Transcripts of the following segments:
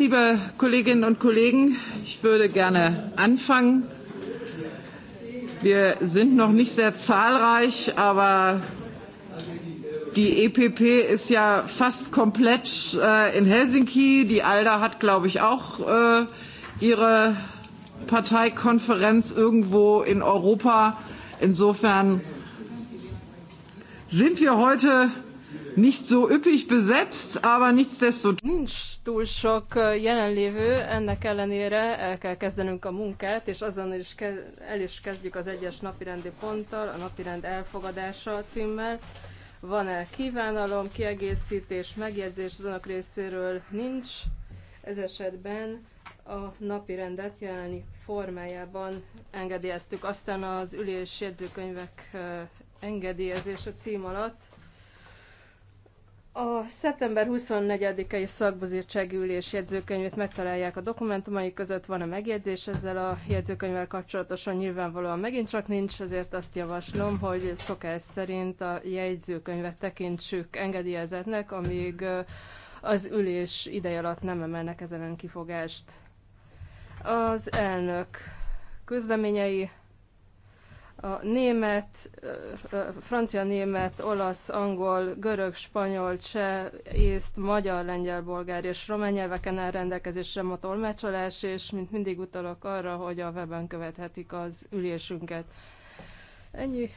Liebe Kolleginnen und Kollegen, ich würde gerne anfangen. Wir sind noch nicht sehr zahlreich, aber die EPP ist ja fast komplett äh, in Helsinki. Die ALDA hat, glaube ich, auch äh, ihre Parteikonferenz irgendwo in Europa. Insofern sind wir heute nicht so üppig besetzt, aber nichtsdestotrotz. Nincs túl sok jelenlévő, ennek ellenére el kell kezdenünk a munkát, és azon is el is kezdjük az egyes napirendi ponttal, a napirend elfogadása címmel. Van-e kívánalom, kiegészítés, megjegyzés az önök részéről? Nincs. Ez esetben a napi rendet jelenlegi formájában engedélyeztük. Aztán az ülés jegyzőkönyvek engedélyezése cím alatt a szeptember 24-i szakbazírtsági ülés jegyzőkönyvét megtalálják a dokumentumai között, van a megjegyzés ezzel a jegyzőkönyvvel kapcsolatosan, nyilvánvalóan megint csak nincs, ezért azt javaslom, hogy szokás szerint a jegyzőkönyvet tekintsük engedélyezetnek, amíg az ülés ideje alatt nem emelnek ezen kifogást. Az elnök közleményei a német, francia, német, olasz, angol, görög, spanyol, cseh, észt, magyar, lengyel, bolgár és román nyelveken áll rendelkezésre a tolmácsolás, és mint mindig utalok arra, hogy a weben követhetik az ülésünket. Ennyi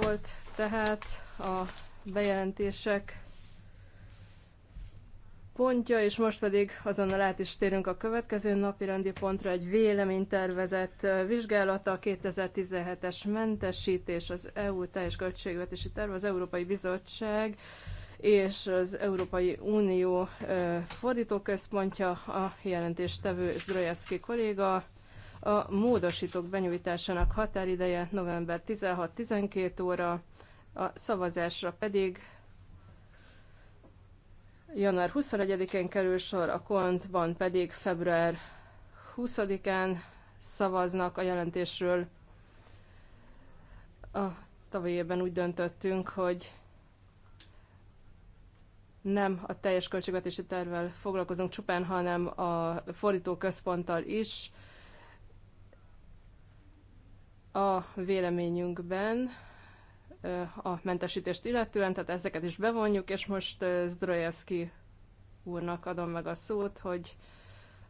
volt tehát a bejelentések pontja, és most pedig azonnal át is térünk a következő napi rendi pontra, egy véleménytervezett vizsgálata, a 2017-es mentesítés, az EU teljes költségvetési terv, az Európai Bizottság és az Európai Unió fordítóközpontja, a jelentéstevő Zdrojevski kolléga. A módosítók benyújtásának határideje november 16-12 óra, a szavazásra pedig január 21-én kerül sor, a kontban pedig február 20-án szavaznak a jelentésről. A tavalyi évben úgy döntöttünk, hogy nem a teljes költségvetési tervvel foglalkozunk csupán, hanem a fordítóközponttal is. A véleményünkben a mentesítést illetően, tehát ezeket is bevonjuk, és most Zdrojevski úrnak adom meg a szót, hogy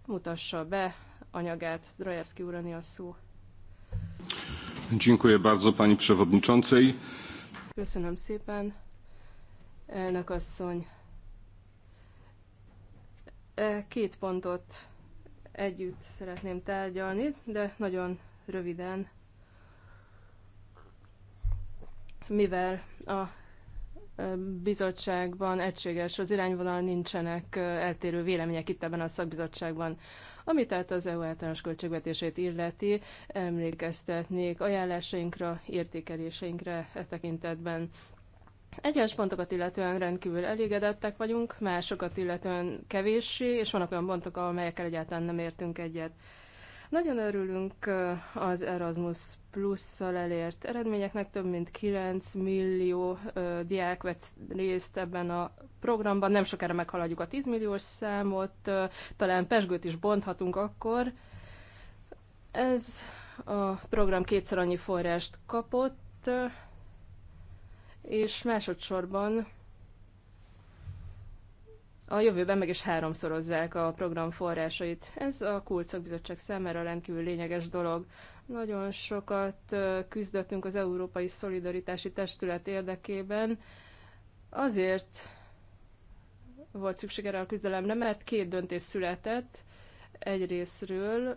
mutassa be anyagát. Zdrojevski úrani a szó. Dziękuję bardzo pani przewodniczącej. Köszönöm szépen, elnök asszony. E, két pontot együtt szeretném tárgyalni, de nagyon röviden mivel a bizottságban egységes az irányvonal, nincsenek eltérő vélemények itt ebben a szakbizottságban. Ami tehát az EU általános költségvetését illeti, emlékeztetnék ajánlásainkra, értékeléseinkre e tekintetben. Egyes pontokat illetően rendkívül elégedettek vagyunk, másokat illetően kevéssé, és vannak olyan pontok, amelyekkel egyáltalán nem értünk egyet. Nagyon örülünk az Erasmus Plus-szal elért eredményeknek, több mint 9 millió diák vett részt ebben a programban, nem sokára meghaladjuk a 10 milliós számot, talán pesgőt is bonthatunk akkor. Ez a program kétszer annyi forrást kapott, és másodszorban a jövőben meg is háromszorozzák a program forrásait. Ez a Bizottság számára rendkívül lényeges dolog. Nagyon sokat küzdöttünk az Európai Szolidaritási Testület érdekében. Azért volt szükség erre a küzdelemre, mert két döntés született. Egyrésztről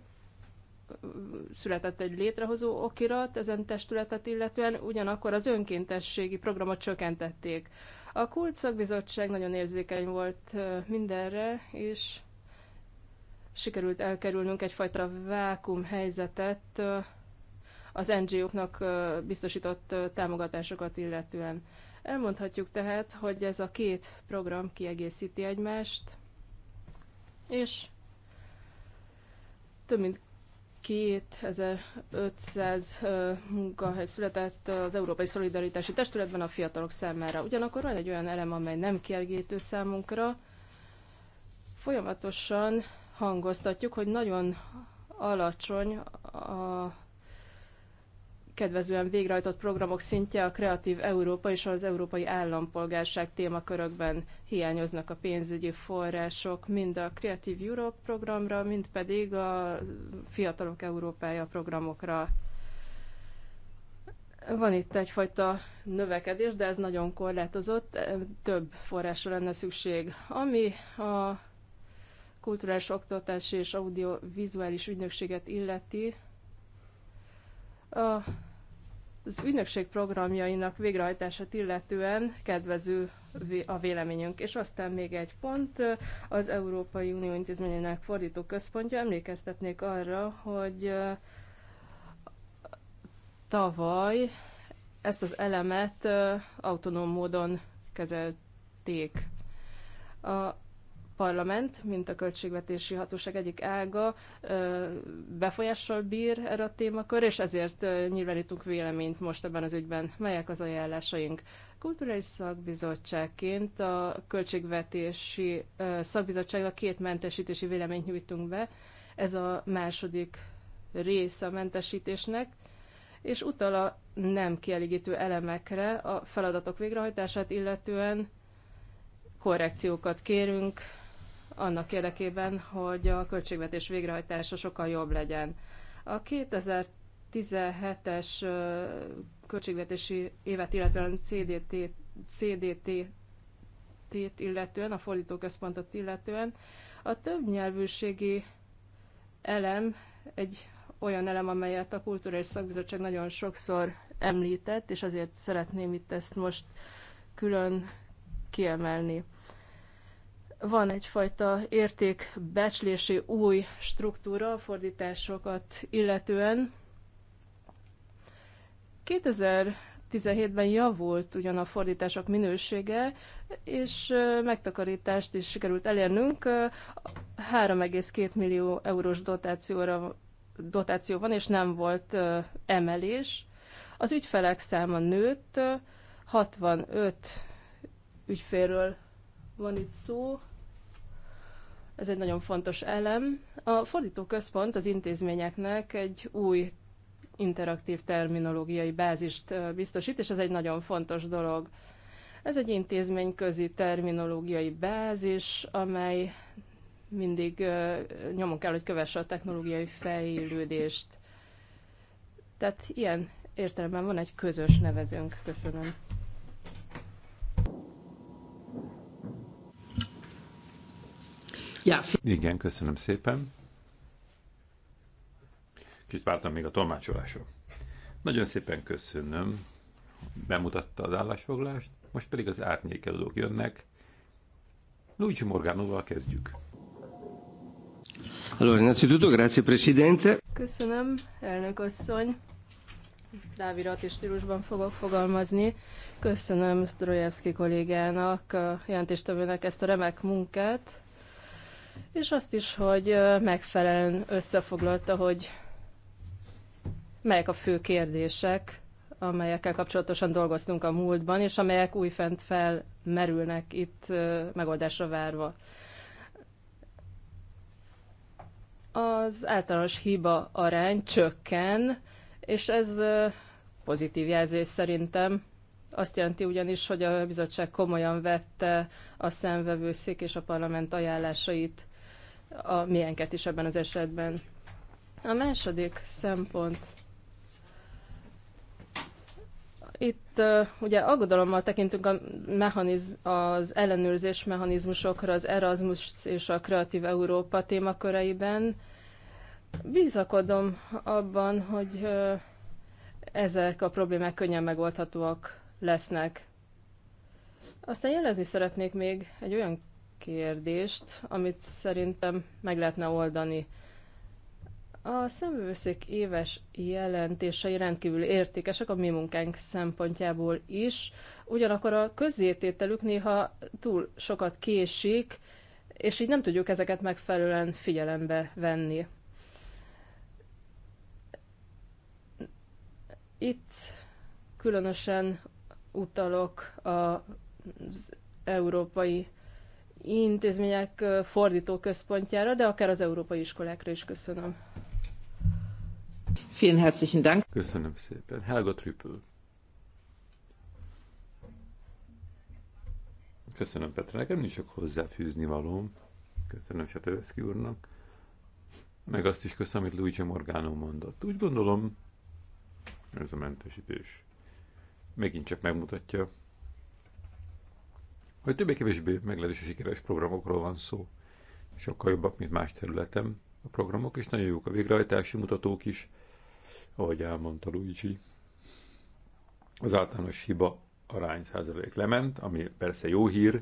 született egy létrehozó okirat ezen testületet illetően, ugyanakkor az önkéntességi programot csökkentették. A kult szakbizottság nagyon érzékeny volt mindenre, és sikerült elkerülnünk egyfajta vákum helyzetet az NGO-knak biztosított támogatásokat illetően. Elmondhatjuk tehát, hogy ez a két program kiegészíti egymást, és több mint 2500 munkahely született az Európai Szolidaritási Testületben a fiatalok számára. Ugyanakkor van egy olyan elem, amely nem kielgítő számunkra. Folyamatosan hangoztatjuk, hogy nagyon alacsony a kedvezően végrehajtott programok szintje a Kreatív Európa és az Európai Állampolgárság témakörökben hiányoznak a pénzügyi források, mind a Kreatív Europe programra, mind pedig a Fiatalok Európája programokra. Van itt egyfajta növekedés, de ez nagyon korlátozott, több forrásra lenne szükség. Ami a kulturális oktatás és audiovizuális ügynökséget illeti, a az ügynökség programjainak végrehajtását illetően kedvező a véleményünk. És aztán még egy pont, az Európai Unió intézményének fordító központja emlékeztetnék arra, hogy tavaly ezt az elemet autonóm módon kezelték. A parlament, mint a költségvetési hatóság egyik ága, befolyással bír erre a témakör, és ezért nyilvánítunk véleményt most ebben az ügyben. Melyek az ajánlásaink? Kulturális szakbizottságként a költségvetési szakbizottságnak két mentesítési véleményt nyújtunk be. Ez a második része a mentesítésnek, és utal a nem kielégítő elemekre a feladatok végrehajtását illetően korrekciókat kérünk annak érdekében, hogy a költségvetés végrehajtása sokkal jobb legyen. A 2017-es költségvetési évet illetően CDT, CDT-t illetően, a fordítóközpontot illetően a többnyelvűségi elem egy olyan elem, amelyet a Kulturális Szakbizottság nagyon sokszor említett, és azért szeretném itt ezt most külön kiemelni van egyfajta értékbecslési új struktúra a fordításokat illetően. 2017-ben javult ugyan a fordítások minősége, és megtakarítást is sikerült elérnünk. 3,2 millió eurós dotációra, dotáció van, és nem volt emelés. Az ügyfelek száma nőtt, 65 ügyfélről van itt szó, ez egy nagyon fontos elem. A fordító központ az intézményeknek egy új interaktív terminológiai bázist biztosít, és ez egy nagyon fontos dolog. Ez egy intézményközi terminológiai bázis, amely mindig nyomon kell, hogy kövesse a technológiai fejlődést. Tehát ilyen értelemben van egy közös nevezőnk. Köszönöm. Ja. Igen, köszönöm szépen. Kicsit vártam még a tolmácsolásra. Nagyon szépen köszönöm. Bemutatta az állásfoglalást, most pedig az árnyékelők jönnek. Luigi Morganoval kezdjük. Allora, innanzitutto grazie Presidente. Köszönöm, elnök asszony. és stílusban fogok fogalmazni. Köszönöm Sztrojevszki kollégának, jelentéstevőnek ezt a remek munkát és azt is, hogy megfelelően összefoglalta, hogy melyek a fő kérdések, amelyekkel kapcsolatosan dolgoztunk a múltban, és amelyek újfent felmerülnek itt megoldásra várva. Az általános hiba arány csökken, és ez pozitív jelzés szerintem azt jelenti ugyanis, hogy a bizottság komolyan vette a szemvevőszék és a parlament ajánlásait, a milyenket is ebben az esetben. A második szempont. Itt uh, ugye aggodalommal tekintünk a mechaniz- az ellenőrzés mechanizmusokra, az Erasmus és a Kreatív Európa témaköreiben. Bízakodom abban, hogy uh, ezek a problémák könnyen megoldhatóak lesznek. Aztán jelezni szeretnék még egy olyan kérdést, amit szerintem meg lehetne oldani. A szemvőszék éves jelentései rendkívül értékesek a mi munkánk szempontjából is, ugyanakkor a közzétételük néha túl sokat késik, és így nem tudjuk ezeket megfelelően figyelembe venni. Itt különösen utalok az európai intézmények fordító központjára, de akár az európai iskolákra is köszönöm. Vielen herzlichen Dank. Köszönöm szépen. Helga Trüppel. Köszönöm Petra, nekem nincs sok hozzáfűzni valóm. Köszönöm Sateveszki úrnak. Meg azt is köszönöm, amit Luigi Morgano mondott. Úgy gondolom, ez a mentesítés megint csak megmutatja, hogy többé-kevésbé meglehetősen sikeres programokról van szó. Sokkal jobbak, mint más területen a programok, és nagyon jók a végrehajtási mutatók is, ahogy elmondta Luigi. Az általános hiba arány százalék lement, ami persze jó hír,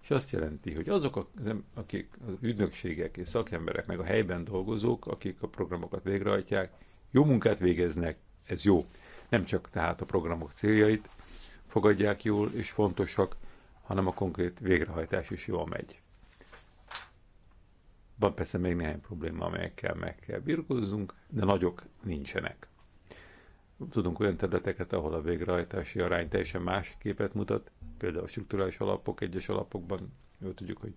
és azt jelenti, hogy azok, a, akik az ügynökségek és szakemberek, meg a helyben dolgozók, akik a programokat végrehajtják, jó munkát végeznek, ez jó. Nem csak tehát a programok céljait fogadják jól és fontosak, hanem a konkrét végrehajtás is jól megy. Van persze még néhány probléma, amelyekkel meg kell birkózzunk, de nagyok nincsenek. Tudunk olyan területeket, ahol a végrehajtási arány teljesen más képet mutat, például a struktúrális alapok, egyes alapokban, jól tudjuk, hogy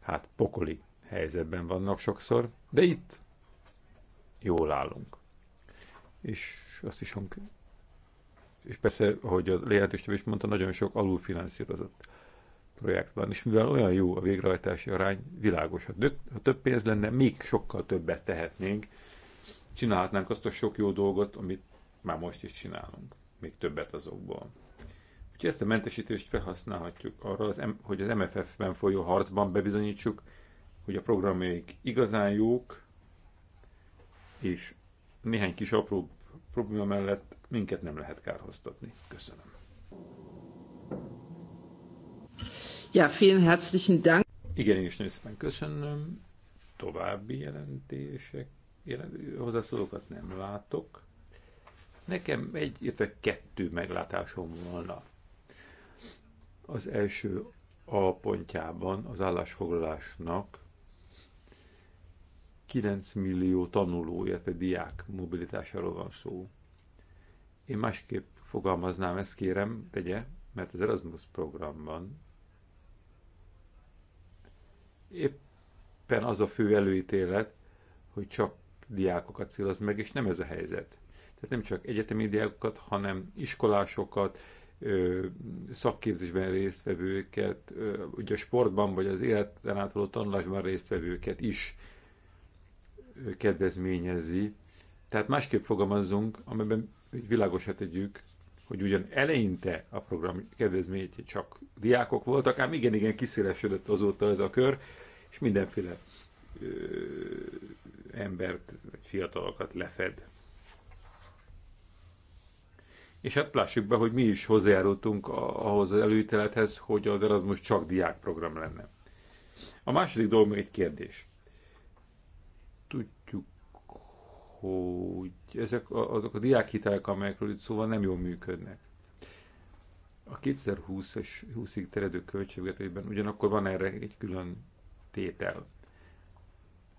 hát pokoli helyzetben vannak sokszor, de itt jól állunk és azt is hang... És persze, ahogy a lehetőség is mondta, nagyon sok alulfinanszírozott projekt van, és mivel olyan jó a végrehajtási arány, világos. Ha több, ha több pénz lenne, még sokkal többet tehetnénk, csinálhatnánk azt a sok jó dolgot, amit már most is csinálunk, még többet azokból. Úgyhogy ezt a mentesítést felhasználhatjuk arra, az, hogy az MFF-ben folyó harcban bebizonyítsuk, hogy a programjaik igazán jók, és néhány kis apró probléma mellett minket nem lehet kárhoztatni. Köszönöm. Ja, vielen herzlichen Dank. Igen, én is nagyon szépen köszönöm. További jelentések, hozzászólókat nem látok. Nekem egy, illetve kettő meglátásom volna. Az első a pontjában az állásfoglalásnak 9 millió tanuló, illetve diák mobilitásáról van szó. Én másképp fogalmaznám, ezt kérem, tegye, mert az Erasmus programban éppen az a fő előítélet, hogy csak diákokat céloz meg, és nem ez a helyzet. Tehát nem csak egyetemi diákokat, hanem iskolásokat, szakképzésben résztvevőket, ugye a sportban vagy az életen átoló tanulásban résztvevőket is kedvezményezi. Tehát másképp fogalmazzunk, amiben világosat tegyük, hogy ugyan eleinte a program kedvezményét csak diákok voltak, ám igen-igen kiszélesedett azóta ez a kör, és mindenféle ö, embert, vagy fiatalokat lefed. És hát lássuk be, hogy mi is hozzájárultunk ahhoz az előítelethez, hogy az Erasmus csak diákprogram lenne. A második dolog még egy kérdés. hogy ezek a, azok a diákhitelek, amelyekről itt szóval nem jól működnek. A 2020-es 20-ig teredő költségvetésben ugyanakkor van erre egy külön tétel.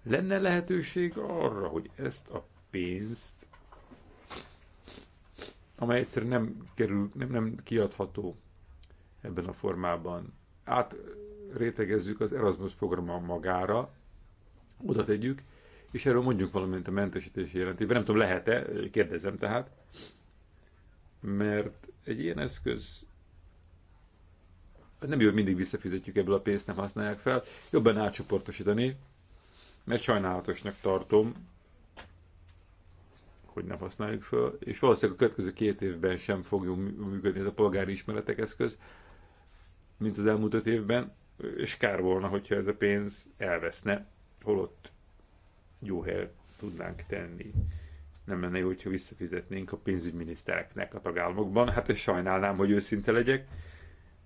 Lenne lehetőség arra, hogy ezt a pénzt, amely egyszerűen nem kerül, nem, nem kiadható ebben a formában, átrétegezzük az Erasmus program magára, oda tegyük, és erről mondjuk valamint a mentesítési jelentében, nem tudom, lehet-e, kérdezem tehát, mert egy ilyen eszköz nem jó, hogy mindig visszafizetjük ebből a pénzt, nem használják fel, jobban átcsoportosítani, mert sajnálatosnak tartom, hogy nem használjuk fel, és valószínűleg a következő két évben sem fogjuk működni ez a polgári ismeretek eszköz, mint az elmúlt öt évben, és kár volna, hogyha ez a pénz elveszne, holott jó helyet tudnánk tenni. Nem lenne jó, hogyha visszafizetnénk a pénzügyminisztereknek a tagállamokban. Hát ezt sajnálnám, hogy őszinte legyek.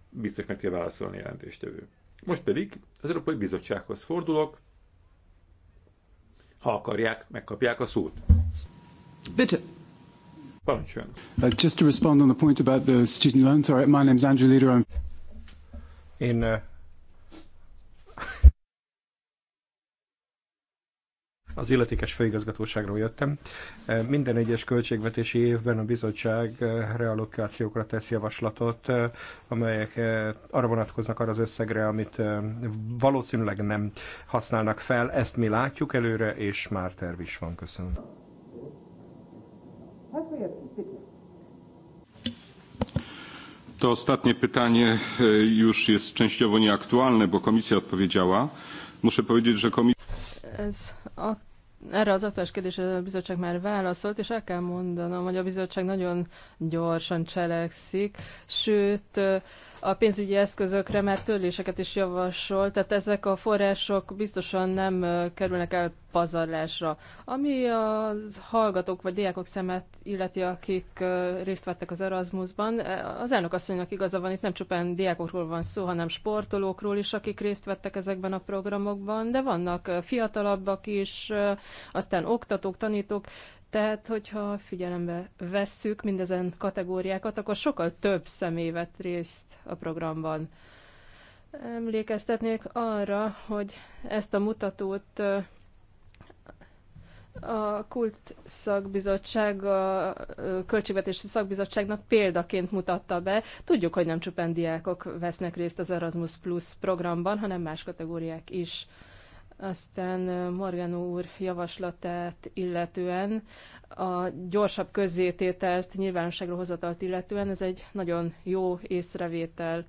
Biztos meg kell válaszolni jelentéstevő. Most pedig az Európai Bizottsághoz fordulok. Ha akarják, megkapják a szót. Bitte. Parancsoljon. Uh, just to respond on the point about the student loan, sorry, my is Andrew Leader. I'm... Én uh, az illetékes főigazgatóságról jöttem. E, minden egyes költségvetési évben a bizottság e, reallokációkra tesz javaslatot, e, amelyek arra vonatkoznak arra az összegre, amit valószínűleg nem használnak fel. Ezt mi látjuk előre, és már terv is van. Köszönöm. To ostatnie pytanie już jest częściowo nieaktualne, bo komisja odpowiedziała. Muszę powiedzieć, że komisja... Ez a erre az aktuális kérdésre a bizottság már válaszolt, és el kell mondanom, hogy a bizottság nagyon gyorsan cselekszik, sőt, a pénzügyi eszközökre, mert törléseket is javasol, tehát ezek a források biztosan nem kerülnek el pazarlásra. Ami a hallgatók vagy diákok szemet illeti, akik részt vettek az Erasmusban, az elnök asszonynak igaza van, itt nem csupán diákokról van szó, hanem sportolókról is, akik részt vettek ezekben a programokban, de vannak fiatalabbak is, aztán oktatók, tanítók, tehát, hogyha figyelembe vesszük mindezen kategóriákat, akkor sokkal több személy vett részt a programban. Emlékeztetnék arra, hogy ezt a mutatót a Kult Szakbizottság, a Költségvetési Szakbizottságnak példaként mutatta be. Tudjuk, hogy nem csupán diákok vesznek részt az Erasmus Plus programban, hanem más kategóriák is. Aztán Morganó úr javaslatát illetően, a gyorsabb közzétételt, nyilvánosságra hozatalt illetően, ez egy nagyon jó észrevétel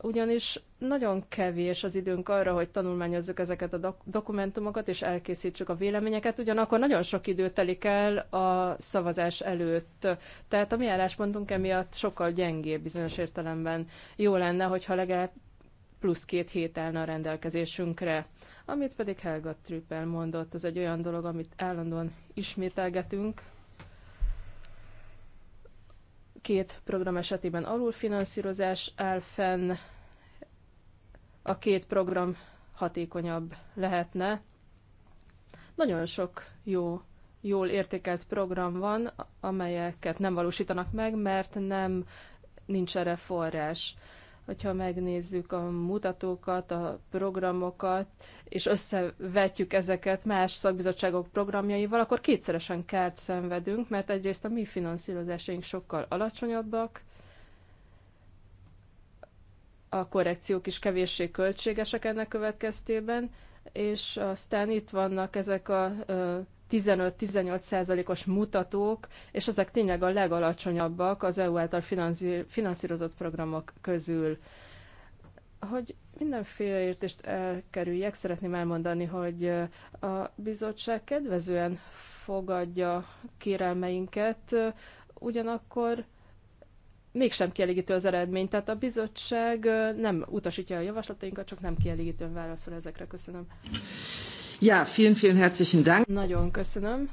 ugyanis nagyon kevés az időnk arra, hogy tanulmányozzuk ezeket a dok- dokumentumokat, és elkészítsük a véleményeket, ugyanakkor nagyon sok idő telik el a szavazás előtt. Tehát a mi álláspontunk emiatt sokkal gyengébb bizonyos értelemben. Jó lenne, hogyha legalább plusz két hét állna a rendelkezésünkre. Amit pedig Helga Trüppel mondott, az egy olyan dolog, amit állandóan ismételgetünk. Két program esetében alulfinanszírozás áll fenn, a két program hatékonyabb lehetne. Nagyon sok jó, jól értékelt program van, amelyeket nem valósítanak meg, mert nem nincs erre forrás hogyha megnézzük a mutatókat, a programokat, és összevetjük ezeket más szakbizottságok programjaival, akkor kétszeresen kárt szenvedünk, mert egyrészt a mi finanszírozásaink sokkal alacsonyabbak, a korrekciók is kevéssé költségesek ennek következtében, és aztán itt vannak ezek a 15-18 százalékos mutatók, és ezek tényleg a legalacsonyabbak az EU által finanszírozott programok közül. Hogy mindenféle értést elkerüljek, szeretném elmondani, hogy a bizottság kedvezően fogadja kérelmeinket, ugyanakkor mégsem kielégítő az eredmény. Tehát a bizottság nem utasítja a javaslatainkat, csak nem kielégítően válaszol ezekre. Köszönöm. Ja, vielen, vielen herzlichen Dank. Nagyon köszönöm.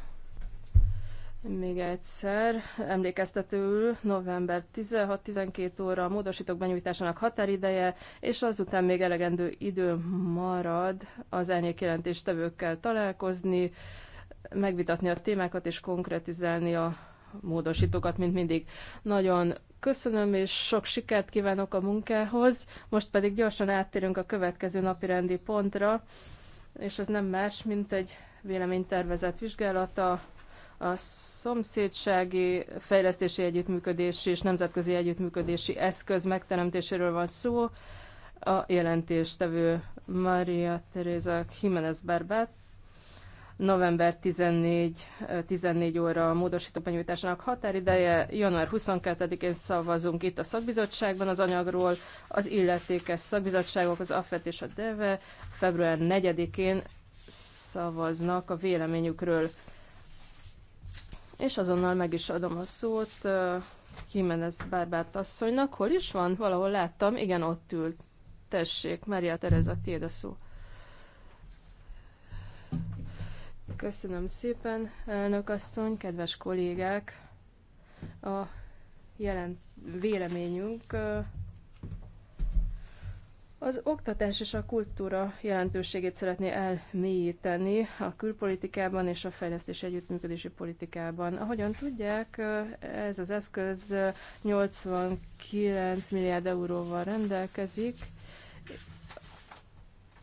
Még egyszer, emlékeztetőül november 16-12 óra a módosítók benyújtásának határideje, és azután még elegendő idő marad az elnyék jelentéstevőkkel találkozni, megvitatni a témákat és konkretizálni a módosítókat, mint mindig. Nagyon köszönöm, és sok sikert kívánok a munkához. Most pedig gyorsan áttérünk a következő napi rendi pontra és ez nem más, mint egy véleménytervezet vizsgálata, a szomszédsági fejlesztési együttműködési és nemzetközi együttműködési eszköz megteremtéséről van szó. A jelentéstevő Maria Teresa Jimenez Barbát november 14, 14 eh, óra a módosító benyújtásának határideje, január 22-én szavazunk itt a szakbizottságban az anyagról, az illetékes szakbizottságok, az AFET és a DEVE február 4-én szavaznak a véleményükről. És azonnal meg is adom a szót Kimenez eh, Bárbát asszonynak. Hol is van? Valahol láttam. Igen, ott ült. Tessék, Maria Tereza, tiéd a szó. Köszönöm szépen, elnök asszony, kedves kollégák! A jelen véleményünk az oktatás és a kultúra jelentőségét szeretné elmélyíteni a külpolitikában és a fejlesztés együttműködési politikában. Ahogyan tudják, ez az eszköz 89 milliárd euróval rendelkezik,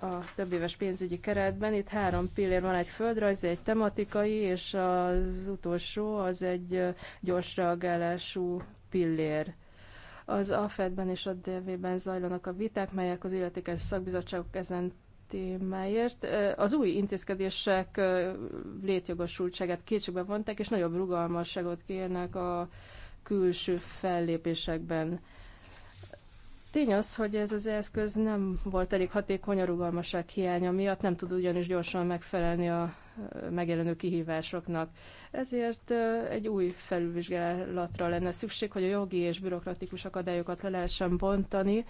a több éves pénzügyi keretben. Itt három pillér van, egy földrajzi, egy tematikai, és az utolsó az egy gyors reagálású pillér. Az AFED-ben és a DV-ben zajlanak a viták, melyek az illetékes szakbizottságok ezen témáért. Az új intézkedések létjogosultságát kétségbe vonták, és nagyobb rugalmasságot kérnek a külső fellépésekben. Tény az, hogy ez az eszköz nem volt elég hatékony a rugalmaság hiánya miatt, nem tud ugyanis gyorsan megfelelni a megjelenő kihívásoknak. Ezért egy új felülvizsgálatra lenne szükség, hogy a jogi és bürokratikus akadályokat le lehessen bontani,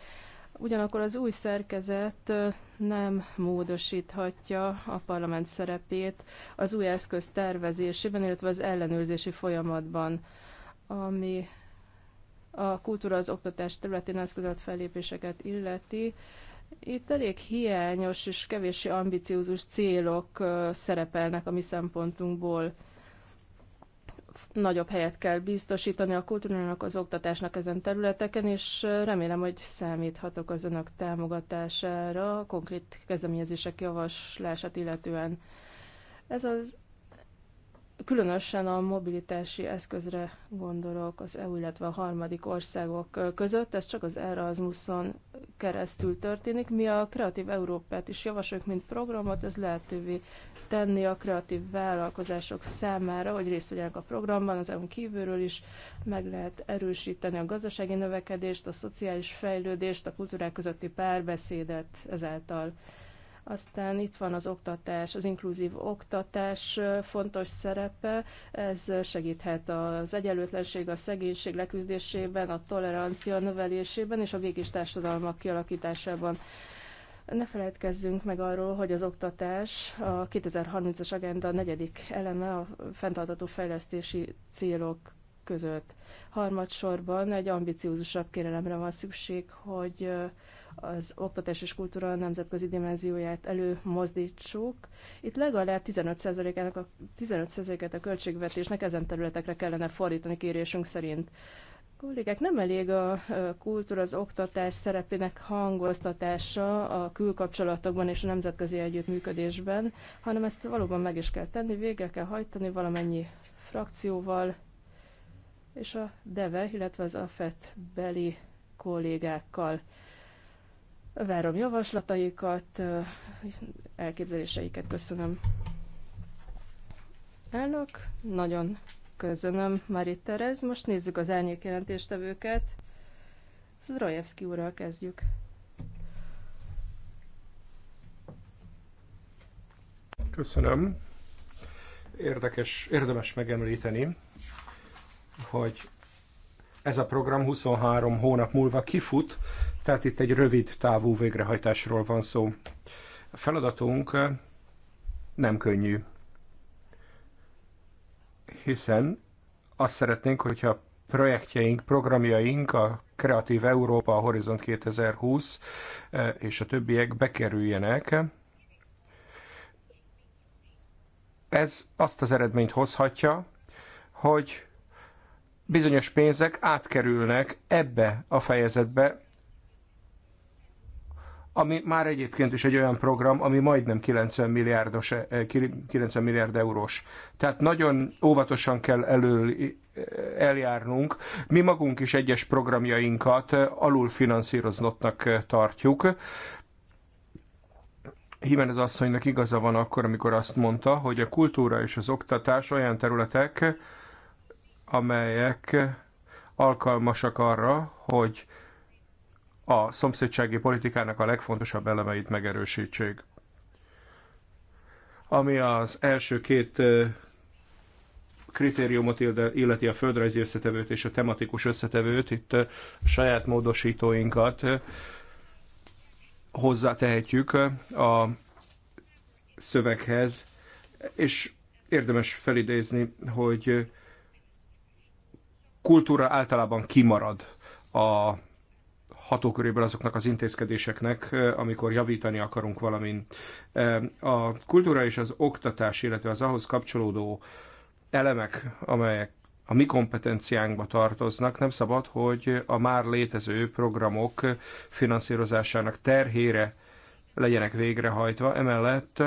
Ugyanakkor az új szerkezet nem módosíthatja a parlament szerepét az új eszköz tervezésében, illetve az ellenőrzési folyamatban, ami a kultúra az oktatás területén eszközölt fellépéseket illeti. Itt elég hiányos és kevéssé ambiciózus célok szerepelnek a mi szempontunkból. Nagyobb helyet kell biztosítani a kultúrának, az oktatásnak ezen területeken, és remélem, hogy számíthatok az önök támogatására konkrét kezdeményezések javaslását illetően. Ez az Különösen a mobilitási eszközre gondolok az EU, illetve a harmadik országok között. Ez csak az Erasmuson keresztül történik. Mi a Kreatív Európát is javasoljuk, mint programot. Ez lehetővé tenni a kreatív vállalkozások számára, hogy részt vegyenek a programban, az eu kívülről is meg lehet erősíteni a gazdasági növekedést, a szociális fejlődést, a kultúrák közötti párbeszédet ezáltal. Aztán itt van az oktatás, az inkluzív oktatás fontos szerepe, ez segíthet az egyenlőtlenség, a szegénység leküzdésében, a tolerancia növelésében és a végés társadalmak kialakításában. Ne feledkezzünk meg arról, hogy az oktatás a 2030-as agenda negyedik eleme a fenntartató fejlesztési célok között. Harmadsorban egy ambiciózusabb kérelemre van szükség, hogy az oktatás és kultúra nemzetközi dimenzióját előmozdítsuk. Itt legalább 15%-ának a, 15%-et a költségvetésnek ezen területekre kellene fordítani kérésünk szerint. Kollégák, nem elég a kultúra, az oktatás szerepének hangoztatása a külkapcsolatokban és a nemzetközi együttműködésben, hanem ezt valóban meg is kell tenni, végre kell hajtani valamennyi frakcióval, és a DEVE, illetve az AFET beli kollégákkal. Várom javaslataikat, elképzeléseiket köszönöm. Elnök, nagyon köszönöm, Mari Terez. Most nézzük az elnyék jelentéstevőket. Zdrojevski úrral kezdjük. Köszönöm. Érdekes, érdemes megemlíteni, hogy ez a program 23 hónap múlva kifut, tehát itt egy rövid távú végrehajtásról van szó. A feladatunk eh, nem könnyű, hiszen azt szeretnénk, hogyha a projektjeink, programjaink, a Kreatív Európa, a Horizont 2020 eh, és a többiek bekerüljenek. Ez azt az eredményt hozhatja, hogy bizonyos pénzek átkerülnek ebbe a fejezetbe, ami már egyébként is egy olyan program, ami majdnem 90, milliárdos, 90 eh, eh, milliárd eurós. Tehát nagyon óvatosan kell elől eh, eljárnunk. Mi magunk is egyes programjainkat alulfinanszíroznottnak tartjuk. az asszonynak igaza van akkor, amikor azt mondta, hogy a kultúra és az oktatás olyan területek, amelyek alkalmasak arra, hogy a szomszédsági politikának a legfontosabb elemeit megerősítsék. Ami az első két kritériumot illeti a földrajzi összetevőt és a tematikus összetevőt, itt a saját módosítóinkat hozzátehetjük a szöveghez, és érdemes felidézni, hogy kultúra általában kimarad a hatóköréből azoknak az intézkedéseknek, amikor javítani akarunk valamin. A kultúra és az oktatás, illetve az ahhoz kapcsolódó elemek, amelyek a mi kompetenciánkba tartoznak, nem szabad, hogy a már létező programok finanszírozásának terhére legyenek végrehajtva. Emellett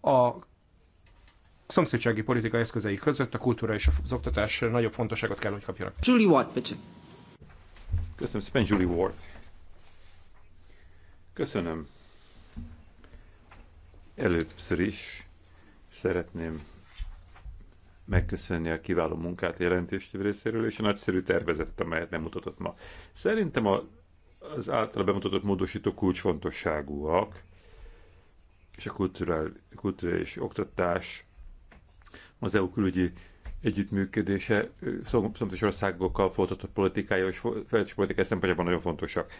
a szomszédsági politika eszközei között a kultúra és az oktatás nagyobb fontosságot kell, hogy kapjanak. Julie Ward, bitte. Köszönöm szépen, Julie Ward. Köszönöm. Először is szeretném megköszönni a kiváló munkát jelentést, részéről, és a nagyszerű tervezetet, amelyet bemutatott ma. Szerintem a, az általa bemutatott módosító kulcsfontosságúak, és a kulturális kultúra és oktatás az EU külügyi együttműködése szomszédos országokkal folytatott politikája és felelős politikai szempontjában nagyon fontosak.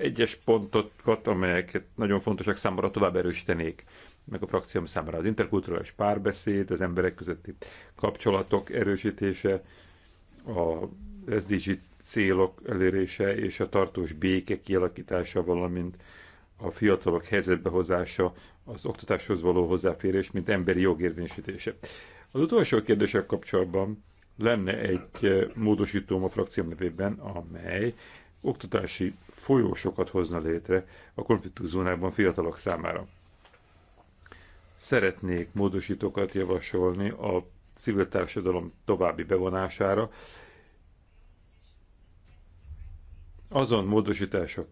Egyes pontokat, amelyeket nagyon fontosak számomra tovább erősítenék, meg a frakcióm számára az interkulturális párbeszéd, az emberek közötti kapcsolatok erősítése, a SDG célok elérése és a tartós béke kialakítása, valamint a fiatalok helyzetbehozása, az oktatáshoz való hozzáférés, mint emberi jogérvényesítése. Az utolsó kérdések kapcsolatban lenne egy eh, módosítóm a frakció nevében, amely oktatási folyósokat hozna létre a konfliktuszónákban fiatalok számára. Szeretnék módosítókat javasolni a civil társadalom további bevonására, azon módosítások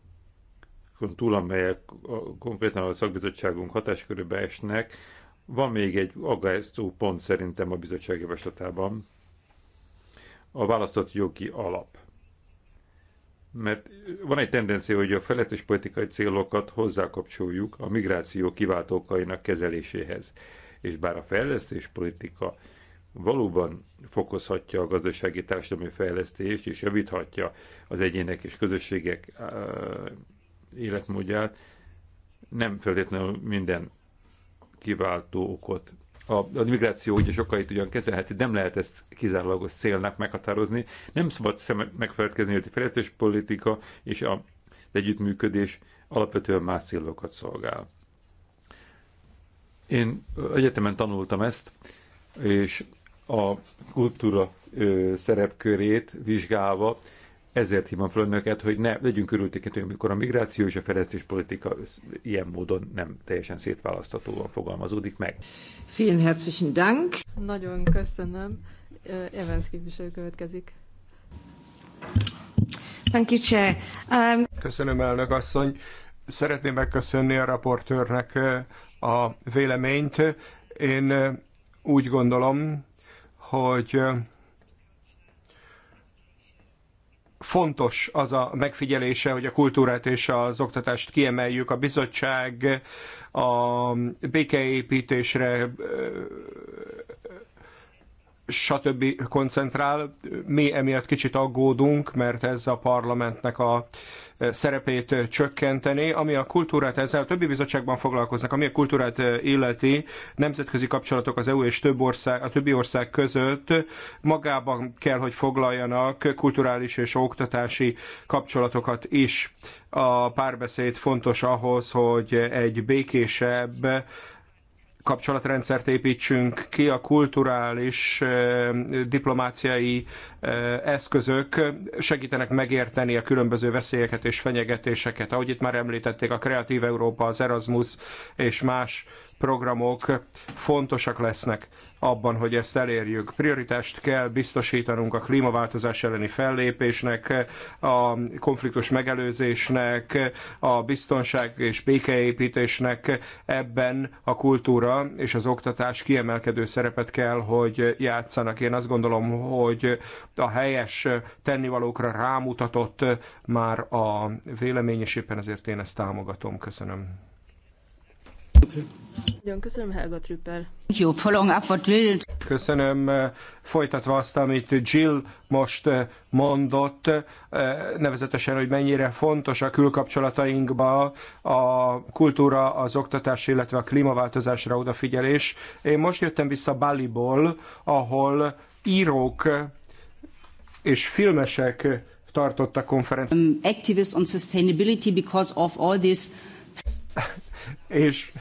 túl, amelyek a, konkrétan a szakbizottságunk hatáskörébe esnek, van még egy aggasztó pont szerintem a bizottság javaslatában, a választott jogi alap. Mert van egy tendencia, hogy a fejlesztés politikai célokat hozzákapcsoljuk a migráció kiváltókainak kezeléséhez. És bár a fejlesztés politika valóban fokozhatja a gazdasági társadalmi fejlesztést, és javíthatja az egyének és közösségek életmódját, nem feltétlenül minden kiváltó okot. A, a migráció ugye sokait ugyan kezelheti, nem lehet ezt kizárólagos szélnek meghatározni. Nem szabad szem, megfeledkezni, hogy a fejlesztéspolitika és a együttműködés alapvetően más célokat szolgál. Én egyetemen tanultam ezt, és a kultúra ö, szerepkörét vizsgálva ezért hívom fel önöket, hogy ne legyünk hogy amikor a migráció és a fejlesztés politika ilyen módon nem teljesen szétválasztatóan fogalmazódik meg. Vielen herzlichen Dank! Nagyon köszönöm. Evans képviselő következik. Thank you, Chair. Um... Köszönöm, elnök asszony. Szeretném megköszönni a raportőrnek a véleményt. Én úgy gondolom, hogy fontos az a megfigyelése, hogy a kultúrát és az oktatást kiemeljük. A bizottság a békeépítésre stb. koncentrál. Mi emiatt kicsit aggódunk, mert ez a parlamentnek a e, szerepét csökkenteni. Ami a kultúrát, ezzel a többi bizottságban foglalkoznak, ami a kultúrát e, illeti, nemzetközi kapcsolatok az EU és több ország, a többi ország között magában kell, hogy foglaljanak kulturális és oktatási kapcsolatokat is. A párbeszéd fontos ahhoz, hogy egy békésebb kapcsolatrendszert építsünk ki, a kulturális, diplomáciai eszközök segítenek megérteni a különböző veszélyeket és fenyegetéseket. Ahogy itt már említették, a Kreatív Európa, az Erasmus és más programok fontosak lesznek abban, hogy ezt elérjük. Prioritást kell biztosítanunk a klímaváltozás elleni fellépésnek, a konfliktus megelőzésnek, a biztonság és békeépítésnek. Ebben a kultúra és az oktatás kiemelkedő szerepet kell, hogy játszanak. Én azt gondolom, hogy a helyes tennivalókra rámutatott már a vélemény, és éppen ezért én ezt támogatom. Köszönöm köszönöm, Helga Trüppel. Köszönöm, eh, folytatva azt, amit Jill most eh, mondott, eh, nevezetesen, hogy mennyire fontos a külkapcsolatainkba a kultúra, az oktatás, illetve a klímaváltozásra odafigyelés. Én most jöttem vissza Baliból, ahol írók és filmesek tartottak konferenciát. Um, activists on sustainability because of all this és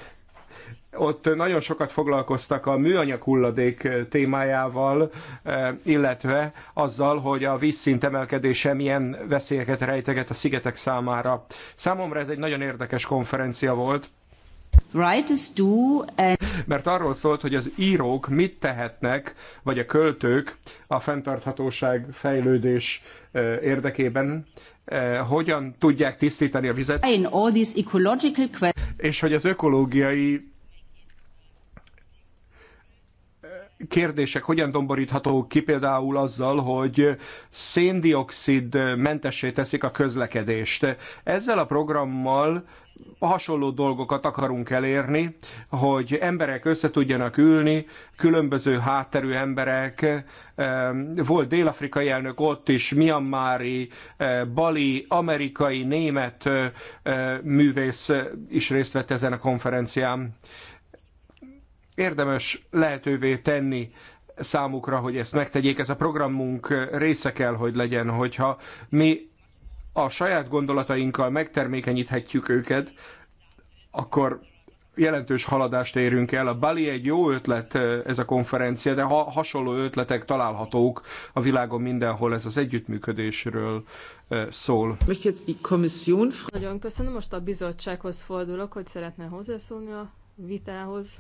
ott nagyon sokat foglalkoztak a műanyag hulladék témájával, eh, illetve azzal, hogy a vízszint emelkedése milyen veszélyeket rejteget a szigetek számára. Számomra ez egy nagyon érdekes konferencia volt, mert arról szólt, hogy az írók mit tehetnek, vagy a költők a fenntarthatóság fejlődés eh, érdekében, Eh, hogyan tudják tisztítani a vizet. És hogy az ökológiai kérdések hogyan domboríthatók ki például azzal, hogy széndiokszid mentessé teszik a közlekedést. Ezzel a programmal hasonló dolgokat akarunk elérni, hogy emberek össze tudjanak ülni, különböző hátterű emberek, eh, volt dél-afrikai elnök ott is, miammári, eh, bali, amerikai, német eh, művész is részt vett ezen a konferencián érdemes lehetővé tenni számukra, hogy ezt megtegyék. Ez a programunk része kell, hogy legyen, hogyha mi a saját gondolatainkkal megtermékenyíthetjük őket, akkor jelentős haladást érünk el. A Bali egy jó ötlet ez a konferencia, de ha hasonló ötletek találhatók a világon mindenhol, ez az együttműködésről szól. Nagyon köszönöm, most a bizottsághoz fordulok, hogy szeretne hozzászólni a vitához.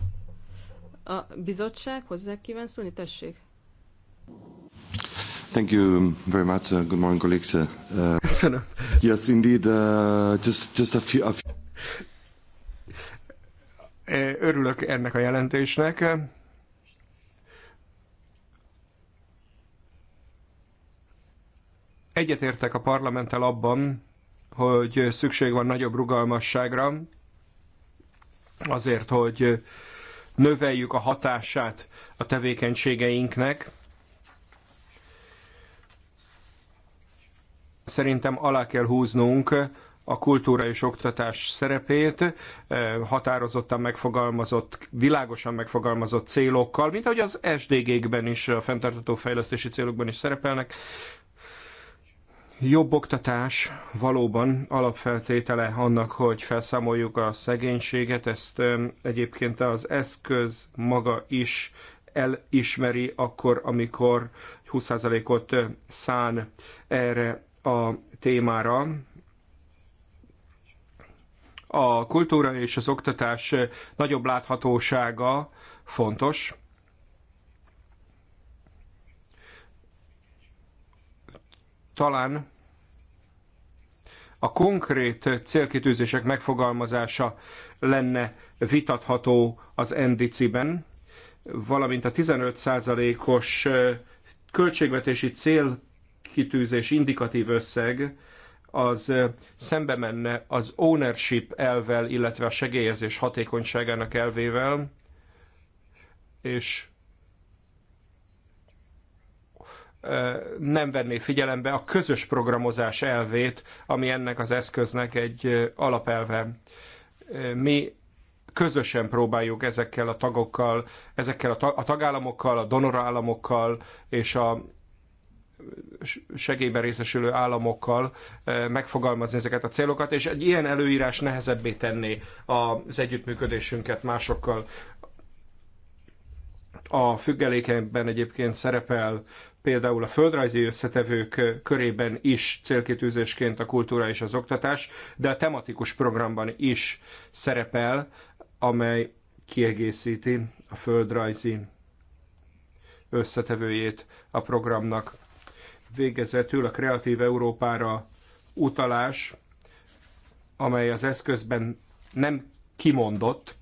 A bizottság hozzá kíván szólni, tessék. Thank you very much. Uh, good morning, colleagues. Uh, Köszönöm. Yes, indeed. Uh, just, just a few, a few... Eh, örülök ennek a jelentésnek. Egyetértek a parlamenttel abban, hogy szükség van nagyobb rugalmasságra, azért, hogy növeljük a hatását a tevékenységeinknek. Szerintem alá kell húznunk a kultúra és oktatás szerepét eh, határozottan megfogalmazott, világosan megfogalmazott célokkal, mint ahogy az SDG-kben is, a fenntartató fejlesztési célokban is szerepelnek jobb oktatás valóban alapfeltétele annak, hogy felszámoljuk a szegénységet, ezt egyébként az eszköz maga is elismeri akkor, amikor 20%-ot szán erre a témára. A kultúra és az oktatás nagyobb láthatósága fontos, Talán a konkrét célkitűzések megfogalmazása lenne vitatható az NDC-ben, valamint a 15%-os költségvetési célkitűzés indikatív összeg az szembe menne az ownership elvel, illetve a segélyezés hatékonyságának elvével, és nem venné figyelembe a közös programozás elvét, ami ennek az eszköznek egy alapelve. Mi közösen próbáljuk ezekkel a tagokkal, ezekkel a, a tagállamokkal, a donorállamokkal és a segélyben részesülő államokkal megfogalmazni ezeket a célokat, és egy ilyen előírás nehezebbé tenné az együttműködésünket másokkal. A függelékenyben egyébként szerepel például a földrajzi összetevők körében is célkitűzésként a kultúra és az oktatás, de a tematikus programban is szerepel, amely kiegészíti a földrajzi összetevőjét a programnak. Végezetül a Kreatív Európára utalás, amely az eszközben nem kimondott,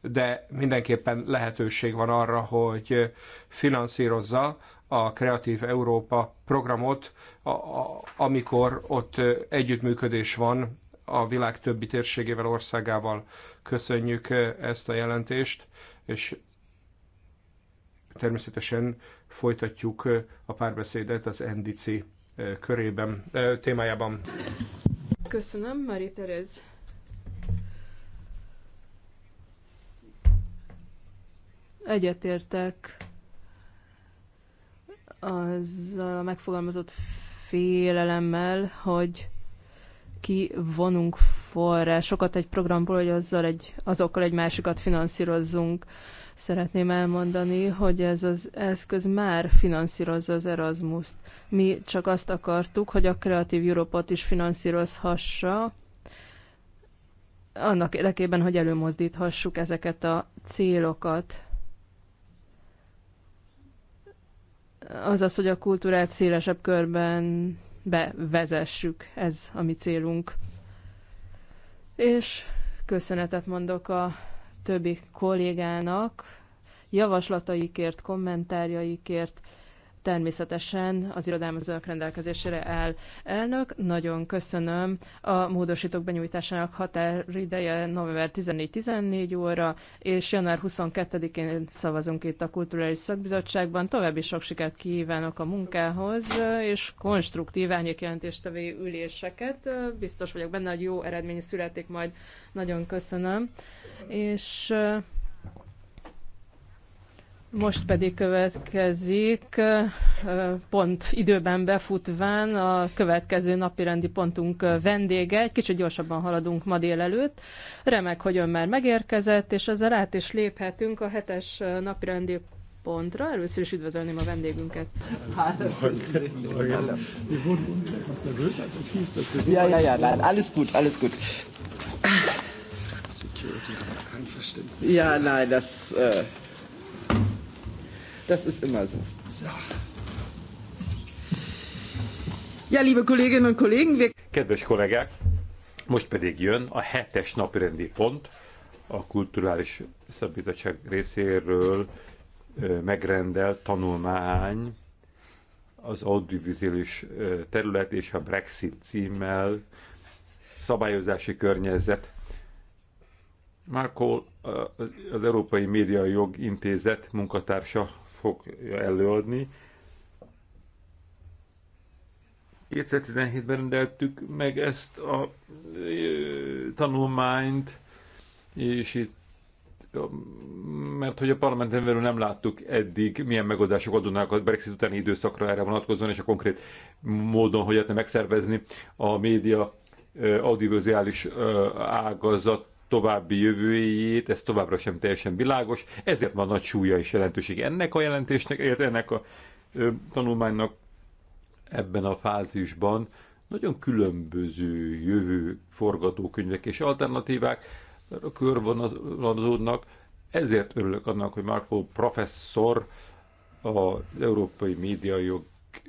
de mindenképpen lehetőség van arra, hogy finanszírozza a Kreatív Európa programot, a, a, amikor ott együttműködés van a világ többi térségével, országával. Köszönjük ezt a jelentést, és természetesen folytatjuk a párbeszédet az NDC körében, témájában. Köszönöm, Mari Terez. Egyetértek azzal a megfogalmazott félelemmel, hogy ki vonunk forrásokat egy programból, hogy azzal egy, azokkal egy másikat finanszírozzunk. Szeretném elmondani, hogy ez az eszköz már finanszírozza az Erasmus-t. Mi csak azt akartuk, hogy a Kreatív Európot is finanszírozhassa, annak érdekében, hogy előmozdíthassuk ezeket a célokat. az az, hogy a kultúrát szélesebb körben bevezessük. Ez a mi célunk. És köszönetet mondok a többi kollégának, javaslataikért, kommentárjaikért, természetesen az irodám rendelkezésére áll. Elnök, nagyon köszönöm. A módosítók benyújtásának határideje november 14-14 óra, és január 22-én szavazunk itt a Kulturális Szakbizottságban. További sok sikert kívánok a munkához, és konstruktív árnyékjelentéstevő üléseket. Biztos vagyok benne, hogy jó eredmény születik majd. Nagyon köszönöm. És most pedig következik, pont időben befutván a következő napirendi pontunk vendége. Egy kicsit gyorsabban haladunk ma délelőtt. Remek, hogy ön már megérkezett, és ezzel át is léphetünk a hetes napirendi pontra. Először is üdvözölném a vendégünket. Ja, ja, ja, nein, alles gut, alles gut. Security kein Verständnis. Ja, nein, das... Äh Das ist immer so. so. Ja, liebe Kolleginnen und Kollegen, wir... Kedves kollégák, most pedig jön a hetes napirendi pont a Kulturális Szabizottság részéről megrendelt tanulmány az audiovizuális terület és a Brexit címmel szabályozási környezet. Márkol az Európai Média Jog Intézet munkatársa fog előadni. 2017-ben rendeltük meg ezt a tanulmányt, és itt mert hogy a parlamenten belül nem láttuk eddig, milyen megoldások adódnak a Brexit utáni időszakra erre vonatkozóan, és a konkrét módon hogy lehetne megszervezni a média audiovizuális ágazat további jövőjét, ez továbbra sem teljesen világos, ezért van nagy súlya és jelentőség ennek a jelentésnek, ez ennek a ö, tanulmánynak ebben a fázisban nagyon különböző jövő forgatókönyvek és alternatívák körvonalazódnak, ezért örülök annak, hogy Marco professzor az Európai Médiajog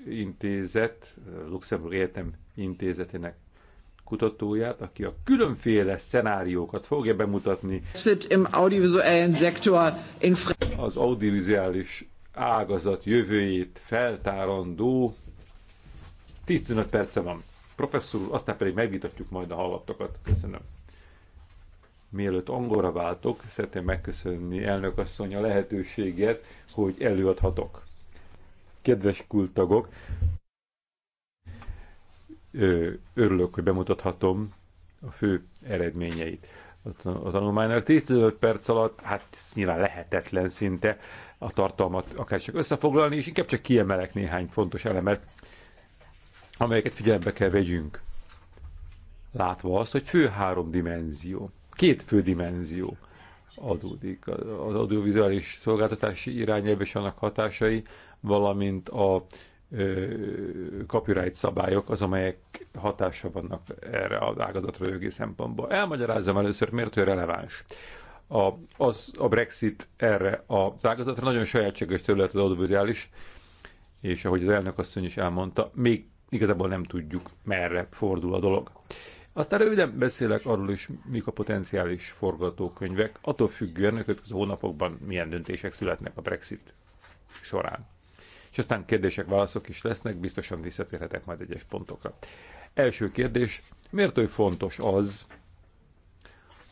Jog Intézet, Luxemburg Egyetem Intézetének kutatóját, aki a különféle szenáriókat fogja bemutatni az audiovizuális ágazat jövőjét feltárandó 15 perce van. Professzor úr, aztán pedig megvitatjuk majd a hallatokat. Köszönöm. Mielőtt angolra váltok, szeretném megköszönni elnök asszony a lehetőséget, hogy előadhatok. Kedves kultagok, örülök, hogy bemutathatom a fő eredményeit a tanulmánynak. 10-15 perc alatt, hát nyilván lehetetlen szinte a tartalmat akár csak összefoglalni, és inkább csak kiemelek néhány fontos elemet, amelyeket figyelembe kell vegyünk. Látva azt, hogy fő három dimenzió, két fő dimenzió adódik, az audiovizuális szolgáltatási irányelv és annak hatásai, valamint a copyright szabályok az, amelyek hatása vannak erre az ágazatra jogi szempontból. Elmagyarázom először, miért ő releváns. A, az, a Brexit erre az ágazatra nagyon sajátságos terület az audiovizuális, és ahogy az elnök asszony is elmondta, még igazából nem tudjuk, merre fordul a dolog. Aztán röviden beszélek arról is, mik a potenciális forgatókönyvek, attól függően, hogy a hónapokban milyen döntések születnek a Brexit során és aztán kérdések, válaszok is lesznek, biztosan visszatérhetek majd egyes pontokra. Első kérdés, miért oly fontos az,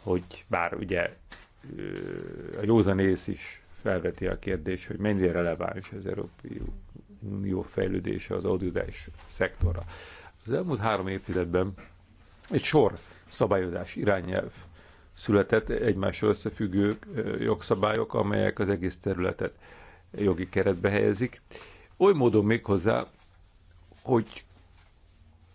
hogy bár ugye a józanész is felveti a kérdés, hogy mennyire releváns az Európai Unió fejlődése az audiovizuális szektorra. Az elmúlt három évtizedben egy sor szabályozás irányelv született egymással összefüggő jogszabályok, amelyek az egész területet jogi keretbe helyezik, oly módon méghozzá, hogy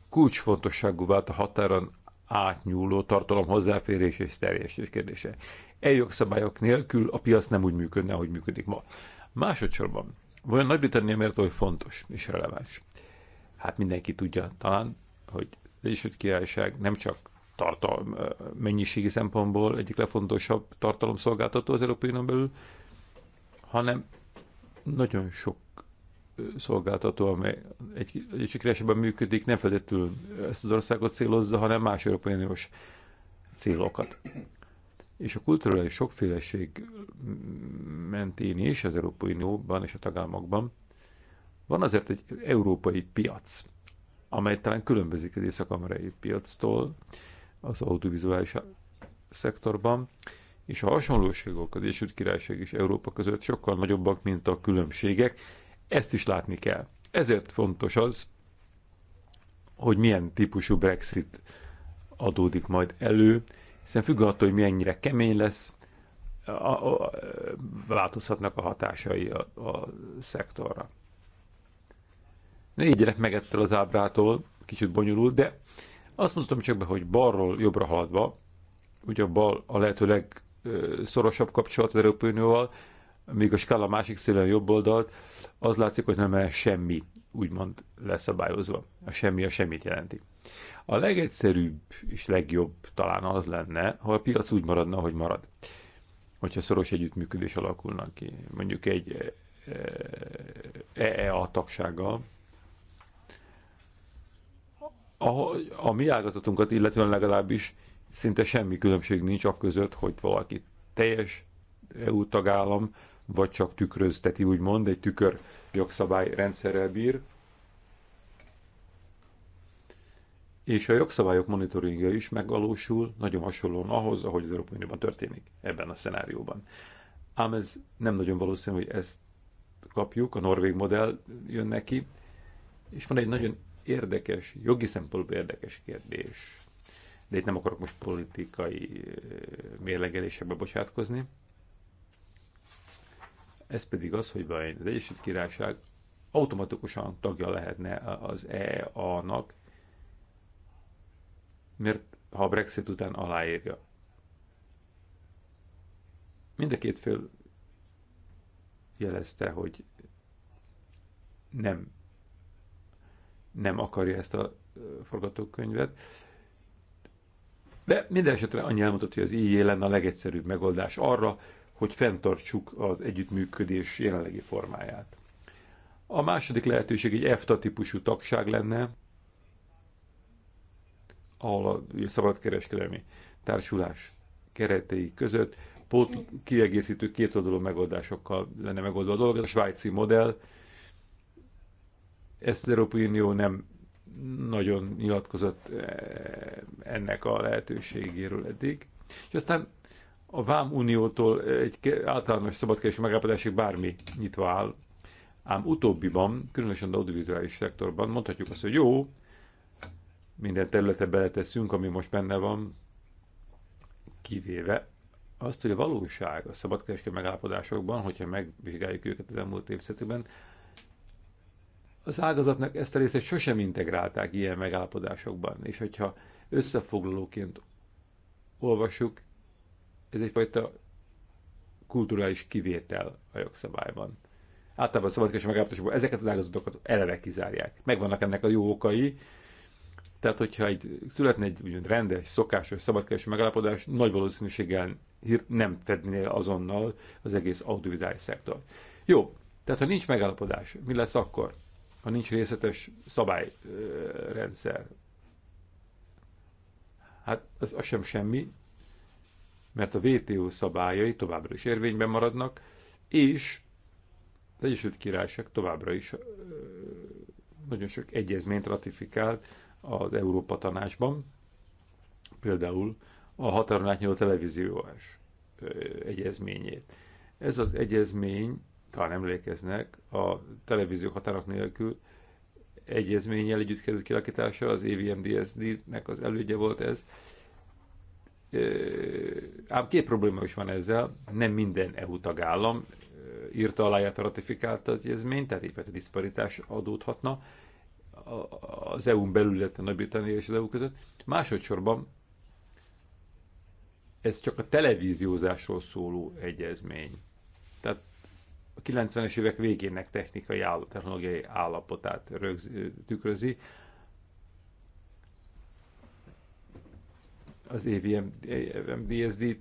kulcsfontosságú vált a határon átnyúló tartalom hozzáférés és terjesztés kérdése. E jogszabályok nélkül a piac nem úgy működne, ahogy működik ma. Másodszorban, vajon Nagy-Britannia miért oly fontos és releváns? Hát mindenki tudja talán, hogy az Egyesült Királyság nem csak tartalom, mennyiségi szempontból egyik legfontosabb tartalomszolgáltató az Európai Unión belül, hanem nagyon sok szolgáltató, amely egy, egy sikeresebben működik, nem feltétlenül ezt az országot célozza, hanem más Európai Uniós célokat. És a kulturális sokféleség mentén is az Európai Unióban és a tagállamokban van azért egy európai piac, amely talán különbözik az észak piactól, az audiovizuális szektorban, és a hasonlóságok az Egyesült Királyság és Európa között sokkal nagyobbak, mint a különbségek, ezt is látni kell. Ezért fontos az, hogy milyen típusú Brexit adódik majd elő, hiszen függ attól, hogy milyennyire kemény lesz, a, a, a, változhatnak a hatásai a, a szektorra. Négy gyerek megettel az ábrától, kicsit bonyolult, de azt mondtam csak be, hogy balról jobbra haladva, ugye a bal a lehető legszorosabb kapcsolat az Európai Unióval, míg a skála másik szélen jobb oldalt, az látszik, hogy nem lesz semmi, úgymond leszabályozva. A semmi a semmit jelenti. A legegyszerűbb és legjobb talán az lenne, ha a piac úgy maradna, hogy marad. Hogyha szoros együttműködés alakulnak ki. Mondjuk egy EEA eh, eh, e e tagsággal, a, a mi ágazatunkat illetően legalábbis szinte semmi különbség nincs a között, hogy valaki teljes EU tagállam, vagy csak tükrözteti, úgymond, egy tükör jogszabály rendszerrel bír. És a jogszabályok monitoringja is megvalósul, nagyon hasonlóan ahhoz, ahogy az Európai Unióban történik ebben a szenárióban. Ám ez nem nagyon valószínű, hogy ezt kapjuk, a norvég modell jön neki, és van egy nagyon érdekes, jogi szempontból érdekes kérdés, de itt nem akarok most politikai eh, mérlegelésekbe bocsátkozni, ez pedig az, hogy az Egyesült Királyság automatikusan tagja lehetne az EA-nak, mert ha a Brexit után aláírja. Mind a két fél jelezte, hogy nem, nem akarja ezt a forgatókönyvet. De minden esetre annyi elmondott, hogy az IJ lenne a legegyszerűbb megoldás arra, hogy fenntartsuk az együttműködés jelenlegi formáját. A második lehetőség egy EFTA típusú tagság lenne, ahol a szabadkereskedelmi társulás keretei között pót kiegészítő kétoldalú megoldásokkal lenne megoldva a dolog. Ez a svájci modell, ezt az Európai Unió nem nagyon nyilatkozott eh, ennek a lehetőségéről eddig. És aztán a Vámuniótól egy általános szabadkereső megállapodásig bármi nyitva áll. Ám utóbbiban, különösen az audiovizuális szektorban mondhatjuk azt, hogy jó, minden területe beleteszünk, ami most benne van, kivéve azt, hogy a valóság a szabadkereskedő megállapodásokban, hogyha megvizsgáljuk őket az elmúlt évszázadban, az ágazatnak ezt a részét sosem integrálták ilyen megállapodásokban, és hogyha összefoglalóként olvassuk, ez egyfajta kulturális kivétel a jogszabályban. Általában a szabadkereskedelmi megállapodásokból ezeket az ágazatokat eleve kizárják. Megvannak ennek a jó okai, tehát, hogyha egy, születne egy úgymond rendes, szokásos szabadkereső megállapodás, nagy valószínűséggel nem fednél azonnal az egész audiovizuális szektor. Jó, tehát ha nincs megállapodás, mi lesz akkor? Ha nincs részletes szabályrendszer? Hát az, az sem semmi, mert a WTO szabályai továbbra is érvényben maradnak, és az Egyesült Királyság továbbra is nagyon sok egyezményt ratifikált az Európa Tanácsban, például a határon átnyúló televíziós egyezményét. Ez az egyezmény, talán emlékeznek, a televízió határok nélkül egyezménnyel együtt került kilakításra, az EVMDSD-nek az elődje volt ez, Ám két probléma is van ezzel, nem minden EU tagállam írta a ratifikált az egyezményt, tehát éppen diszparitás adódhatna az EU-n belül, illetve Nagy-Britannia és az EU között. Másodszorban ez csak a televíziózásról szóló egyezmény. Tehát a 90-es évek végének technikai áll, technológiai állapotát rögz, tükrözi. az EVM, DSD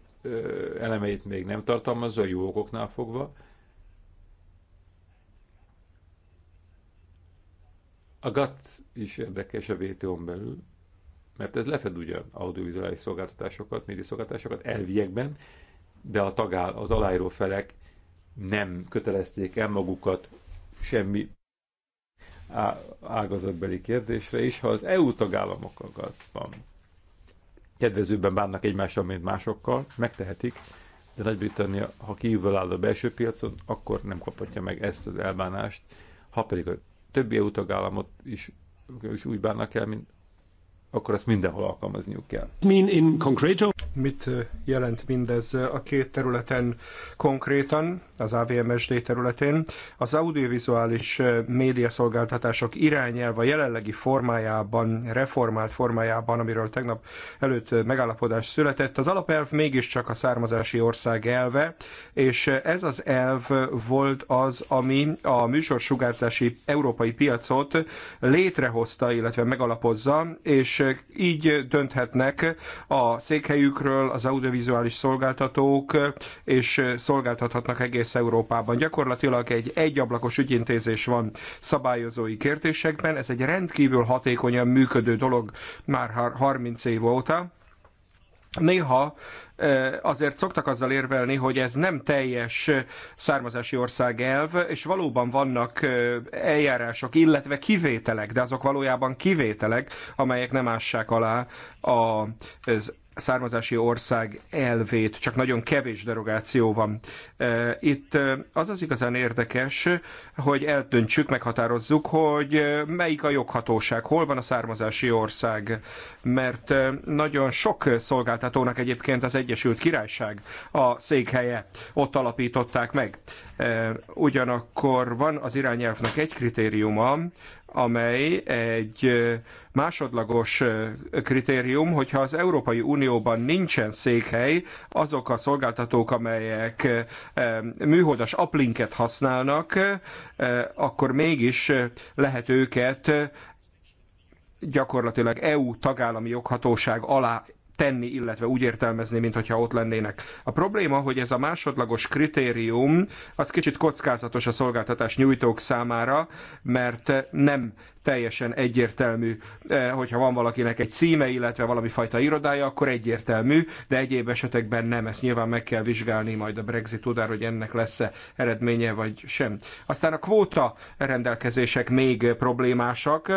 elemeit még nem tartalmazza, a jó okoknál fogva. A GATT is érdekes a WTO-n belül, mert ez lefed ugyan audiovizuális szolgáltatásokat, média szolgáltatásokat elviekben, de a tagál, az aláíró felek nem kötelezték el magukat semmi ágazatbeli kérdésre is, ha az EU tagállamok a GATT-ban kedvezőbben bánnak egymással, mint másokkal, megtehetik, de Nagy-Britannia, ha kívül áll a belső piacon, akkor nem kaphatja meg ezt az elbánást, ha pedig a többi EU tagállamot is, is úgy bánnak el, mint akkor ezt mindenhol alkalmazniuk kell. Mean in concreto? mit jelent mindez a két területen konkrétan, az AVMSD területén. Az audiovizuális médiaszolgáltatások irányelve jelenlegi formájában, reformált formájában, amiről tegnap előtt megállapodás született, az alapelv mégiscsak a származási ország elve, és ez az elv volt az, ami a műsorsugárzási európai piacot létrehozta, illetve megalapozza, és így dönthetnek a székhelyükről, ezekről az audiovizuális szolgáltatók, és szolgáltathatnak egész Európában. Gyakorlatilag egy egyablakos ügyintézés van szabályozói kérdésekben, ez egy rendkívül hatékonyan működő dolog már 30 év óta. Néha e, azért szoktak azzal érvelni, hogy ez nem teljes e, származási ország elv, és valóban vannak e, eljárások, illetve kivételek, de azok valójában kivételek, amelyek nem ássák alá az származási ország elvét, csak nagyon kevés derogáció van. Itt az az igazán érdekes, hogy eltöntsük, meghatározzuk, hogy melyik a joghatóság, hol van a származási ország, mert nagyon sok szolgáltatónak egyébként az Egyesült Királyság a székhelye, ott alapították meg. Ugyanakkor van az irányelvnek egy kritériuma, amely egy másodlagos kritérium, hogyha az Európai Unióban nincsen székhely, azok a szolgáltatók, amelyek műholdas aplinket használnak, akkor mégis lehet őket gyakorlatilag EU tagállami joghatóság alá tenni, illetve úgy értelmezni, mintha ott lennének. A probléma, hogy ez a másodlagos kritérium, az kicsit kockázatos a szolgáltatás nyújtók számára, mert nem teljesen egyértelmű, eh, hogyha van valakinek egy címe, illetve valami fajta irodája, akkor egyértelmű, de egyéb esetekben nem. Ezt nyilván meg kell vizsgálni majd a Brexit után, hogy ennek lesz-e eredménye vagy sem. Aztán a kvóta rendelkezések még problémásak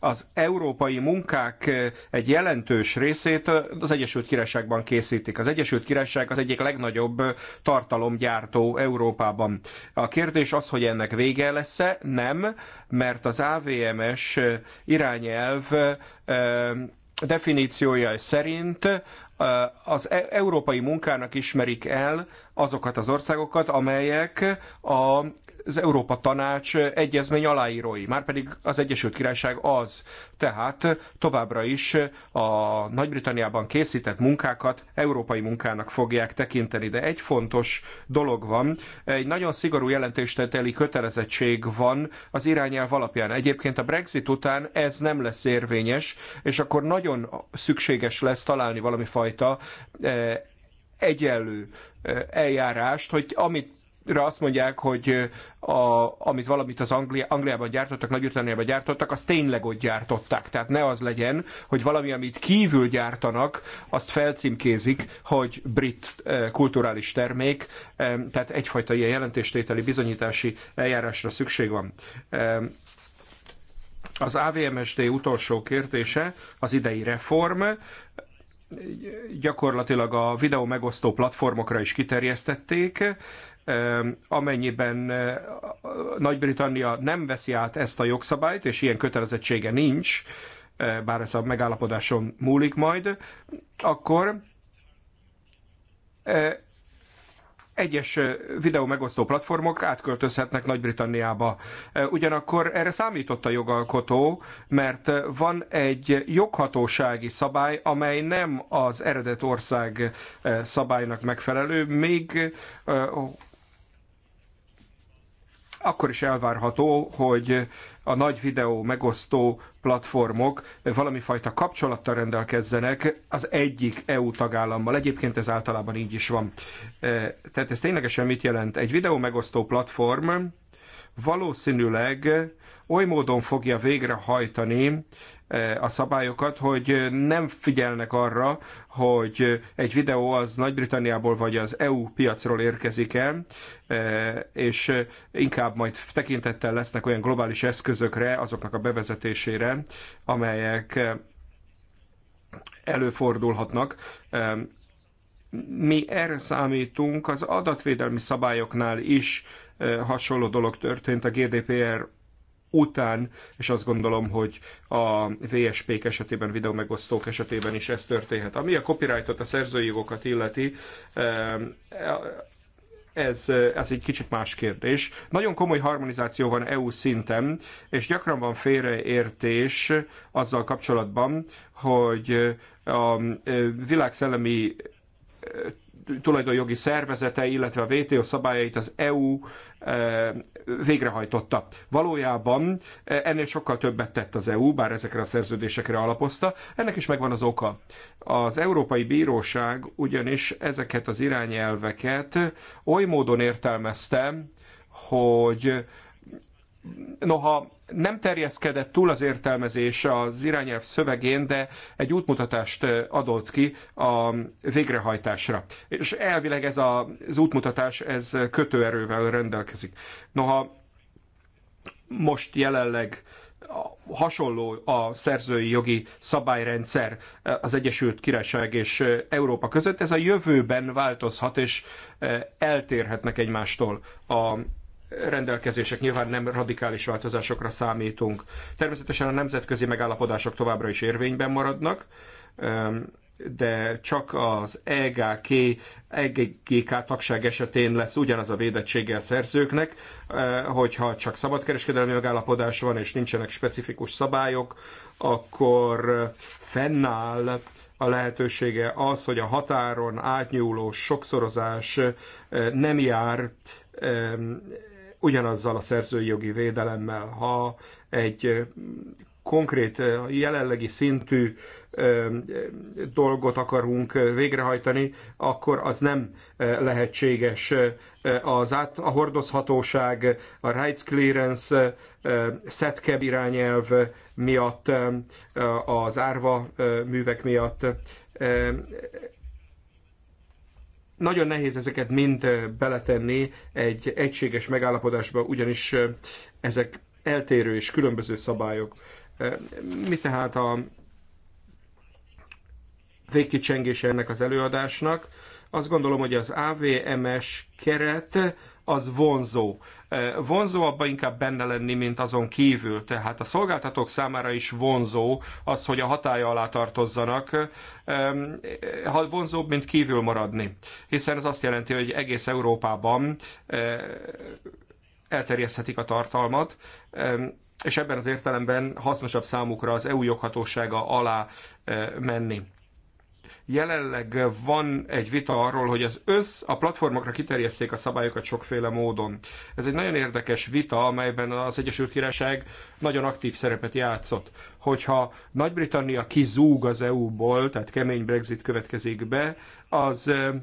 az európai munkák eh, egy jelentős részét eh, az Egyesült Királyságban készítik. Az Egyesült Királyság az egyik legnagyobb eh, tartalomgyártó Európában. A kérdés az, hogy ennek vége lesz-e? Nem, mert az AVMS irányelv definíciója szerint az e- európai munkának ismerik el azokat az országokat, amelyek a az Európa Tanács egyezmény aláírói, márpedig az Egyesült Királyság az. Tehát továbbra is a Nagy-Britanniában készített munkákat európai munkának fogják tekinteni, de egy fontos dolog van, egy nagyon szigorú jelentésteteli kötelezettség van az irányelv alapján. Egyébként a Brexit után ez nem lesz érvényes, és akkor nagyon szükséges lesz találni valami fajta eh, egyenlő eh, eljárást, hogy amit azt mondják, hogy a, amit valamit az Anglia, Angliában gyártottak, Nagy-Britanniában gyártottak, azt tényleg ott gyártották. Tehát ne az legyen, hogy valami, amit kívül gyártanak, azt felcímkézik, hogy brit kulturális termék, tehát egyfajta ilyen jelentéstételi bizonyítási eljárásra szükség van. Az AVMSD utolsó kérdése, az idei reform, gyakorlatilag a videó megosztó platformokra is kiterjesztették amennyiben eh, Nagy-Britannia nem veszi át ezt a jogszabályt, és ilyen kötelezettsége nincs, eh, bár ez a megállapodáson múlik majd, akkor eh, egyes videó megosztó platformok átköltözhetnek Nagy-Britanniába. Ugyanakkor erre számított a jogalkotó, mert van egy joghatósági szabály, amely nem az eredet ország szabálynak megfelelő, még akkor is elvárható, hogy a nagy videó megosztó platformok valami fajta kapcsolattal rendelkezzenek az egyik EU tagállammal. Egyébként ez általában így is van. E, tehát ez ténylegesen mit jelent? Egy videó megosztó platform valószínűleg oly módon fogja végrehajtani eh, a szabályokat, hogy nem figyelnek arra, hogy egy videó az Nagy-Britanniából vagy az EU piacról érkezik el, eh, és inkább majd tekintettel lesznek olyan globális eszközökre, azoknak a bevezetésére, amelyek eh, előfordulhatnak. Mi erre számítunk, az adatvédelmi szabályoknál is hasonló dolog történt a GDPR után, és azt gondolom, hogy a VSP-k esetében, megosztók esetében is ez történhet. Ami a copyrightot, a szerzői jogokat illeti, ez, ez egy kicsit más kérdés. Nagyon komoly harmonizáció van EU szinten, és gyakran van félreértés azzal kapcsolatban, hogy a világ szellemi tulajdonjogi szervezete, illetve a VTO szabályait az EU eh, végrehajtotta. Valójában eh, ennél sokkal többet tett az EU, bár ezekre a szerződésekre alapozta. Ennek is megvan az oka. Az Európai Bíróság ugyanis ezeket az irányelveket oly módon értelmezte, hogy Noha nem terjeszkedett túl az értelmezés az irányelv szövegén, de egy útmutatást adott ki a végrehajtásra. És elvileg ez a, az útmutatás ez kötőerővel rendelkezik. Noha most jelenleg hasonló a szerzői jogi szabályrendszer az Egyesült Királyság és Európa között. Ez a jövőben változhat, és eltérhetnek egymástól a rendelkezések, nyilván nem radikális változásokra számítunk. Természetesen a nemzetközi megállapodások továbbra is érvényben maradnak, de csak az EGK, EGK tagság esetén lesz ugyanaz a védettsége a szerzőknek, hogyha csak szabadkereskedelmi megállapodás van és nincsenek specifikus szabályok, akkor fennáll a lehetősége az, hogy a határon átnyúló sokszorozás nem jár ugyanazzal a szerzői jogi védelemmel. Ha egy konkrét, jelenlegi szintű dolgot akarunk végrehajtani, akkor az nem lehetséges. Az át, a hordozhatóság, a rights clearance, SETCAB irányelv miatt, az árva művek miatt nagyon nehéz ezeket mind beletenni egy egységes megállapodásba, ugyanis ezek eltérő és különböző szabályok. Mi tehát a végkicsengése ennek az előadásnak? Azt gondolom, hogy az AVMS keret az vonzó. Eh, vonzó abban inkább benne lenni, mint azon kívül. Tehát a szolgáltatók számára is vonzó az, hogy a hatája alá tartozzanak, eh, ha vonzóbb, mint kívül maradni. Hiszen ez azt jelenti, hogy egész Európában eh, elterjeszthetik a tartalmat, és ebben az értelemben hasznosabb számukra az EU joghatósága alá menni. Jelenleg van egy vita arról, hogy az össz a platformokra kiterjesszék a szabályokat sokféle módon. Ez egy nagyon érdekes vita, amelyben az Egyesült Királyság nagyon aktív szerepet játszott. Hogyha Nagy-Britannia kizúg az EU-ból, tehát kemény Brexit következik be, az eh,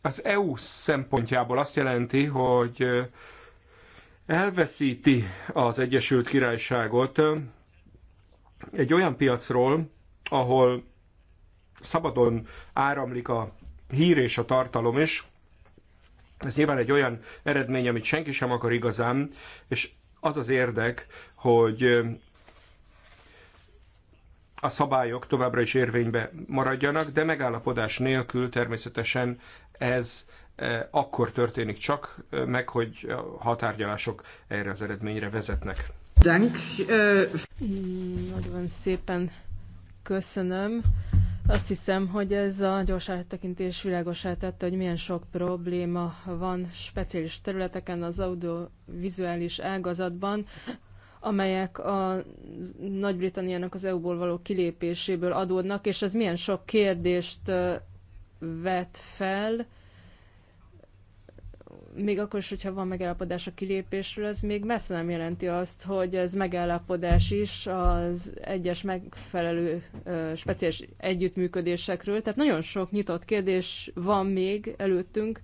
az EU szempontjából azt jelenti, hogy eh, elveszíti az Egyesült Királyságot eh, egy olyan piacról, ahol szabadon áramlik a hír és a tartalom is. Ez nyilván egy olyan eredmény, amit senki sem akar igazán, és az az érdek, hogy a szabályok továbbra is érvénybe maradjanak, de megállapodás nélkül természetesen ez akkor történik csak meg, hogy a határgyalások erre az eredményre vezetnek. Dank. Nagyon szépen köszönöm. Azt hiszem, hogy ez a gyors áttekintés világosá tette, hogy milyen sok probléma van speciális területeken az audiovizuális ágazatban, amelyek a Nagy-Britanniának az EU-ból való kilépéséből adódnak, és ez milyen sok kérdést vet fel, még akkor is, hogyha van megállapodás a kilépésről, ez még messze nem jelenti azt, hogy ez megállapodás is az egyes megfelelő speciális együttműködésekről. Tehát nagyon sok nyitott kérdés van még előttünk,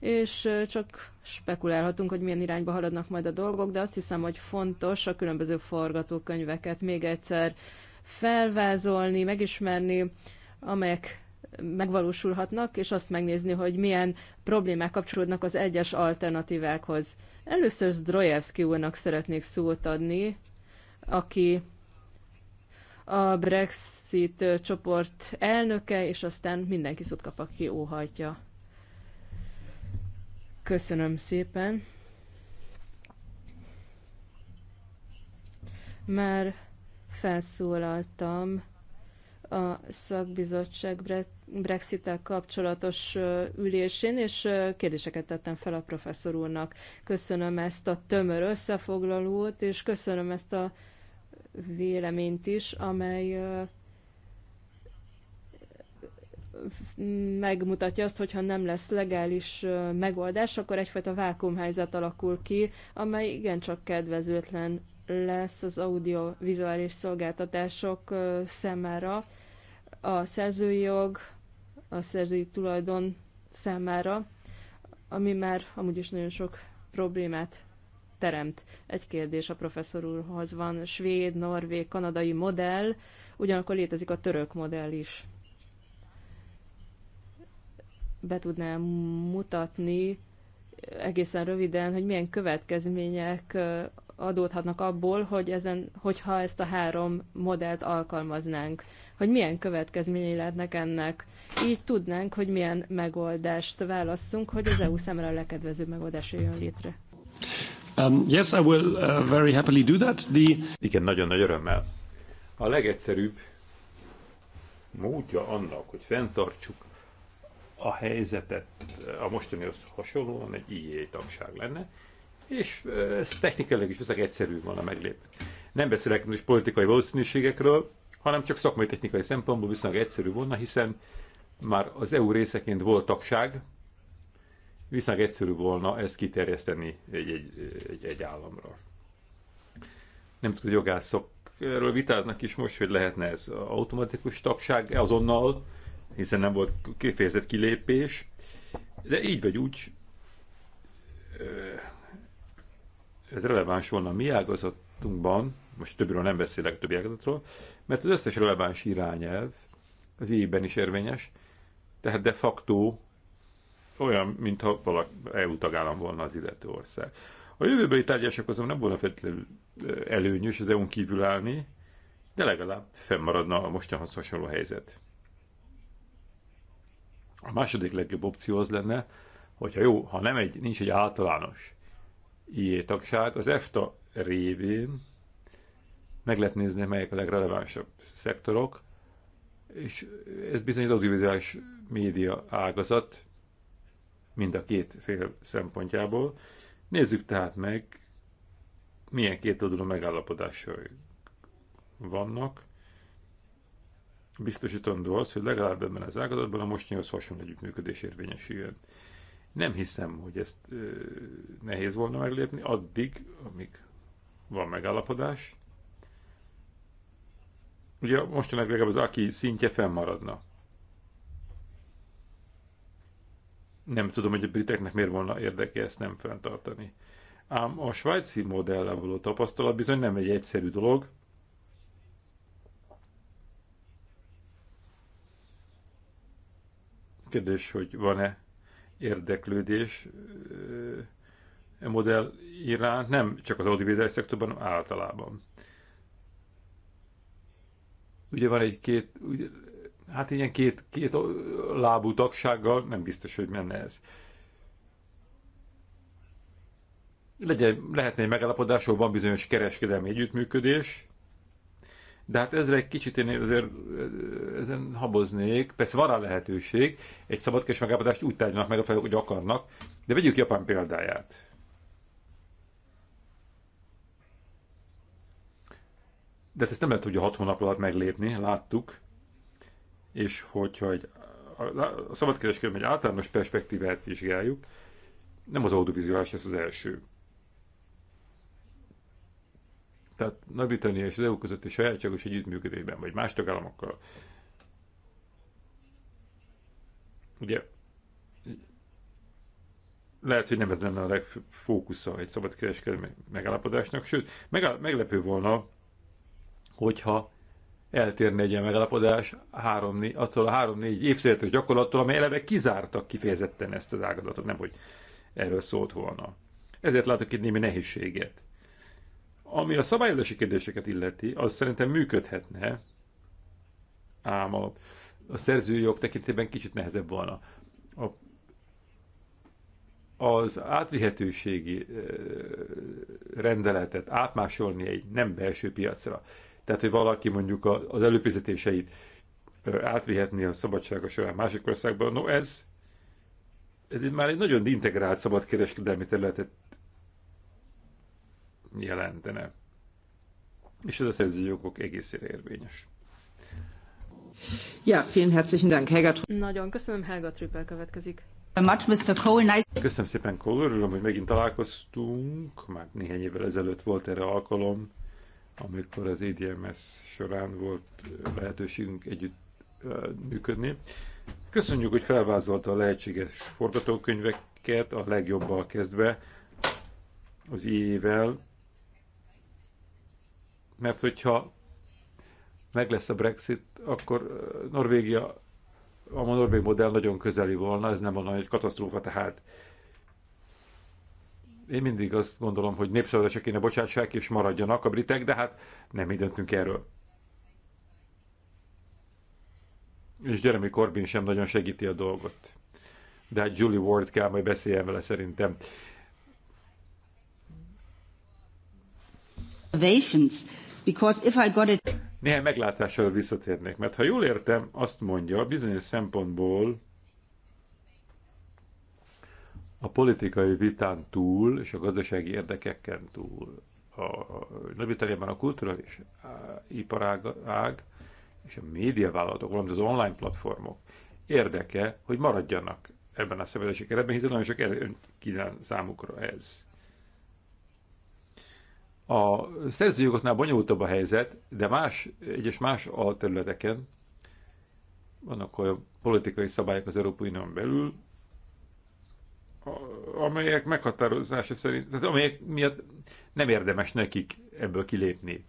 és csak spekulálhatunk, hogy milyen irányba haladnak majd a dolgok, de azt hiszem, hogy fontos a különböző forgatókönyveket még egyszer felvázolni, megismerni, amelyek megvalósulhatnak, és azt megnézni, hogy milyen problémák kapcsolódnak az egyes alternatívákhoz. Először Zdrojevski úrnak szeretnék szót adni, aki a Brexit csoport elnöke, és aztán mindenki szót kap, aki óhajtja. Köszönöm szépen. Már felszólaltam a szakbizottság brexit kapcsolatos ülésén, és kérdéseket tettem fel a professzor úrnak. Köszönöm ezt a tömör összefoglalót, és köszönöm ezt a véleményt is, amely megmutatja azt, hogyha nem lesz legális megoldás, akkor egyfajta vákumhelyzet alakul ki, amely igencsak kedvezőtlen lesz az audiovizuális szolgáltatások számára. A szerzői jog, a szerzői tulajdon számára, ami már amúgy is nagyon sok problémát teremt. Egy kérdés a professzor úrhoz van, svéd, norvég, kanadai modell, ugyanakkor létezik a török modell is. Be tudnám mutatni egészen röviden, hogy milyen következmények adódhatnak abból, hogy ezen, hogyha ezt a három modellt alkalmaznánk, hogy milyen következményei lehetnek ennek így tudnánk, hogy milyen megoldást válasszunk, hogy az EU számára a legkedvezőbb megoldás jön létre. Um, yes, I will uh, very happily do that. The... Igen, nagyon nagy örömmel. A legegyszerűbb módja annak, hogy fenntartsuk a helyzetet a mostanihoz hasonlóan egy IE tagság lenne, és uh, ez technikailag is viszont egyszerű van a meglépés. Nem beszélek most politikai valószínűségekről, hanem csak szakmai technikai szempontból viszonylag egyszerű volna, hiszen már az EU részeként volt tagság, viszont egyszerű volna ezt kiterjeszteni egy, egy, egy, egy államra. Nem tudom, jogászok erről vitáznak is most, hogy lehetne ez automatikus tagság azonnal, hiszen nem volt kifejezett kilépés, de így vagy úgy ez releváns volna a mi ágazatunkban, most többről nem beszélek, többi ágazatról, mert az összes releváns irányelv az éjben is érvényes, tehát de facto olyan, mintha valaki EU tagállam volna az illető ország. A jövőbeli tárgyalások azon nem volna feltétlenül előnyös az EU-n kívül állni, de legalább fennmaradna a mostanhoz hasonló helyzet. A második legjobb opció az lenne, hogyha jó, ha nem egy, nincs egy általános IE tagság, az EFTA révén meg lehet nézni, melyek a legrelevánsabb szektorok, és ez bizony az audiovizuális média ágazat mind a két fél szempontjából. Nézzük tehát meg, milyen két oldalú megállapodásai vannak. Biztosítandó az, hogy legalább ebben az ágazatban a mostanihoz hasonló együttműködés érvényesüljön. Nem hiszem, hogy ezt ö, nehéz volna meglépni addig, amíg van megállapodás, Ugye mostanáig legalább az aki szintje fennmaradna. Nem tudom, hogy a briteknek miért volna érdeke ezt nem fenntartani. Ám a svájci modellel való tapasztalat bizony nem egy egyszerű dolog. Kérdés, hogy van-e érdeklődés e modell iránt, nem csak az audiovizuális szektorban, hanem általában. Ugye van egy két, ugye, hát ilyen két, két lábú tagsággal nem biztos, hogy menne ez. Legyen, lehetne egy megállapodás, hogy van bizonyos kereskedelmi együttműködés, de hát ezre egy kicsit én azért eh, ezen haboznék. Persze van rá lehetőség, egy szabadkés megállapodást úgy tárgyalnak meg a felek, hogy akarnak, de vegyük Japán példáját. de hát ezt nem lehet hogy a hat hónap alatt meglépni, láttuk, és hogyha egy, a szabadkereskedelem egy általános perspektívát vizsgáljuk, nem az audiovizuális lesz az első. Tehát Nagy-Britannia és az EU közötti sajátságos együttműködésben, vagy más tagállamokkal. Ugye lehet, hogy nem ez lenne a legfókusza egy szabadkereskedelmi megállapodásnak, sőt, meglepő volna, hogyha eltérne egy ilyen megállapodás három, attól a három-négy évszeretős gyakorlattól, amely eleve kizártak kifejezetten ezt az ágazatot, nem hogy erről szólt volna. Ezért látok itt némi nehézséget. Ami a szabályozási kérdéseket illeti, az szerintem működhetne, ám a, a szerzőjog tekintében kicsit nehezebb volna. A, az átvihetőségi rendeletet átmásolni egy nem belső piacra tehát, hogy valaki mondjuk az előfizetéseit átvihetné a szabadsága során másik országban, no ez, ez már egy nagyon integrált szabadkereskedelmi területet jelentene. És ez a szerzői jogok egészére érvényes. Ja, vielen herzlichen Dank, Helga. Nagyon köszönöm, Helga Trüppel következik. Much, Mr. Cole. Nice. Köszönöm szépen, Cole. Örülöm, hogy megint találkoztunk. Már néhány évvel ezelőtt volt erre alkalom amikor az EDMS során volt lehetőségünk együtt működni. Köszönjük, hogy felvázolta a lehetséges forgatókönyveket, a legjobbal kezdve az IE-vel, mert hogyha meg lesz a Brexit, akkor Norvégia, a norvég modell nagyon közeli volna, ez nem volna egy katasztrófa, tehát én mindig azt gondolom, hogy népszavazásra kéne bocsássák és maradjanak a britek, de hát nem mi döntünk erről. És Jeremy Corbyn sem nagyon segíti a dolgot. De hát Julie Ward kell majd beszéljen vele szerintem. Because if I got it... Néhány meglátással visszatérnék, mert ha jól értem, azt mondja, bizonyos szempontból a politikai vitán túl és a gazdasági érdekeken túl. A Nagy-Britanniában a kulturális iparág ág, és a médiavállalatok, valamint az online platformok érdeke, hogy maradjanak ebben a szabadási keretben, hiszen nagyon sok előnyt kínál számukra ez. A szerzőjogoknál bonyolultabb a helyzet, de más, egyes más alterületeken vannak olyan politikai szabályok az Európai Unión belül, amelyek meghatározása szerint, tehát amelyek miatt nem érdemes nekik ebből kilépni.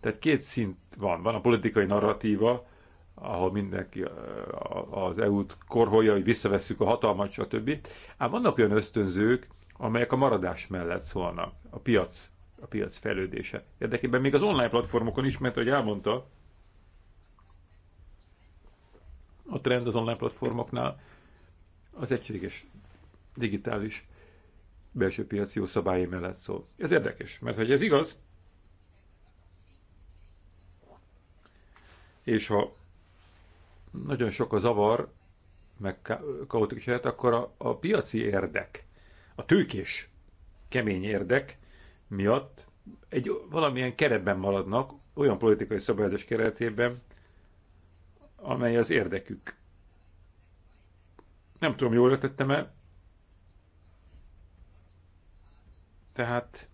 Tehát két szint van. Van a politikai narratíva, ahol mindenki az EU-t korholja, hogy visszavesszük a hatalmat, stb. Ám vannak olyan ösztönzők, amelyek a maradás mellett szólnak, a piac, a piac fejlődése. Érdekében még az online platformokon is, mert ahogy elmondta, a trend az online platformoknál az egységes digitális belső piaci jó szabályi mellett szól. Ez érdekes, mert hogy ez igaz, és ha nagyon sok a zavar, meg kaotikus lehet, akkor a, a piaci érdek, a tőkés kemény érdek miatt egy valamilyen keretben maradnak, olyan politikai szabályozás keretében, amely az érdekük. Nem tudom, jól értettem-e, Tehát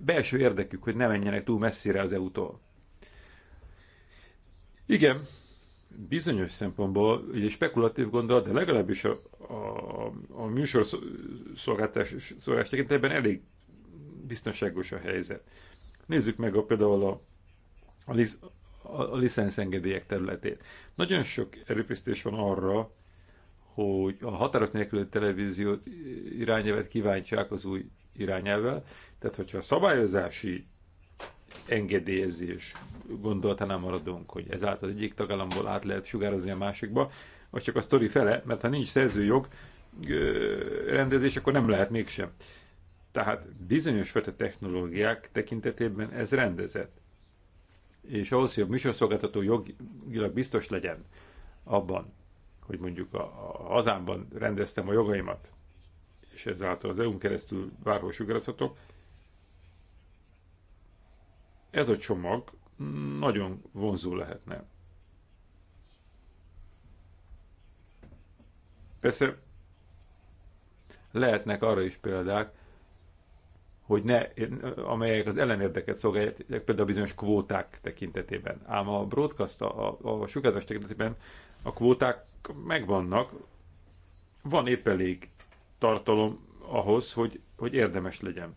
belső érdekük, hogy ne menjenek túl messzire az EU-tól. Igen, bizonyos szempontból, ugye spekulatív gondolat, de legalábbis a, a, a műsor szolgáltás szolgálás elég biztonságos a helyzet. Nézzük meg a, például a, a, lisz, a, a licenszengedélyek területét. Nagyon sok erőfeszítés van arra, hogy a határok nélküli televíziót irányelvet kíváncsiak az új irányelvvel. Tehát, hogyha a szabályozási engedélyezés gondolatánál maradunk, hogy ezáltal egyik tagállamból át lehet sugározni a másikba, az csak a sztori fele, mert ha nincs szerzőjog rendezés, akkor nem lehet mégsem. Tehát bizonyos fajta technológiák tekintetében ez rendezett. És ahhoz, hogy a műsorszolgáltató jogilag biztos legyen abban, hogy mondjuk a hazámban rendeztem a jogaimat, és ezáltal az EU-n keresztül bárhol sugárzhatok. Ez a csomag nagyon vonzó lehetne. Persze lehetnek arra is példák, hogy ne, amelyek az ellenérdeket szolgálják, például bizonyos kvóták tekintetében. Ám a broadcast, a, a, a sugárzás tekintetében a kvóták megvannak, van épp elég tartalom ahhoz, hogy, hogy érdemes legyen.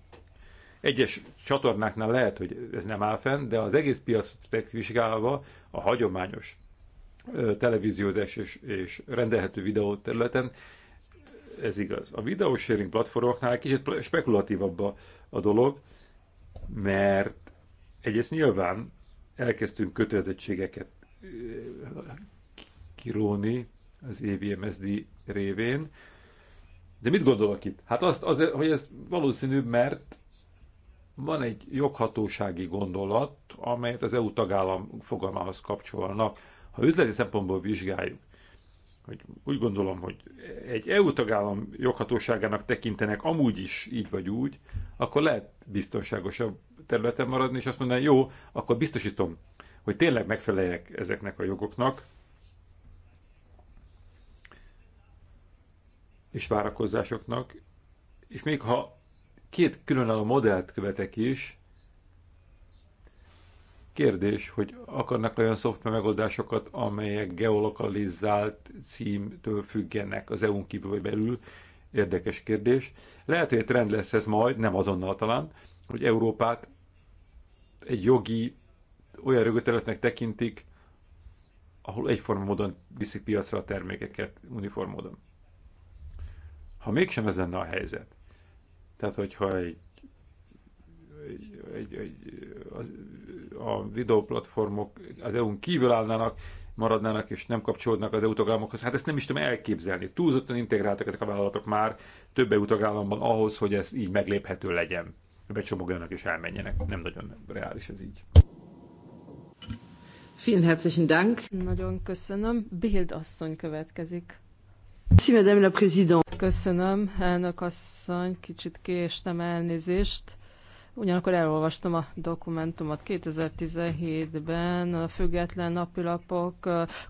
Egyes csatornáknál lehet, hogy ez nem áll fenn, de az egész piacot vizsgálva a hagyományos televíziózás és, és rendelhető videó területen ez igaz. A videó sharing platformoknál egy kicsit spekulatívabb a, a dolog, mert egyrészt nyilván elkezdtünk kötelezettségeket kiróni az EVMSD révén, de mit gondolok itt? Hát azt, az, hogy ez valószínűbb, mert van egy joghatósági gondolat, amelyet az EU tagállam fogalmához kapcsolnak. Ha üzleti szempontból vizsgáljuk, hogy úgy gondolom, hogy egy EU tagállam joghatóságának tekintenek amúgy is így vagy úgy, akkor lehet biztonságosabb területen maradni, és azt mondani, jó, akkor biztosítom, hogy tényleg megfeleljek ezeknek a jogoknak, és várakozásoknak, és még ha két különálló modellt követek is, kérdés, hogy akarnak olyan szoftver megoldásokat, amelyek geolokalizált címtől függenek az EU-n kívül vagy belül, érdekes kérdés. Lehet, hogy egy trend lesz ez majd, nem azonnal talán, hogy Európát egy jogi olyan rögöterületnek tekintik, ahol egyforma módon viszik piacra a termékeket uniform módon. Ha mégsem ez lenne a helyzet, tehát hogyha egy, egy, egy, egy a videóplatformok az EU-n kívül állnának, maradnának és nem kapcsolódnak az EU tagállamokhoz. Hát ezt nem is tudom elképzelni. Túlzottan integráltak ezek a vállalatok már több EU tagállamban ahhoz, hogy ez így megléphető legyen. Becsomogjanak és elmenjenek. Nem nagyon reális ez így. Vielen herzlichen Dank. Nagyon köszönöm. Bild asszony következik. Madame la Présidente. Köszönöm, elnök asszony, kicsit késtem elnézést. Ugyanakkor elolvastam a dokumentumot 2017-ben, a független napilapok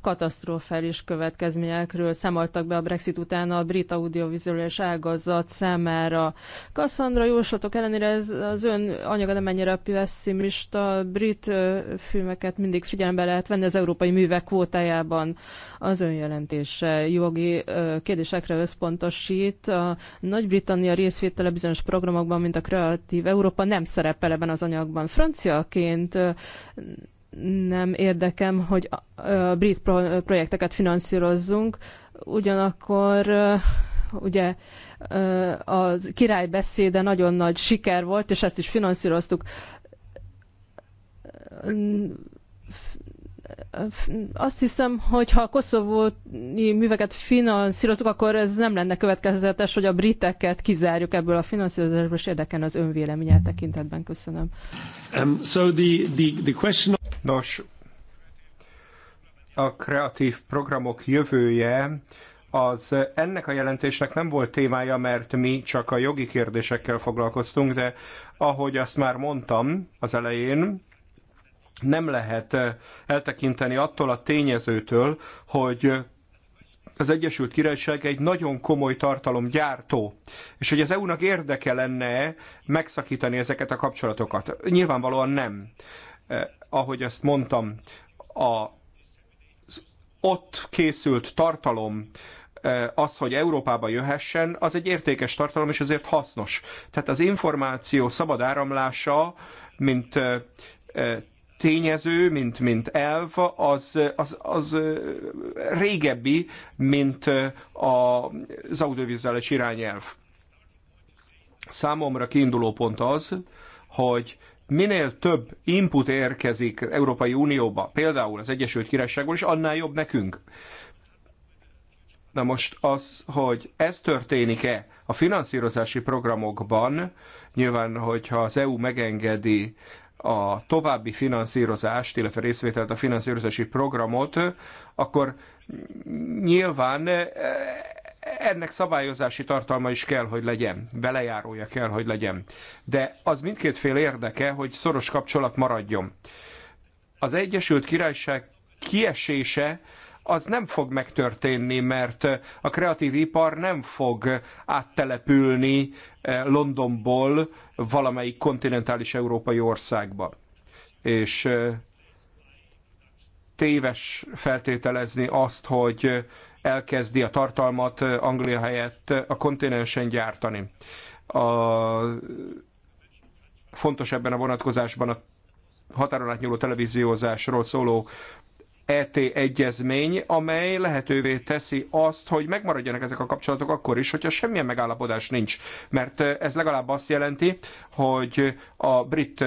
katasztrofális következményekről számoltak be a Brexit után a brit audiovizuális ágazat számára. Kassandra jóslatok ellenére ez az ön anyaga nem ennyire pessimista, brit filmeket mindig figyelembe lehet venni az európai művek kvótájában. Az ön jelentése jogi kérdésekre összpontosít. A Nagy-Britannia részvétele bizonyos programokban, mint a Kreatív Európa nem nem szerepel ebben az anyagban. Franciaként nem érdekem, hogy a brit projekteket finanszírozzunk, ugyanakkor ugye a király beszéde nagyon nagy siker volt, és ezt is finanszíroztuk azt hiszem, hogy ha a koszovói műveket finanszírozunk, akkor ez nem lenne következetes, hogy a briteket kizárjuk ebből a finanszírozásból, és érdekel az önvéleménye tekintetben. Köszönöm. Um, so the, the, the question... Nos, a kreatív programok jövője az ennek a jelentésnek nem volt témája, mert mi csak a jogi kérdésekkel foglalkoztunk, de ahogy azt már mondtam az elején, nem lehet eh, eltekinteni attól a tényezőtől, hogy eh, az Egyesült Királyság egy nagyon komoly tartalomgyártó, és hogy az EU-nak érdeke lenne megszakítani ezeket a kapcsolatokat. Nyilvánvalóan nem. Eh, ahogy ezt mondtam, a, ott készült tartalom, eh, az, hogy Európába jöhessen, az egy értékes tartalom, és ezért hasznos. Tehát az információ szabad áramlása, mint tényező, mint, mint elv, az, az, az régebbi, mint az audiovizuális irányelv. Számomra kiinduló pont az, hogy minél több input érkezik Európai Unióba, például az Egyesült Királyságból és annál jobb nekünk. Na most az, hogy ez történik-e a finanszírozási programokban, nyilván, hogyha az EU megengedi a további finanszírozást, illetve részvételt a finanszírozási programot, akkor nyilván e, ennek szabályozási tartalma is kell, hogy legyen, belejárója kell, hogy legyen. De az mindkét fél érdeke, hogy szoros kapcsolat maradjon. Az Egyesült Királyság kiesése az nem fog megtörténni, mert eh, a kreatív ipar nem fog áttelepülni eh, Londonból valamelyik kontinentális európai országba. És eh, téves feltételezni azt, hogy elkezdi a tartalmat Anglia helyett a kontinensen gyártani. A fontos ebben a vonatkozásban a határon átnyúló televíziózásról szóló ET egyezmény, amely lehetővé teszi azt, hogy megmaradjanak ezek a kapcsolatok akkor is, hogyha semmilyen megállapodás nincs. Mert ez legalább azt jelenti, hogy a brit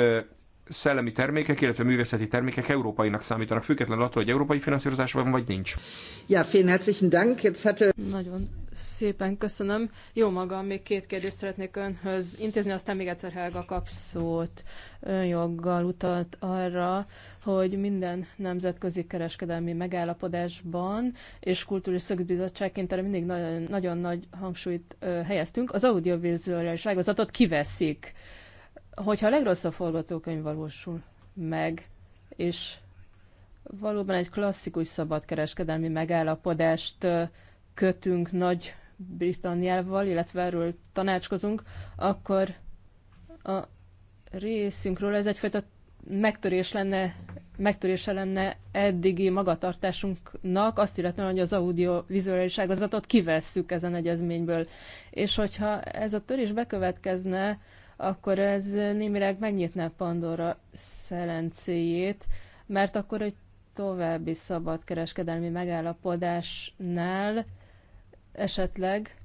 szellemi termékek, illetve művészeti termékek európainak számítanak, függetlenül attól, hogy európai finanszírozás van, vagy nincs. Ja, vielen herzlichen Dank. Jetzt hatte... Nagyon szépen köszönöm. Jó magam, még két kérdést szeretnék önhöz intézni, aztán még egyszer Helga kap szót. Önjoggal utalt arra, hogy minden nemzetközi kereskedelmi megállapodásban és kultúris szögbizottságként erre mindig nagyon, nagyon nagy hangsúlyt helyeztünk. Az audiovizuális ágazatot kiveszik Hogyha a legrosszabb forgatókönyv valósul meg, és valóban egy klasszikus szabadkereskedelmi megállapodást kötünk nagy Britanniával, illetve erről tanácskozunk, akkor a részünkről ez egyfajta megtörés lenne, megtörése lenne eddigi magatartásunknak, azt illetve, hogy az audiovizuális ágazatot kivesszük ezen egyezményből. És hogyha ez a törés bekövetkezne, akkor ez némileg megnyitná Pandora szelencéjét, mert akkor egy további kereskedelmi megállapodásnál esetleg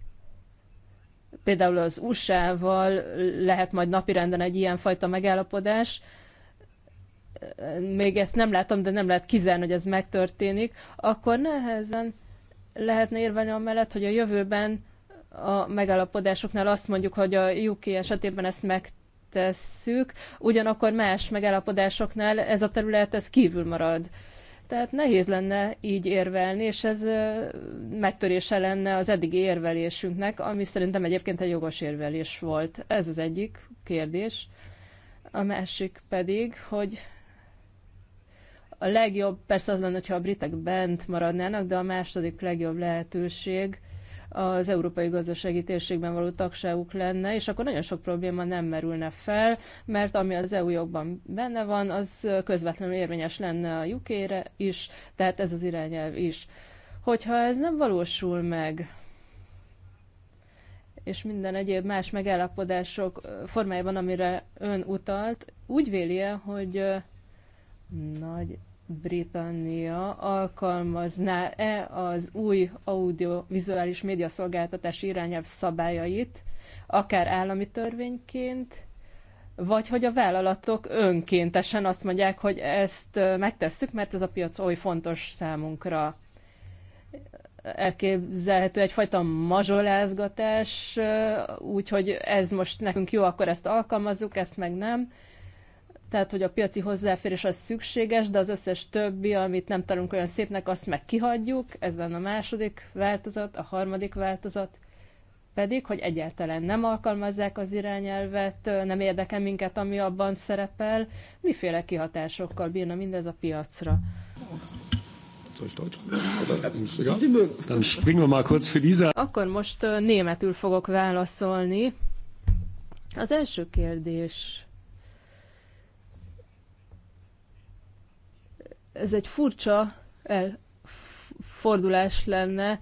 például az USA-val lehet majd napirenden egy ilyen fajta megállapodás, még ezt nem látom, de nem lehet kizárni, hogy ez megtörténik, akkor nehezen lehetne érvelni amellett, hogy a jövőben a megállapodásoknál azt mondjuk, hogy a UK esetében ezt megtesszük, ugyanakkor más megállapodásoknál ez a terület ez kívül marad. Tehát nehéz lenne így érvelni, és ez megtörése lenne az eddigi érvelésünknek, ami szerintem egyébként egy jogos érvelés volt. Ez az egyik kérdés. A másik pedig, hogy a legjobb persze az lenne, hogyha a britek bent maradnának, de a második legjobb lehetőség az európai gazdasági térségben való tagságuk lenne, és akkor nagyon sok probléma nem merülne fel, mert ami az EU jogban benne van, az közvetlenül érvényes lenne a uk is, tehát ez az irányelv is. Hogyha ez nem valósul meg, és minden egyéb más megállapodások formájában, amire ön utalt, úgy véli -e, hogy nagy Britannia alkalmazná-e az új audiovizuális médiaszolgáltatás irányelv szabályait, akár állami törvényként, vagy hogy a vállalatok önkéntesen azt mondják, hogy ezt megtesszük, mert ez a piac oly fontos számunkra. Elképzelhető egyfajta mazsolázgatás, úgyhogy ez most nekünk jó, akkor ezt alkalmazzuk, ezt meg nem tehát hogy a piaci hozzáférés az szükséges, de az összes többi, amit nem találunk olyan szépnek, azt meg kihagyjuk, ez lenne a második változat, a harmadik változat pedig, hogy egyáltalán nem alkalmazzák az irányelvet, nem érdekel minket, ami abban szerepel, miféle kihatásokkal bírna mindez a piacra. Akkor most németül fogok válaszolni. Az első kérdés Ez egy furcsa elfordulás lenne,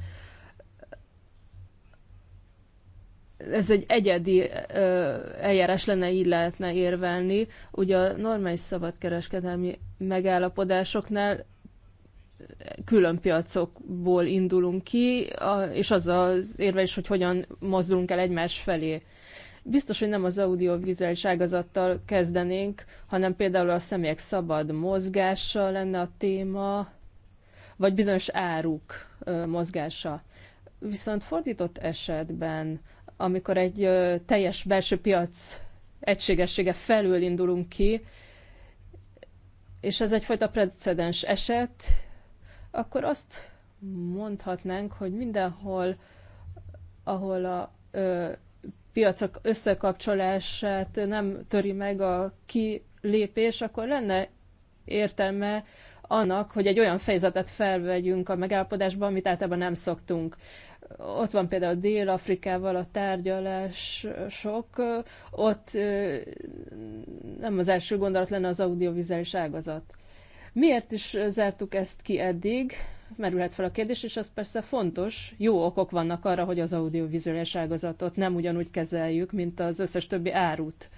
ez egy egyedi ö, eljárás lenne, így lehetne érvelni. Ugye a normális szabadkereskedelmi megállapodásoknál külön piacokból indulunk ki, a, és az az érvelés, hogy hogyan mozdulunk el egymás felé. Biztos, hogy nem az audiovizuális ágazattal kezdenénk, hanem például a személyek szabad mozgása lenne a téma, vagy bizonyos áruk mozgása. Viszont fordított esetben, amikor egy teljes belső piac egységessége felül indulunk ki, és ez egyfajta precedens eset, akkor azt mondhatnánk, hogy mindenhol, ahol a piacok összekapcsolását nem töri meg a kilépés, akkor lenne értelme annak, hogy egy olyan fejezetet felvegyünk a megállapodásban, amit általában nem szoktunk. Ott van például Dél-Afrikával a tárgyalás, sok, ott nem az első gondolat lenne az audiovizuális ágazat. Miért is zártuk ezt ki eddig? merülhet fel a kérdés, és az persze fontos. Jó okok vannak arra, hogy az audiovizuális ágazatot nem ugyanúgy kezeljük, mint az összes többi árut.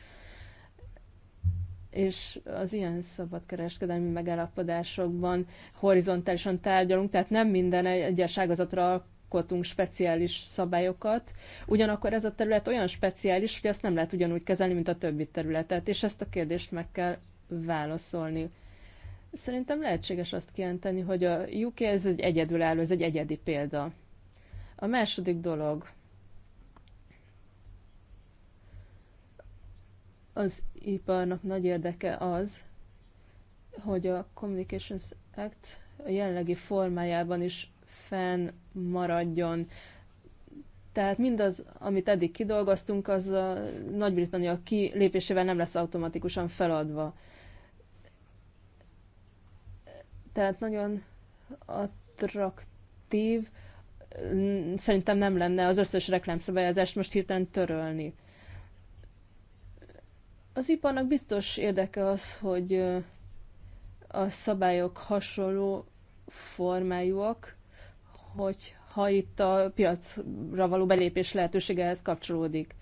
És az ilyen szabadkereskedelmi megállapodásokban horizontálisan tárgyalunk, tehát nem minden egyes ágazatra alkotunk speciális szabályokat, ugyanakkor ez a terület olyan speciális, hogy azt nem lehet ugyanúgy kezelni, mint a többi területet, és ezt a kérdést meg kell válaszolni. Szerintem lehetséges azt kijelenteni, hogy a UK ez egy egyedülálló, ez egy egyedi példa. A második dolog, az iparnak nagy érdeke az, hogy a Communications Act a jelenlegi formájában is fenn maradjon. Tehát mindaz, amit eddig kidolgoztunk, az a Nagy-Britannia kilépésével nem lesz automatikusan feladva. Tehát nagyon attraktív, szerintem nem lenne az összes reklámszabályozást most hirtelen törölni. Az iparnak biztos érdeke az, hogy a szabályok hasonló formájúak, hogy ha itt a piacra való belépés lehetőségehez kapcsolódik.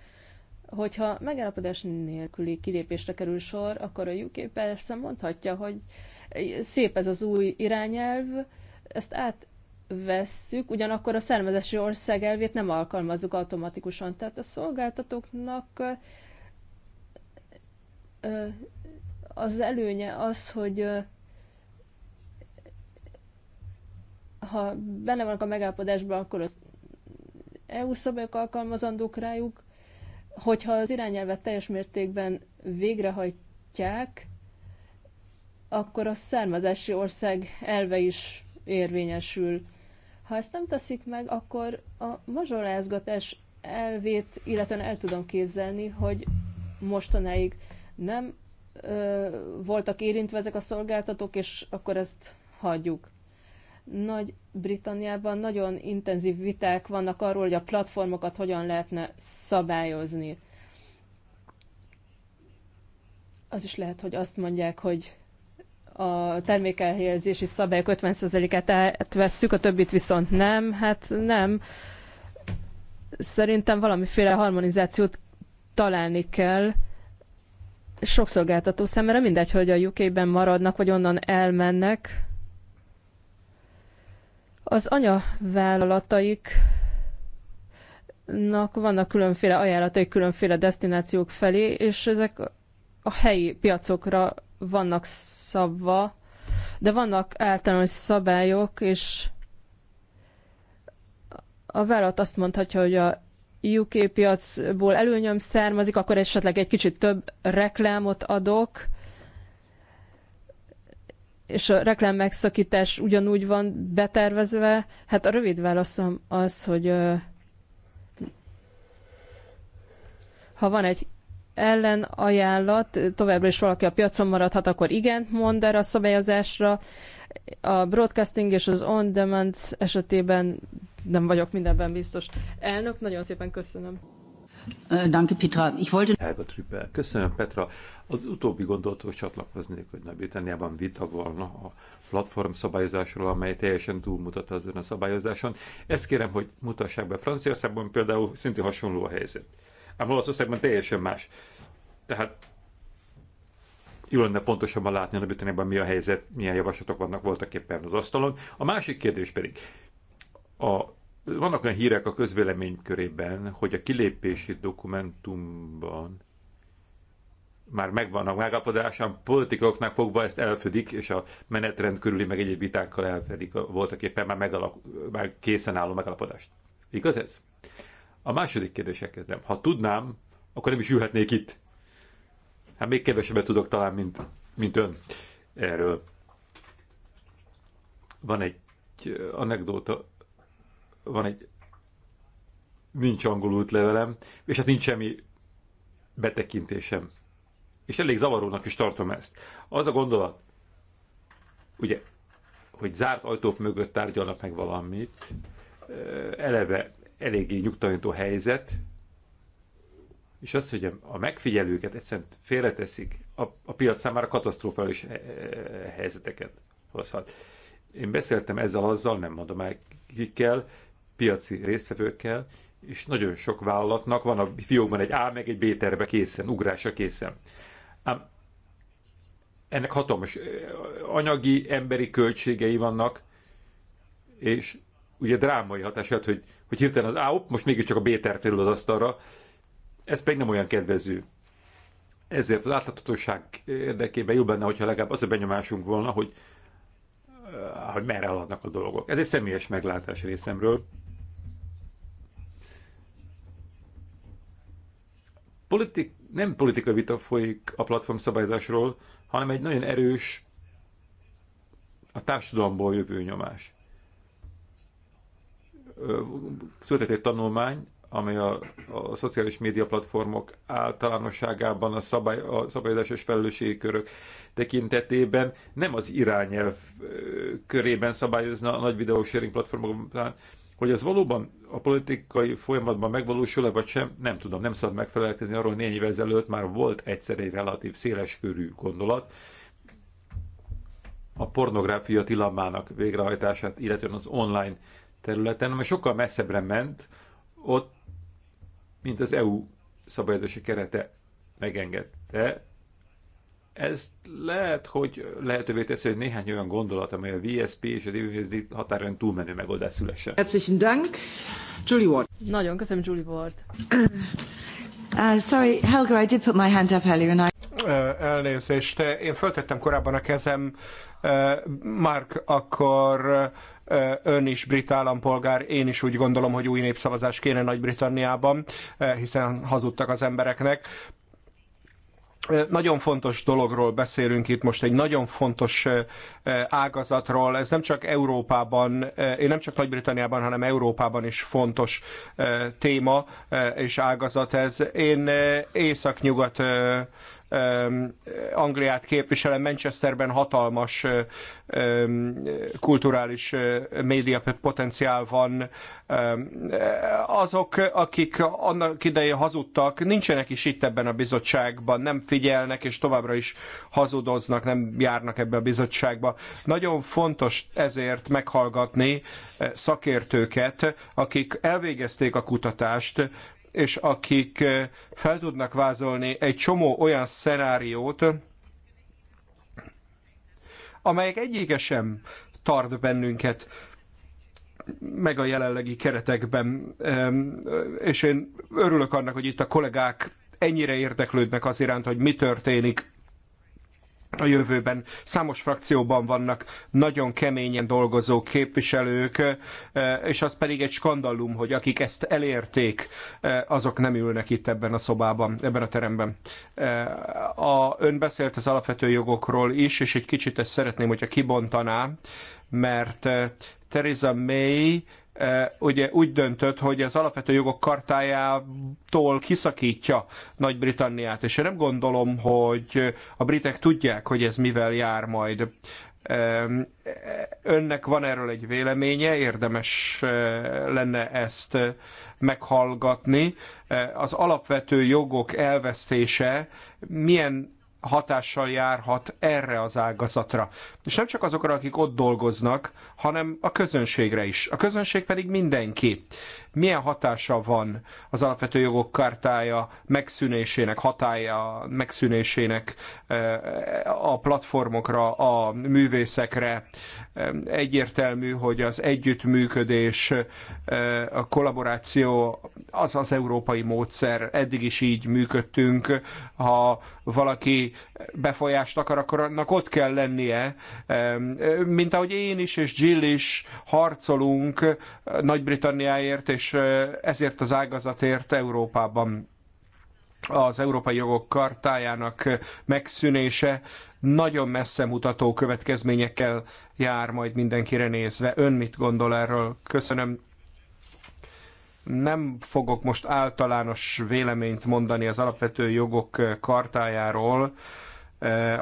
Hogyha megállapodás nélküli kilépésre kerül sor, akkor a UK persze mondhatja, hogy Szép ez az új irányelv, ezt átvesszük, ugyanakkor a szervezési ország elvét nem alkalmazzuk automatikusan. Tehát a szolgáltatóknak az előnye az, hogy ha benne vannak a megállapodásban, akkor az EU szabályok alkalmazandók rájuk, hogyha az irányelvet teljes mértékben végrehajtják, akkor a származási ország elve is érvényesül. Ha ezt nem teszik meg, akkor a mazsolázgatás elvét, illetve el tudom képzelni, hogy mostanáig nem ö, voltak érintve ezek a szolgáltatók, és akkor ezt hagyjuk. Nagy-Britanniában nagyon intenzív viták vannak arról, hogy a platformokat hogyan lehetne szabályozni. Az is lehet, hogy azt mondják, hogy a termékelhelyezési szabályok 50%-át átvesszük, a többit viszont nem. Hát nem. Szerintem valamiféle harmonizációt találni kell sok szolgáltató szemére mindegy, hogy a UK-ben maradnak, vagy onnan elmennek. Az anyavállalataik vannak különféle ajánlatai különféle destinációk felé, és ezek a helyi piacokra vannak szabva, de vannak általános szabályok, és a vállalat azt mondhatja, hogy a UK piacból előnyöm származik, akkor esetleg egy kicsit több reklámot adok, és a reklám megszakítás ugyanúgy van betervezve. Hát a rövid válaszom az, hogy ha van egy ellen ajánlat, továbbra is valaki a piacon maradhat, akkor igent mond erre a szabályozásra. A broadcasting és az on-demand esetében nem vagyok mindenben biztos. Elnök, nagyon szépen köszönöm. Danke, Petra. Ich wollte... Helga Trüppel. Köszönöm, Petra. Az utóbbi gondolathoz csatlakoznék, hogy Nagy-Britanniában vita volna a platform szabályozásról, amely teljesen túlmutat ön a szabályozáson. Ezt kérem, hogy mutassák be Franciaországban, például szintén hasonló a helyzet ám Olaszországban teljesen más. Tehát jó lenne pontosabban látni a Britanniában mi a helyzet, milyen javaslatok vannak voltak éppen az asztalon. A másik kérdés pedig, a, vannak olyan hírek a közvélemény körében, hogy a kilépési dokumentumban már megvannak a politikoknak fogva ezt elfedik, és a menetrend körüli meg egyéb vitákkal elfedik, voltak éppen már, megalak, már készen álló megállapodást. Igaz ez? A második kérdéssel kezdem. Ha tudnám, akkor nem is ülhetnék itt. Hát még kevesebbet tudok talán, mint, mint ön erről. Van egy eh, anekdóta, van egy nincs angol útlevelem, és hát nincs semmi betekintésem. És elég zavarónak is tartom ezt. Az a gondolat, ugye, hogy zárt ajtók mögött tárgyalnak meg valamit, eh, eleve eléggé nyugtalanító helyzet, és az, hogy a megfigyelőket egyszerűen félreteszik, a, a piac számára katasztrofális eh, eh, helyzeteket hozhat. Én beszéltem ezzel, azzal, nem mondom el kikkel, piaci résztvevőkkel, és nagyon sok vállalatnak van a fiókban egy A meg egy B terve készen, ugrása készen. Ám ennek hatalmas eh, anyagi, emberi költségei vannak, és ugye drámai hatását, hogy, hogy hirtelen az áup most mégiscsak a B-terv felül az asztalra, ez pedig nem olyan kedvező. Ezért az átláthatóság érdekében jó lenne, hogyha legalább az a benyomásunk volna, hogy, eh, hogy merre haladnak a dolgok. Ez egy személyes meglátás részemről. Politik, nem politika vita folyik a platform szabályzásról, hanem egy nagyon erős, a társadalomból jövő nyomás született egy tanulmány, amely a, a szociális média platformok általánosságában a, szabály, a és felelősségi körök tekintetében nem az irányelv körében szabályozna a nagy videó sharing platformokban, hogy ez valóban a politikai folyamatban megvalósul-e vagy sem, nem tudom, nem szabad megfelelkezni arról, négy évvel ezelőtt már volt egyszer egy relatív széles körű gondolat, a pornográfia tilalmának végrehajtását, illetően az online területen, ami sokkal messzebbre ment, ott, mint az EU szabályozási kerete megengedte. Ez lehet, hogy lehetővé teszi, hogy néhány olyan gondolat, amely a VSP és a DVSD határon túlmenő megoldás szülessen. Herzlichen Dank, Julie Ward. Nagyon köszönöm, Julie Ward. Uh, uh, sorry, Helga, I did put my hand up earlier and I... Uh, elnézést, én föltettem korábban a kezem, uh, Mark, akkor uh, Ön is brit állampolgár, én is úgy gondolom, hogy új népszavazás kéne Nagy-Britanniában, hiszen hazudtak az embereknek nagyon fontos dologról beszélünk itt most, egy nagyon fontos ágazatról. Ez nem csak Európában, én nem csak Nagy-Britanniában, hanem Európában is fontos téma és ágazat ez. Én észak-nyugat Angliát képviselem, Manchesterben hatalmas kulturális média potenciál van. Azok, akik annak idején hazudtak, nincsenek is itt ebben a bizottságban, nem figyelnek, és továbbra is hazudoznak, nem járnak ebbe a bizottságba. Nagyon fontos ezért meghallgatni szakértőket, akik elvégezték a kutatást, és akik eh, fel tudnak vázolni egy csomó olyan szenáriót, amelyek egyike sem tart bennünket meg a jelenlegi keretekben. És én örülök annak, hogy itt a kollégák ennyire érdeklődnek az iránt, hogy mi történik a jövőben. Számos frakcióban vannak nagyon keményen dolgozó képviselők, e, és az pedig egy skandalum, hogy akik ezt elérték, e, azok nem ülnek itt ebben a szobában, ebben a teremben. E, a, ön beszélt az alapvető jogokról is, és egy kicsit ezt szeretném, hogyha kibontaná, mert Theresa May ugye úgy döntött, hogy az alapvető jogok kartájától kiszakítja Nagy-Britanniát, és én nem gondolom, hogy a britek tudják, hogy ez mivel jár majd. Önnek van erről egy véleménye, érdemes lenne ezt meghallgatni. Az alapvető jogok elvesztése milyen hatással járhat erre az ágazatra. És nem csak azokra, akik ott dolgoznak, hanem a közönségre is. A közönség pedig mindenki. Milyen hatása van az alapvető jogok kártája megszűnésének, hatája megszűnésének eh, a platformokra, a művészekre? Eh, egyértelmű, hogy az együttműködés, eh, a kollaboráció az az európai módszer. Eddig is így működtünk. Ha valaki befolyást akar, akkor annak ott kell lennie, mint ahogy én is és Jill is harcolunk Nagy-Britanniáért és ezért az ágazatért Európában az Európai Jogok Kartájának megszűnése nagyon messze mutató következményekkel jár majd mindenkire nézve. Ön mit gondol erről? Köszönöm. Nem fogok most általános véleményt mondani az alapvető jogok kartájáról,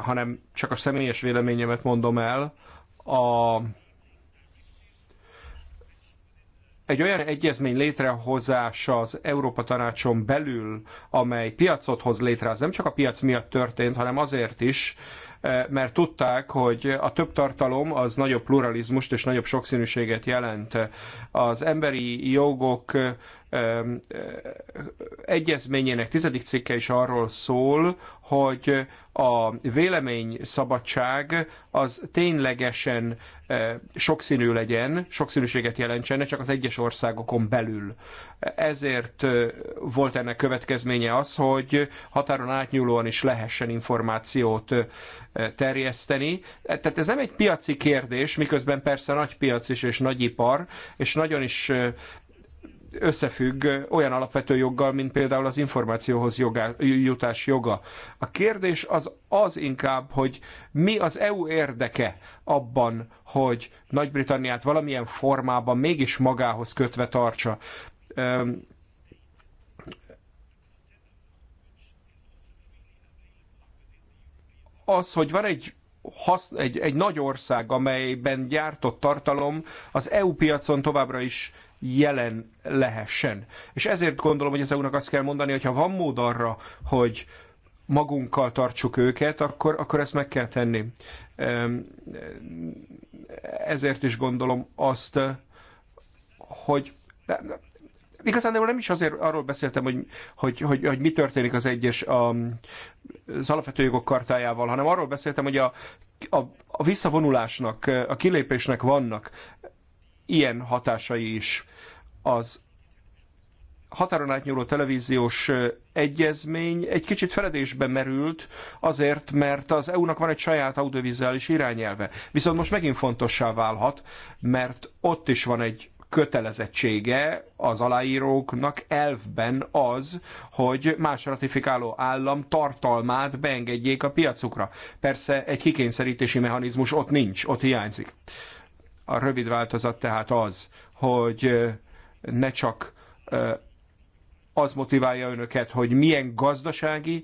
hanem csak a személyes véleményemet mondom el. A egy olyan egyezmény létrehozása az Európa Tanácson belül, amely piacot hoz létre, az nem csak a piac miatt történt, hanem azért is, eh, mert tudták, hogy a több tartalom az nagyobb pluralizmust és nagyobb sokszínűséget jelent. Az emberi jogok egyezményének tizedik cikke is arról szól, hogy a vélemény szabadság az ténylegesen sokszínű legyen, sokszínűséget jelentsen, ne csak az egyes országokon belül. Ezért volt ennek következménye az, hogy határon átnyúlóan is lehessen információt terjeszteni. Tehát ez nem egy piaci kérdés, miközben persze nagy piac is és nagy ipar, és nagyon is összefügg olyan alapvető joggal, mint például az információhoz jogá, jutás joga. A kérdés az az inkább, hogy mi az EU érdeke abban, hogy Nagy-Britanniát valamilyen formában mégis magához kötve tartsa. Az, hogy van egy hasz, egy, egy nagy ország, amelyben gyártott tartalom az EU piacon továbbra is jelen lehessen. És ezért gondolom, hogy az EU-nak azt kell mondani, hogy ha van mód arra, hogy magunkkal tartsuk őket, akkor, akkor ezt meg kell tenni. Ehm, ezért is gondolom azt, hogy igazán nem is azért arról beszéltem, hogy, hogy, hogy, hogy mi történik az egyes a, az alapvető jogok kartájával, hanem arról beszéltem, hogy a, a, a visszavonulásnak, a kilépésnek vannak ilyen hatásai is. Az határon átnyúló televíziós egyezmény egy kicsit feledésbe merült, azért, mert az EU-nak van egy saját audiovizuális irányelve. Viszont most megint fontossá válhat, mert ott is van egy kötelezettsége az aláíróknak elvben az, hogy más ratifikáló állam tartalmát beengedjék a piacukra. Persze egy kikényszerítési mechanizmus ott nincs, ott hiányzik. A rövid változat tehát az, hogy ne csak az motiválja önöket, hogy milyen gazdasági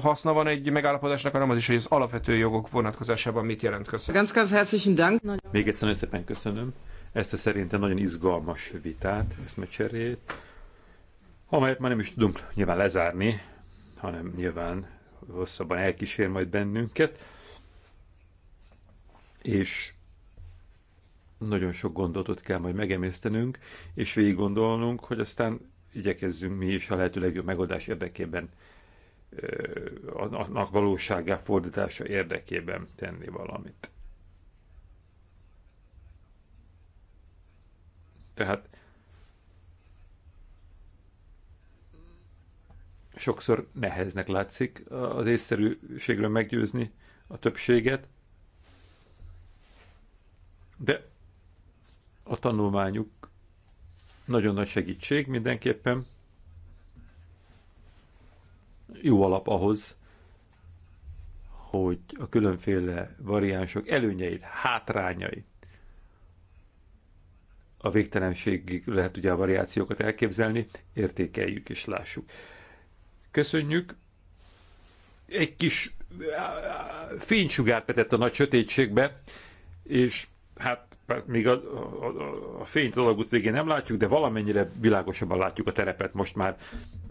haszna van egy megállapodásnak, hanem az is, hogy az alapvető jogok vonatkozásában mit jelent. Köszönöm. Ganz, ganz herzlichen Dank. Még egyszer nagyon szépen köszönöm ezt a szerintem nagyon izgalmas vitát, ezt eszmecserét, amelyet már nem is tudunk nyilván lezárni, hanem nyilván hosszabban elkísér majd bennünket. És nagyon sok gondot ott kell majd megemésztenünk, és végig gondolnunk, hogy aztán igyekezzünk mi is a lehető legjobb megoldás érdekében, annak valóságá fordítása érdekében tenni valamit. Tehát sokszor neheznek látszik az észszerűségről meggyőzni a többséget, de a tanulmányuk nagyon nagy segítség mindenképpen. Jó alap ahhoz, hogy a különféle variánsok előnyeit, hátrányait, a végtelenségig lehet ugye a variációkat elképzelni, értékeljük és lássuk. Köszönjük! Egy kis fénysugárt vetett a nagy sötétségbe, és hát még a, a, a fényt az alagút végén nem látjuk, de valamennyire világosabban látjuk a terepet most már,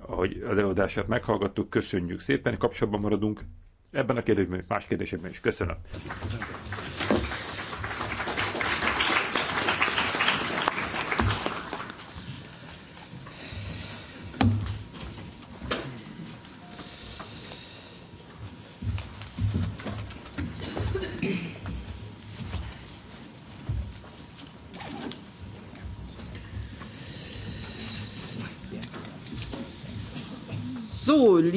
ahogy az előadását meghallgattuk. Köszönjük szépen, kapcsolatban maradunk ebben a kérdésben, más kérdésekben is. Köszönöm.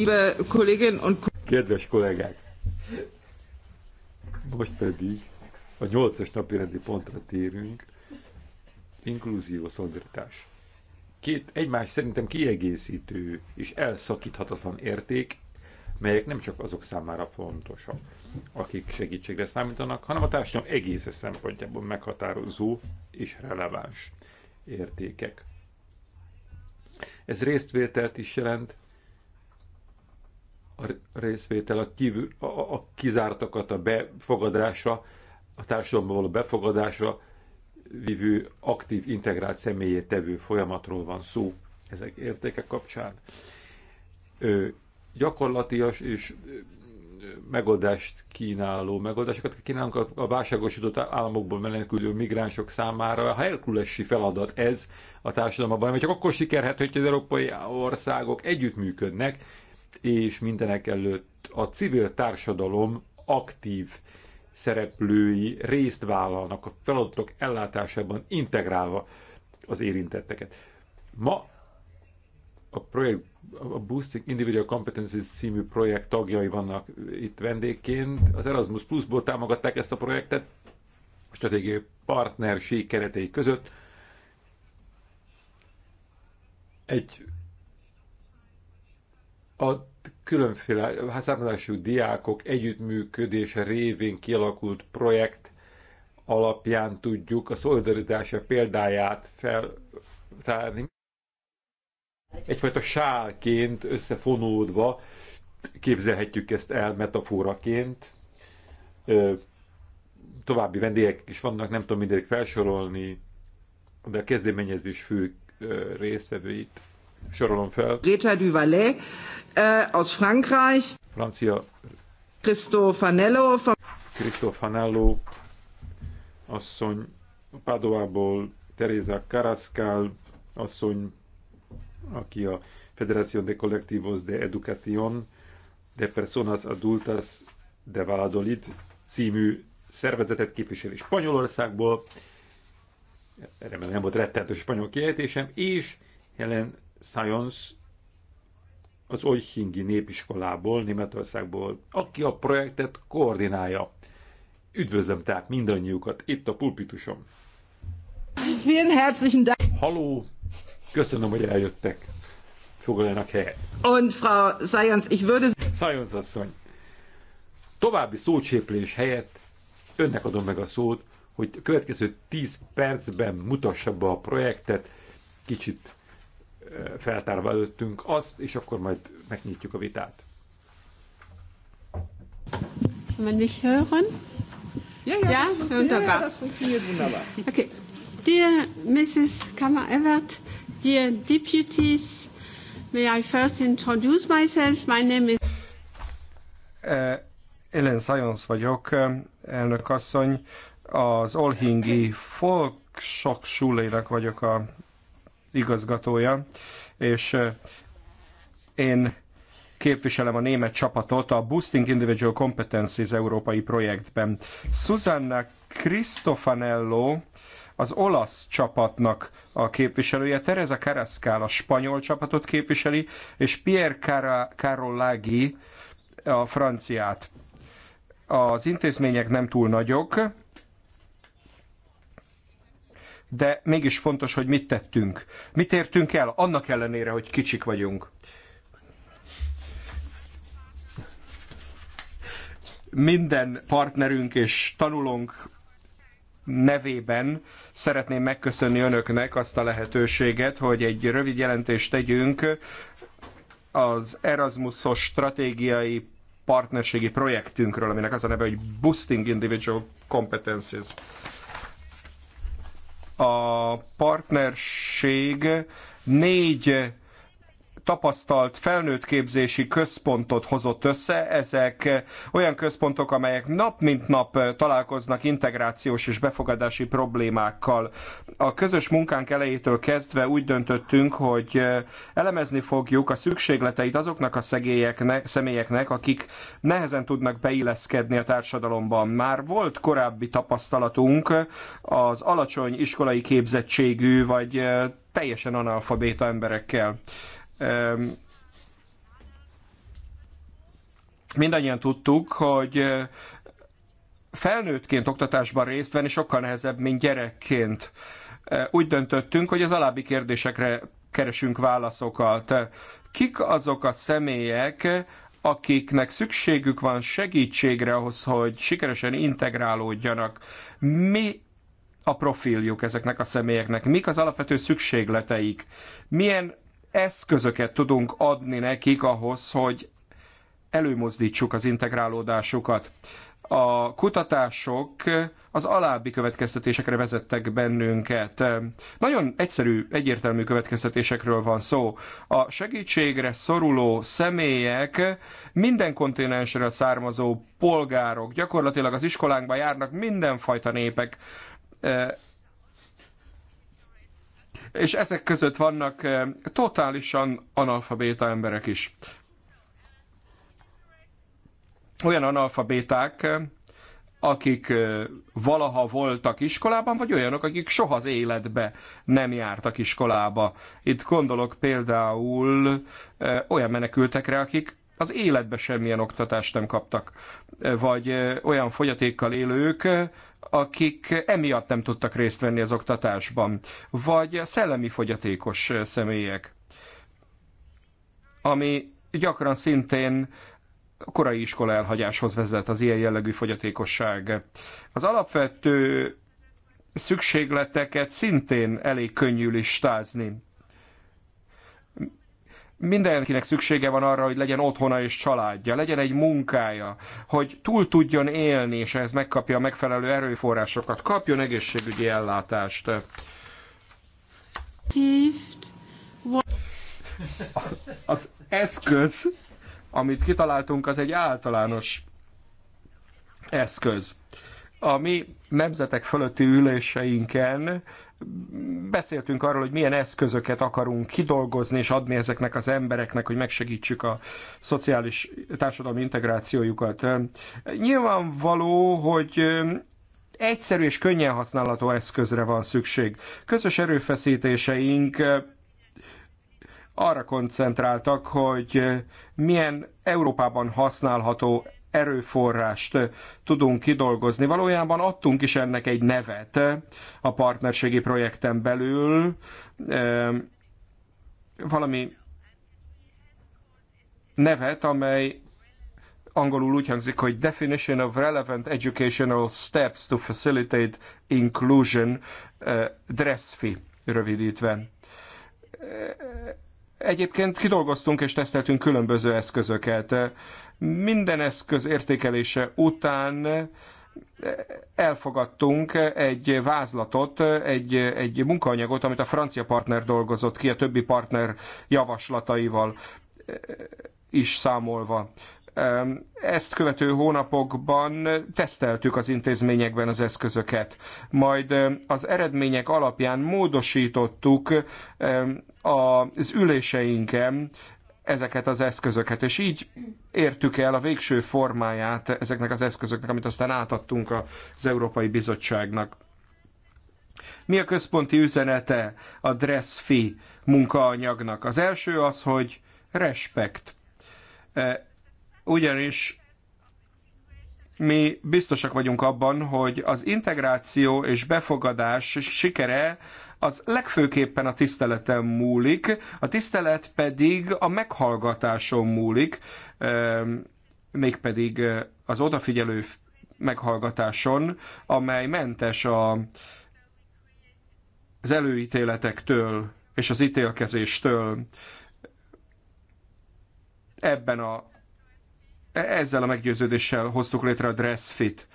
liebe Kolleginnen und Kedves kollégák! Most pedig a nyolcas napi rendi pontra térünk. Inkluzív a szolidaritás. Két egymás szerintem kiegészítő és elszakíthatatlan érték, melyek nem csak azok számára fontosak, akik segítségre számítanak, hanem a társadalom egész szempontjából meghatározó és releváns értékek. Ez résztvételt is jelent, a részvétel, a, kívül, a, a kizártakat a befogadásra, a társadalomban való befogadásra vívő aktív integrált személyé tevő folyamatról van szó ezek értékek kapcsán. Ö, gyakorlatias és megoldást kínáló megoldásokat kínálunk a, a válságosított államokból menekülő migránsok számára. A herkulesi feladat ez a társadalomban, mert csak akkor sikerhet, hogy az európai országok együttműködnek, és mindenek előtt a civil társadalom aktív szereplői részt vállalnak a feladatok ellátásában, integrálva az érintetteket. Ma a projekt, a Boosting Individual Competencies című projekt tagjai vannak itt vendégként. Az Erasmus Plus-ból támogatták ezt a projektet, a stratégiai partnerség keretei között. Egy a különféle származású diákok együttműködése révén kialakult projekt alapján tudjuk a szolidaritása példáját feltárni. Egyfajta sálként összefonódva képzelhetjük ezt el metaforaként. További vendégek is vannak, nem tudom mindegyik felsorolni, de a kezdeményezés fő résztvevőit Sorolom fel. Greta Duvalet uh, aus Frankreich. Francia. Cristo Fanello. From... Christo Fanello asszony Pádovából, Teresa Carascal asszony, aki a Federación de Colectivos de Educación de Personas Adultas de Valladolid című szervezetet képviseli Spanyolországból, remélem nem volt rettentő spanyol kiejtésem, és Helen Science az Olyhingi Népiskolából, Németországból, aki a projektet koordinálja. Üdvözlöm tehát mindannyiukat itt a pulpitusom. Vielen herzlichen Dank. Haló, köszönöm, hogy eljöttek. Foglaljanak helyet. Und Frau Science, ich würde... Science asszony, további szócséplés helyett önnek adom meg a szót, hogy a következő 10 percben mutassa be a projektet, kicsit feltárva előttünk azt, és akkor majd megnyitjuk a vitát. Kann man mich hören? Ja, ja, ja, das, wunderbar. ja das funktioniert wunderbar. Okay. Dear Mrs. Kammer-Evert, dear deputies, may I first introduce myself? My name is... Uh, Ellen Sajons vagyok, eh, elnök asszony. Az Olhingi Folk Sok vagyok a igazgatója, és eh, én képviselem a német csapatot a Boosting Individual Competencies európai projektben. Susanna Cristofanello az olasz csapatnak a képviselője, Teresa Carascal a spanyol csapatot képviseli, és Pierre Car Carolagi a franciát. Az intézmények nem túl nagyok, de mégis fontos, hogy mit tettünk. Mit értünk el, annak ellenére, hogy kicsik vagyunk. Minden partnerünk és tanulónk nevében szeretném megköszönni önöknek azt a lehetőséget, hogy egy rövid jelentést tegyünk az Erasmusos stratégiai partnerségi projektünkről, aminek az a neve, hogy Boosting Individual Competences" a partnerség négy tapasztalt felnőttképzési központot hozott össze. Ezek olyan központok, amelyek nap mint nap találkoznak integrációs és befogadási problémákkal. A közös munkánk elejétől kezdve úgy döntöttünk, hogy elemezni fogjuk a szükségleteit azoknak a szegélyeknek, személyeknek, akik nehezen tudnak beilleszkedni a társadalomban. Már volt korábbi tapasztalatunk az alacsony iskolai képzettségű vagy teljesen analfabéta emberekkel mindannyian tudtuk, hogy eh, felnőttként oktatásban részt venni sokkal nehezebb, mint gyerekként. Eh, úgy döntöttünk, hogy az alábbi kérdésekre keresünk válaszokat. Kik azok a személyek, akiknek szükségük van segítségre ahhoz, hogy sikeresen integrálódjanak? Mi a profiljuk ezeknek a személyeknek? Mik az alapvető szükségleteik? Milyen eszközöket tudunk adni nekik ahhoz, hogy előmozdítsuk az integrálódásukat. A kutatások az alábbi következtetésekre vezettek bennünket. Nagyon egyszerű, egyértelmű következtetésekről van szó. A segítségre szoruló személyek minden kontinensről származó polgárok, gyakorlatilag az iskolánkban járnak mindenfajta népek, és ezek között vannak eh, totálisan analfabéta emberek is. Olyan analfabéták, eh, akik eh, valaha voltak iskolában, vagy olyanok, akik soha az életbe nem jártak iskolába. Itt gondolok például olyan menekültekre, akik az életbe semmilyen oktatást nem kaptak, vagy olyan fogyatékkal élők, akik emiatt nem tudtak részt venni az oktatásban, vagy szellemi fogyatékos személyek, ami gyakran szintén korai iskola elhagyáshoz vezet az ilyen jellegű fogyatékosság. Az alapvető szükségleteket szintén elég könnyű listázni mindenkinek szüksége van arra, hogy legyen otthona és családja, legyen egy munkája, hogy túl tudjon élni, és ehhez megkapja a megfelelő erőforrásokat, kapjon egészségügyi ellátást. Az eszköz, amit kitaláltunk, az egy általános eszköz. A mi nemzetek fölötti üléseinken beszéltünk arról, hogy milyen eszközöket akarunk kidolgozni és adni ezeknek az embereknek, hogy megsegítsük a szociális társadalmi integrációjukat. Nyilvánvaló, hogy egyszerű és könnyen használható eszközre van szükség. Közös erőfeszítéseink arra koncentráltak, hogy milyen Európában használható erőforrást tudunk kidolgozni. Valójában adtunk is ennek egy nevet a partnerségi projekten belül, ehm, valami nevet, amely angolul úgy hangzik, hogy Definition of Relevant Educational Steps to Facilitate Inclusion, eh, DRESFI rövidítve. Eh, egyébként kidolgoztunk és teszteltünk különböző eszközöket. Minden eszköz értékelése után elfogadtunk egy vázlatot, egy, egy munkaanyagot, amit a francia partner dolgozott ki, a többi partner javaslataival is számolva. Ezt követő hónapokban teszteltük az intézményekben az eszközöket, majd az eredmények alapján módosítottuk az üléseinken ezeket az eszközöket. És így értük el a végső formáját ezeknek az eszközöknek, amit aztán átadtunk az Európai Bizottságnak. Mi a központi üzenete a dress fee munkaanyagnak? Az első az, hogy respekt. E, ugyanis mi biztosak vagyunk abban, hogy az integráció és befogadás sikere az legfőképpen a tiszteleten múlik, a tisztelet pedig a meghallgatáson múlik, ehm, mégpedig eh, az odafigyelő meghallgatáson, amely mentes a, az előítéletektől és az ítélkezéstől. Ebben a, e- ezzel a meggyőződéssel hoztuk létre a DressFit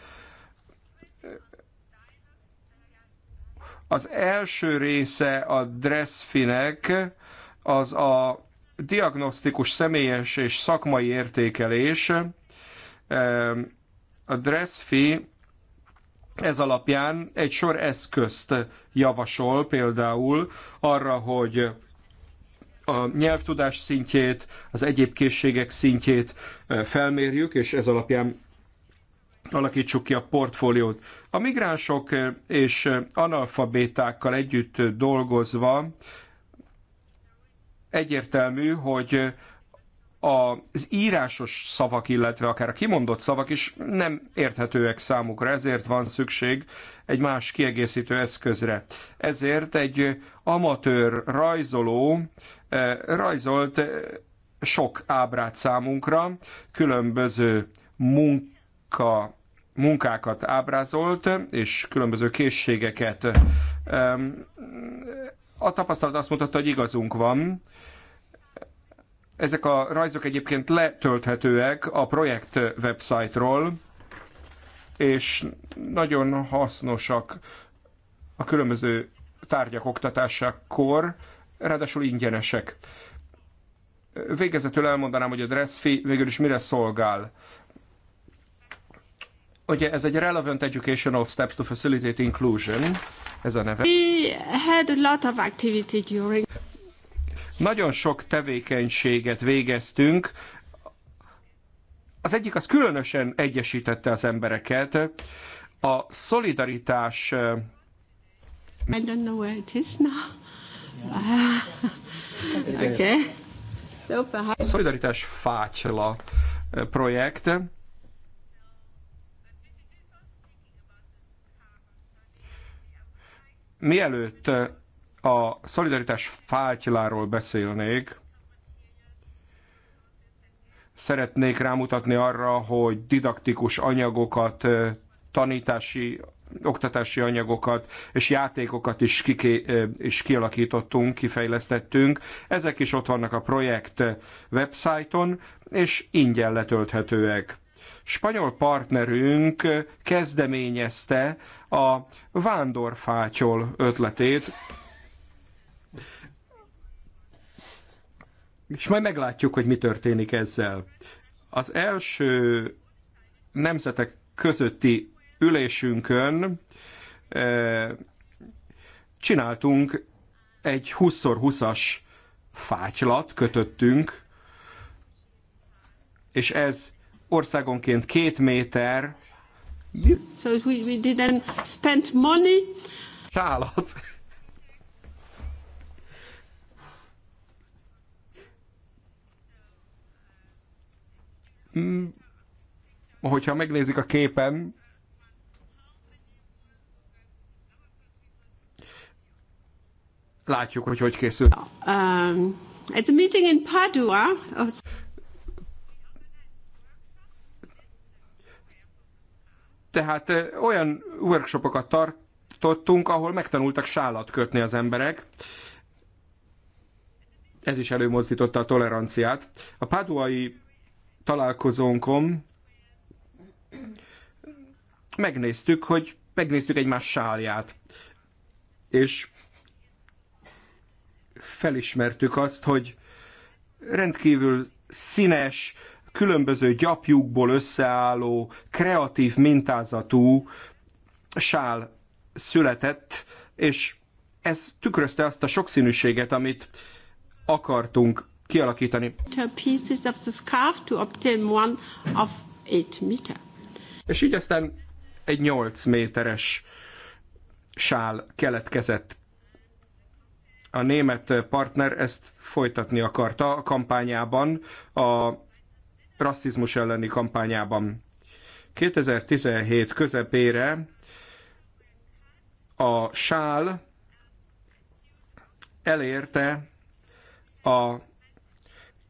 Az első része a DRESZFINek az a diagnosztikus személyes és szakmai értékelés. A DRESZFI ez alapján egy sor eszközt javasol például arra, hogy a nyelvtudás szintjét, az egyéb készségek szintjét eh, felmérjük, és ez alapján alakítsuk ki a portfóliót. A migránsok és analfabétákkal együtt dolgozva egyértelmű, hogy az írásos szavak, illetve akár a kimondott szavak is nem érthetőek számukra, ezért van szükség egy más kiegészítő eszközre. Ezért egy amatőr rajzoló eh, rajzolt eh, sok ábrát számunkra, különböző munka munkákat ábrázolt, és különböző készségeket. A tapasztalat azt mutatta, hogy igazunk van. Ezek a rajzok egyébként letölthetőek a projekt websájtról, és nagyon hasznosak a különböző tárgyak oktatásakor, ráadásul ingyenesek. Végezetül elmondanám, hogy a DRESSFI végül is mire szolgál. Ugye ez egy Relevant Educational Steps to Facilitate Inclusion, ez a neve. We had a lot of activity during... Nagyon sok tevékenységet végeztünk. Az egyik az különösen egyesítette az embereket. A szolidaritás... I don't know where it is now. okay. So perhaps... A szolidaritás fátyla projekt Mielőtt a szolidaritás fátyláról beszélnék, szeretnék rámutatni arra, hogy didaktikus anyagokat, tanítási, oktatási anyagokat és játékokat is, kiké, is kialakítottunk, kifejlesztettünk. Ezek is ott vannak a projekt websájton, és ingyen letölthetőek spanyol partnerünk kezdeményezte a vándorfácsol ötletét, és majd meglátjuk, hogy mi történik ezzel. Az első nemzetek közötti ülésünkön eh, csináltunk egy 20x20-as fátylat, kötöttünk, és ez országonként két méter. So we, we didn't spend money. Sálat. Mm, hogyha megnézik a képen, látjuk, hogy hogy készül. Um, it's a meeting in Padua. Tehát olyan workshopokat tartottunk, ahol megtanultak sálat kötni az emberek. Ez is előmozdította a toleranciát. A páduai találkozónkon megnéztük, hogy megnéztük egymás sálját. És felismertük azt, hogy rendkívül színes, különböző gyapjukból összeálló, kreatív mintázatú sál született, és ez tükrözte azt a sokszínűséget, amit akartunk kialakítani. of És így aztán egy 8 méteres sál keletkezett. A német partner ezt folytatni akarta a kampányában a rasszizmus elleni kampányában. 2017 közepére a sál elérte a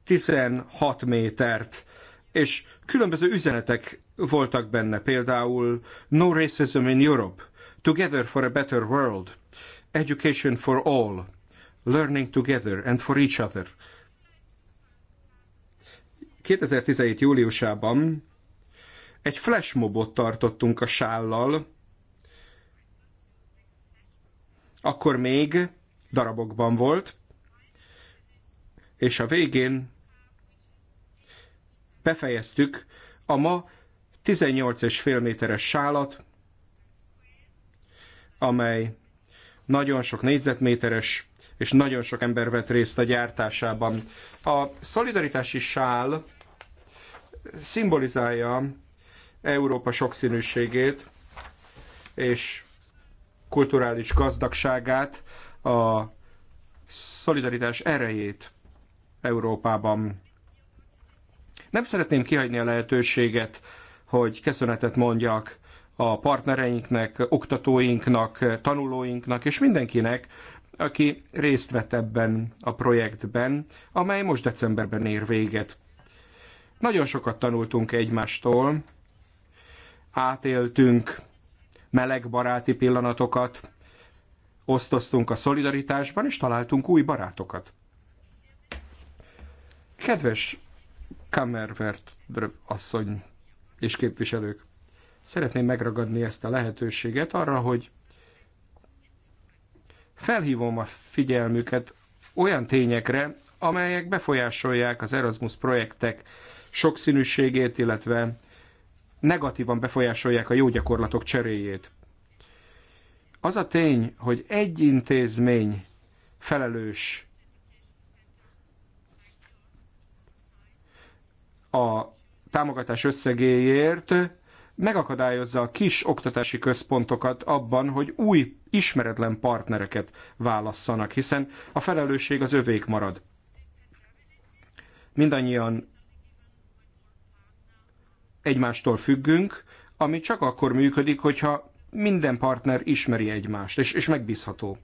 16 métert, és különböző üzenetek voltak benne, például No Racism in Europe, Together for a Better World, Education for All, Learning Together and for Each Other. 2017. júliusában egy flashmobot tartottunk a sállal, akkor még darabokban volt, és a végén befejeztük a ma 18,5 méteres sálat, amely nagyon sok négyzetméteres és nagyon sok ember vett részt a gyártásában. A szolidaritási sál szimbolizálja Európa sokszínűségét és kulturális gazdagságát, a szolidaritás erejét Európában. Nem szeretném kihagyni a lehetőséget, hogy köszönetet mondjak a partnereinknek, oktatóinknak, tanulóinknak és mindenkinek, aki részt vett ebben a projektben, amely most decemberben ér véget. Nagyon sokat tanultunk egymástól, átéltünk meleg baráti pillanatokat, osztoztunk a szolidaritásban, és találtunk új barátokat. Kedves Kammervert asszony és képviselők, szeretném megragadni ezt a lehetőséget arra, hogy Felhívom a figyelmüket olyan tényekre, amelyek befolyásolják az Erasmus projektek sokszínűségét, illetve negatívan befolyásolják a jó gyakorlatok cseréjét. Az a tény, hogy egy intézmény felelős a támogatás összegéért, megakadályozza a kis oktatási központokat abban, hogy új ismeretlen partnereket válasszanak, hiszen a felelősség az övék marad. Mindannyian egymástól függünk, ami csak akkor működik, hogyha minden partner ismeri egymást, és, és megbízható.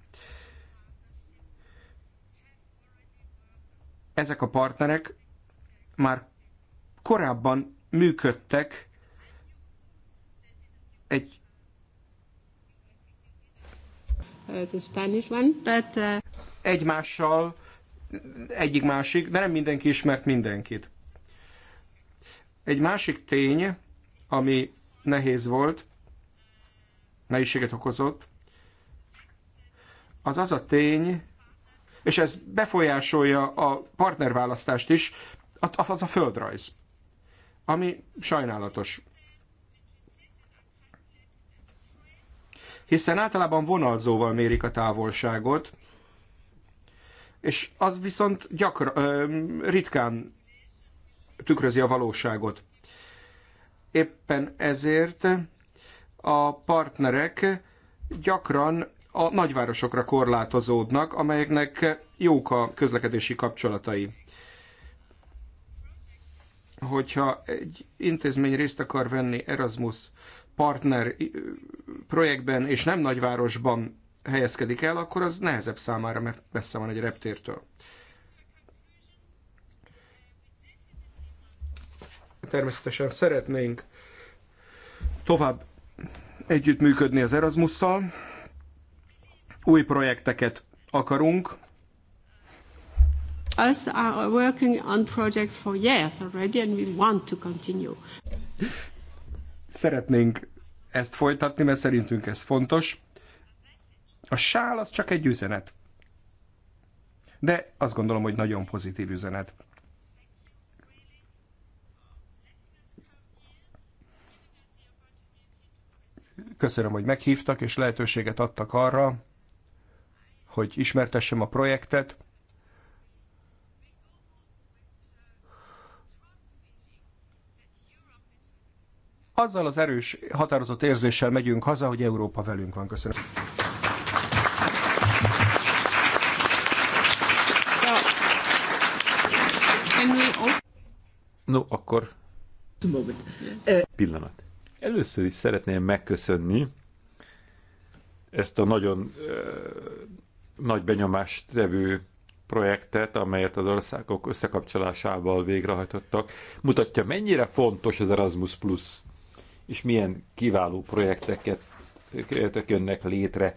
Ezek a partnerek már korábban működtek egy the Spanish one, but... Uh... Eh, Egymással, egyik másik, de nem mindenki ismert mindenkit. Egy másik tény, ami nehéz volt, nehézséget okozott, az az a tény, és ez befolyásolja a partnerválasztást is, az a földrajz, ami sajnálatos. hiszen általában vonalzóval mérik a távolságot, és az viszont gyakran, ritkán tükrözi a valóságot. Éppen ezért a partnerek gyakran a nagyvárosokra korlátozódnak, amelyeknek jók a közlekedési kapcsolatai. Hogyha egy intézmény részt akar venni Erasmus partner projektben és nem nagyvárosban helyezkedik el, akkor az nehezebb számára, mert messze van egy reptértől. Természetesen szeretnénk tovább együttműködni az Erasmusszal, új projekteket akarunk. Us are working on project for years already and we want to continue. Szeretnénk ezt folytatni, mert szerintünk ez fontos. A sál az csak egy üzenet. De azt gondolom, hogy nagyon pozitív üzenet. Köszönöm, hogy meghívtak és lehetőséget adtak arra, hogy ismertessem a projektet. azzal az erős, határozott érzéssel megyünk haza, hogy Európa velünk van. Köszönöm. No, akkor pillanat. Először is szeretném megköszönni ezt a nagyon ö, nagy benyomást tevő projektet, amelyet az országok összekapcsolásával végrehajtottak, mutatja, mennyire fontos az Erasmus Plus és milyen kiváló projekteket jönnek létre,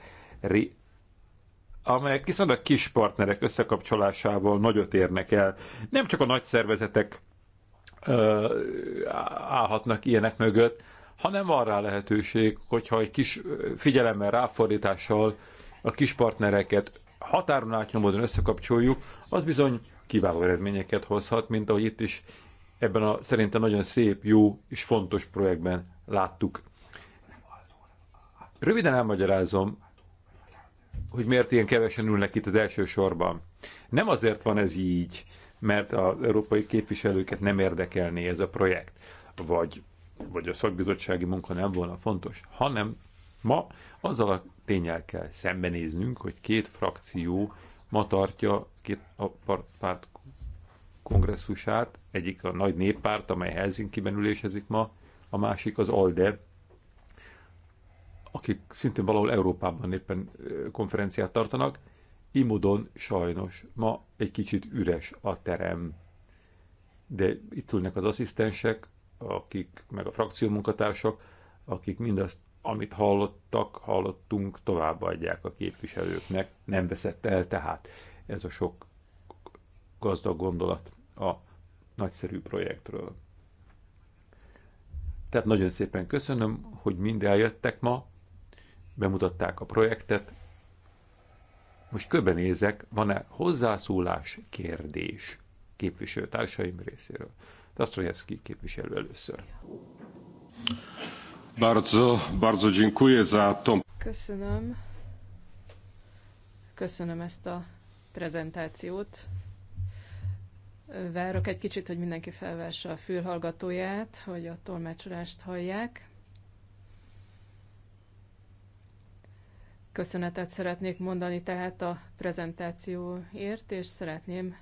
amelyek viszont a kis partnerek összekapcsolásával nagyot érnek el. Nem csak a nagy szervezetek állhatnak ilyenek mögött, hanem van rá lehetőség, hogyha egy kis figyelemmel, ráfordítással a kis partnereket határon átnyomódon összekapcsoljuk, az bizony kiváló eredményeket hozhat, mint ahogy itt is ebben a szerintem nagyon szép, jó és fontos projektben láttuk. Röviden elmagyarázom, hogy miért ilyen kevesen ülnek itt az első sorban. Nem azért van ez így, mert az európai képviselőket nem érdekelné ez a projekt, vagy, vagy a szakbizottsági munka nem volna fontos, hanem ma azzal a tényel kell szembenéznünk, hogy két frakció ma tartja két a párt kongresszusát, egyik a nagy néppárt, amely Helsinki-ben ülésezik ma, a másik az ALDE, akik szintén valahol Európában éppen konferenciát tartanak. Imodon sajnos ma egy kicsit üres a terem. De itt ülnek az asszisztensek, akik, meg a frakció munkatársak, akik mindazt, amit hallottak, hallottunk, továbbadják a képviselőknek. Nem veszett el tehát ez a sok gazdag gondolat a nagyszerű projektről. Tehát nagyon szépen köszönöm, hogy mind eljöttek ma, bemutatták a projektet. Most köbenézek, van-e hozzászólás kérdés képviselőtársaim részéről? Dostoyevsky képviselő először. Bardzo, bardzo dziękuję za to. Köszönöm. Köszönöm ezt a prezentációt. Várok egy kicsit, hogy mindenki felvesse a fülhallgatóját, hogy a tolmácsolást hallják. Köszönetet szeretnék mondani tehát a prezentációért, és szeretném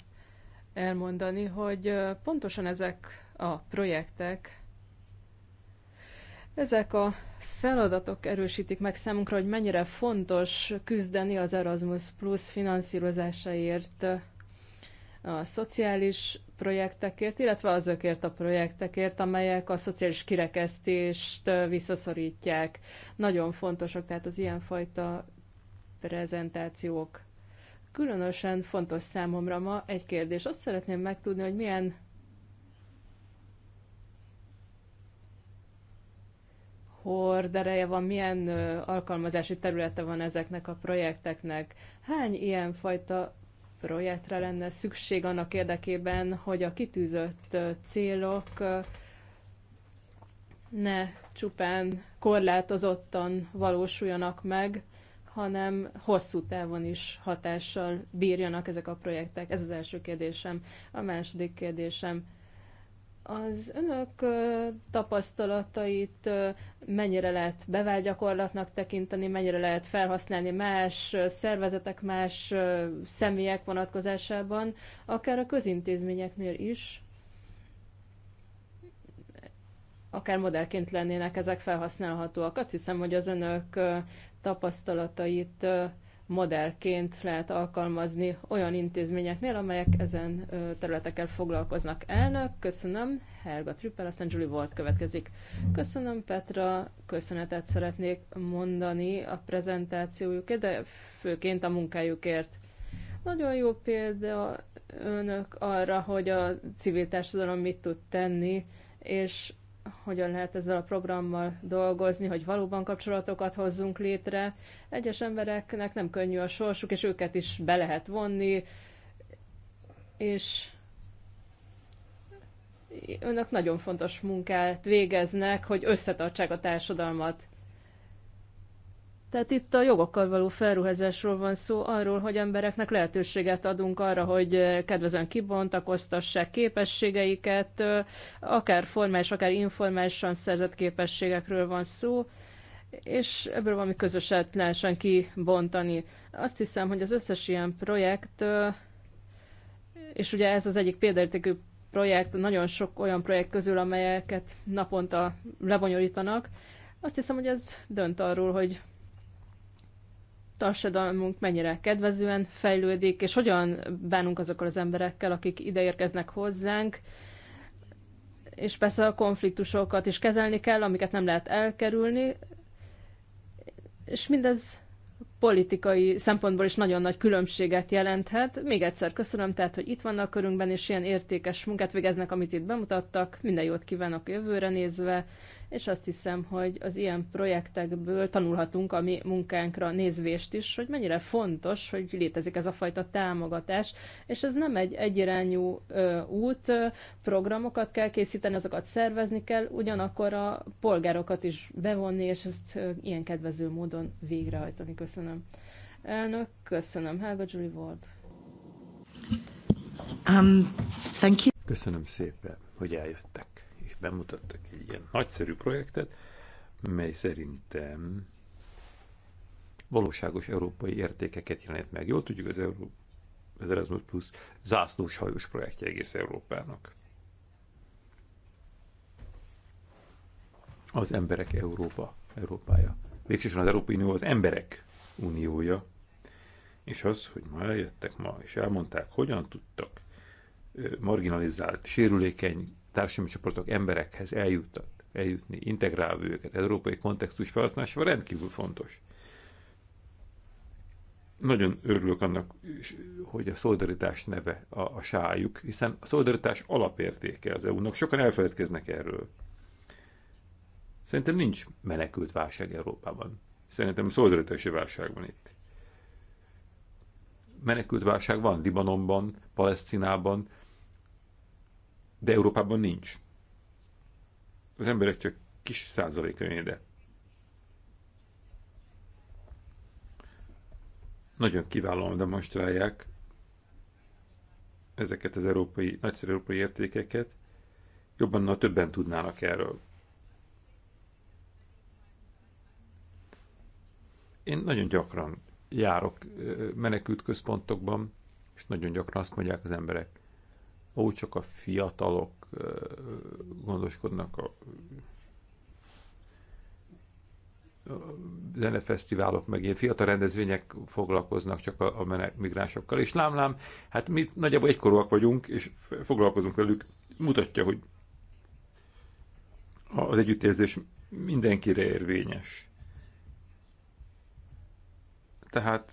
elmondani, hogy pontosan ezek a projektek, ezek a feladatok erősítik meg számunkra, hogy mennyire fontos küzdeni az Erasmus Plus finanszírozásaért a szociális projektekért, illetve azokért a projektekért, amelyek a szociális kirekesztést visszaszorítják. Nagyon fontosak tehát az ilyenfajta prezentációk. Különösen fontos számomra ma egy kérdés. Azt szeretném megtudni, hogy milyen hordereje van, milyen alkalmazási területe van ezeknek a projekteknek. Hány ilyenfajta projektre lenne szükség annak érdekében, hogy a kitűzött célok ne csupán korlátozottan valósuljanak meg, hanem hosszú távon is hatással bírjanak ezek a projektek. Ez az első kérdésem. A második kérdésem az önök tapasztalatait mennyire lehet bevált gyakorlatnak tekinteni, mennyire lehet felhasználni más szervezetek, más személyek vonatkozásában, akár a közintézményeknél is? akár modellként lennének ezek felhasználhatóak. Azt hiszem, hogy az önök tapasztalatait modellként lehet alkalmazni olyan intézményeknél, amelyek ezen területekkel foglalkoznak. Elnök, köszönöm, Helga Trüppel, aztán Julie Volt következik. Köszönöm, Petra, köszönetet szeretnék mondani a prezentációjukért, de főként a munkájukért. Nagyon jó példa önök arra, hogy a civil társadalom mit tud tenni, és hogyan lehet ezzel a programmal dolgozni, hogy valóban kapcsolatokat hozzunk létre. Egyes embereknek nem könnyű a sorsuk, és őket is be lehet vonni, és önök nagyon fontos munkát végeznek, hogy összetartsák a társadalmat. Tehát itt a jogokkal való felruházásról van szó, arról, hogy embereknek lehetőséget adunk arra, hogy kedvezően kibontakoztassák képességeiket, akár formális, akár informálisan szerzett képességekről van szó, és ebből valami közöset lehessen kibontani. Azt hiszem, hogy az összes ilyen projekt, és ugye ez az egyik példaértékű projekt, nagyon sok olyan projekt közül, amelyeket naponta lebonyolítanak, azt hiszem, hogy ez dönt arról, hogy társadalmunk mennyire kedvezően fejlődik, és hogyan bánunk azokkal az emberekkel, akik ide érkeznek hozzánk. És persze a konfliktusokat is kezelni kell, amiket nem lehet elkerülni. És mindez politikai szempontból is nagyon nagy különbséget jelenthet. Még egyszer köszönöm, tehát, hogy itt vannak körünkben, és ilyen értékes munkát végeznek, amit itt bemutattak. Minden jót kívánok jövőre nézve, és azt hiszem, hogy az ilyen projektekből tanulhatunk a mi munkánkra nézvést is, hogy mennyire fontos, hogy létezik ez a fajta támogatás, és ez nem egy egyirányú ö, út, programokat kell készíteni, azokat szervezni kell, ugyanakkor a polgárokat is bevonni, és ezt ö, ilyen kedvező módon végrehajtani. Köszönöm. Elnök, köszönöm. Helga Julie volt. Um, thank you. Köszönöm szépen, hogy eljöttek bemutattak egy ilyen nagyszerű projektet, mely szerintem valóságos európai értékeket jelent meg. Jól tudjuk, az, Euró... az Erasmus Plus zászlós hajós projektje egész Európának. Az emberek Európa, Európája. Végsősorban az Európai Unió az emberek uniója, és az, hogy ma eljöttek ma, és elmondták, hogyan tudtak marginalizált, sérülékeny társadalmi csoportok emberekhez eljutat, eljutni, integrálva őket európai kontextus felhasználásával rendkívül fontos. Nagyon örülök annak, hogy a szolidaritás neve a, a sájuk, hiszen a szolidaritás alapértéke az EU-nak. Sokan elfeledkeznek erről. Szerintem nincs menekült válság Európában. Szerintem szolidaritási válság van itt menekült válság van Libanonban, Palesztinában, de Európában nincs. Az emberek csak kis százaléka jön ide. Nagyon kiválóan demonstrálják ezeket az európai, nagyszerű európai értékeket, jobban, na többen tudnának erről. Én nagyon gyakran járok menekült központokban, és nagyon gyakran azt mondják az emberek, ahogy csak a fiatalok gondoskodnak a zenefesztiválok, meg ilyen fiatal rendezvények foglalkoznak csak a, a migránsokkal, és lámlám, -lám, hát mi nagyjából egykorúak vagyunk, és foglalkozunk velük, mutatja, hogy az együttérzés mindenkire érvényes. Tehát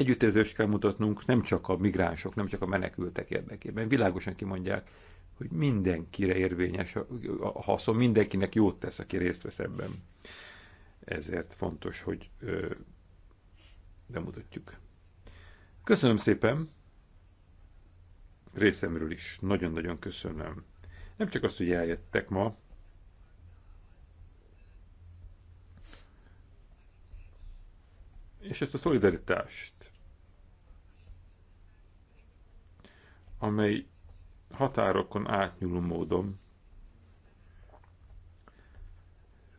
együttérzést kell mutatnunk nem csak a migránsok, nem csak a menekültek érdekében. Világosan kimondják, hogy mindenkire érvényes a haszon, mindenkinek jót tesz, aki részt vesz ebben. Ezért fontos, hogy ö, bemutatjuk. Köszönöm szépen! Részemről is nagyon-nagyon köszönöm. Nem csak azt, hogy eljöttek ma, és ezt a szolidaritást, amely határokon átnyúló módon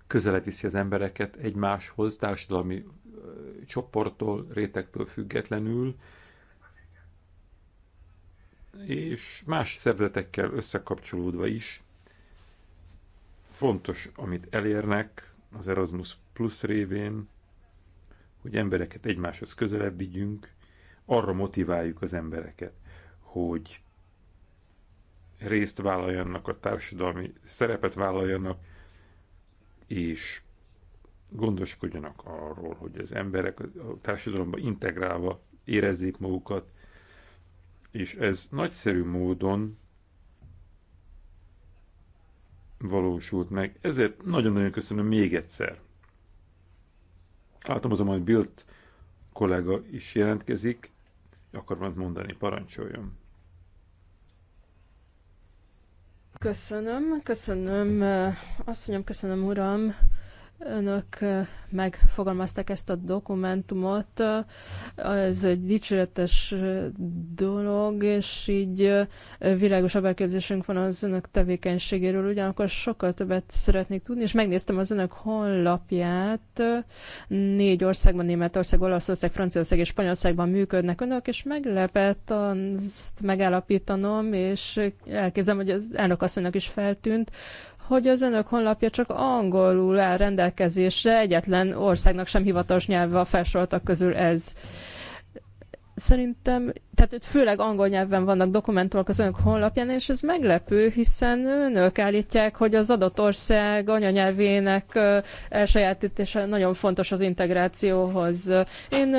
közelebb viszi az embereket egymáshoz, társadalmi csoporttól, rétektől függetlenül, és más szervezetekkel összekapcsolódva is. Fontos, amit elérnek az Erasmus Plus révén, hogy embereket egymáshoz közelebb vigyünk, arra motiváljuk az embereket, hogy részt vállaljanak a társadalmi szerepet vállaljanak, és gondoskodjanak arról, hogy az emberek a társadalomba integrálva érezzék magukat, és ez nagyszerű módon valósult meg. Ezért nagyon-nagyon köszönöm még egyszer. Látom azonban, hogy Bilt kollega is jelentkezik, akar valamit mondani, parancsoljon. Köszönöm, köszönöm, asszonyom, köszönöm, uram. Önök megfogalmazták ezt a dokumentumot, ez egy dicséretes dolog, és így világosabb elképzésünk van az önök tevékenységéről, ugyanakkor sokkal többet szeretnék tudni, és megnéztem az önök honlapját, négy országban, Németország, Olaszország, Franciaország és Spanyolországban működnek önök, és meglepett azt megállapítanom, és elképzelem, hogy az elnök asszonynak is feltűnt, hogy az önök honlapja csak angolul áll rendelkezésre, egyetlen országnak sem hivatalos nyelve a felsoroltak közül ez. Szerintem, tehát itt főleg angol nyelven vannak dokumentumok az önök honlapján, és ez meglepő, hiszen önök állítják, hogy az adott ország anyanyelvének elsajátítása nagyon fontos az integrációhoz. Én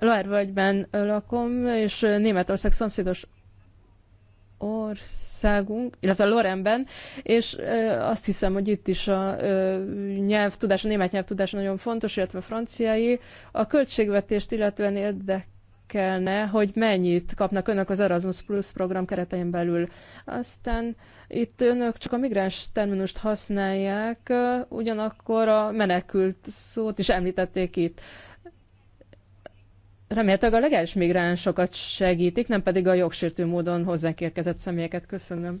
Loervölgyben lakom, és Németország szomszédos ország országunk, illetve Lorenben, és azt hiszem, hogy itt is a nyelvtudás, a német nyelvtudás nagyon fontos, illetve a franciai. A költségvetést illetően érdek érdekelne, hogy mennyit kapnak önök az Erasmus Plus program keretein belül. Aztán itt önök csak a migráns terminust használják, ugyanakkor a menekült szót is említették itt remélhetőleg a legális migránsokat segítik, nem pedig a jogsértő módon hozzánk érkezett személyeket. Köszönöm.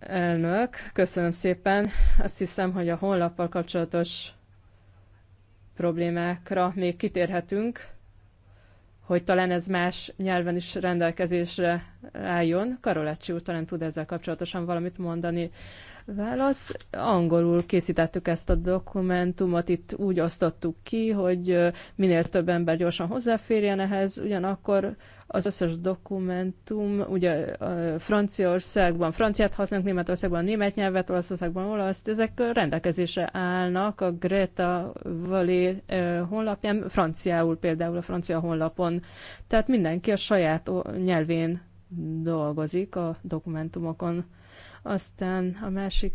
Elnök, köszönöm szépen. Azt hiszem, hogy a honlappal kapcsolatos problémákra még kitérhetünk, hogy talán ez más nyelven is rendelkezésre álljon. Karolácsi úr talán tud ezzel kapcsolatosan valamit mondani. Válasz, angolul készítettük ezt a dokumentumot, itt úgy osztottuk ki, hogy minél több ember gyorsan hozzáférjen ehhez, ugyanakkor az összes dokumentum, ugye Franciaországban franciát használunk, Németországban német nyelvet, Olaszországban olasz, ezek rendelkezésre állnak a Greta Valé honlapján, franciául például a francia honlapon. Tehát mindenki a saját nyelvén dolgozik a dokumentumokon. Aztán a másik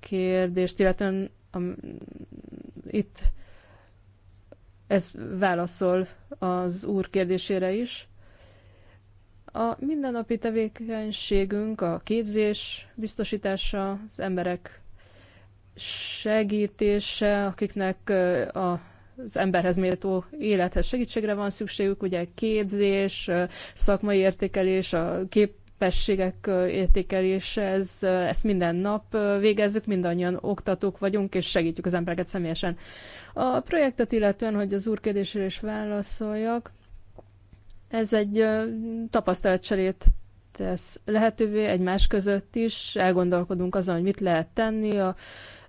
kérdést, illetve a, itt ez válaszol az úr kérdésére is. A mindennapi tevékenységünk, a képzés biztosítása, az emberek segítése, akiknek a az emberhez méltó élethez segítségre van szükségük, ugye képzés, szakmai értékelés, a kép képességek értékelése, ez, ezt minden nap végezzük, mindannyian oktatók vagyunk, és segítjük az embereket személyesen. A projektet illetően, hogy az úr kérdésére is válaszoljak, ez egy tapasztalatcserét tesz lehetővé egymás között is, elgondolkodunk azon, hogy mit lehet tenni a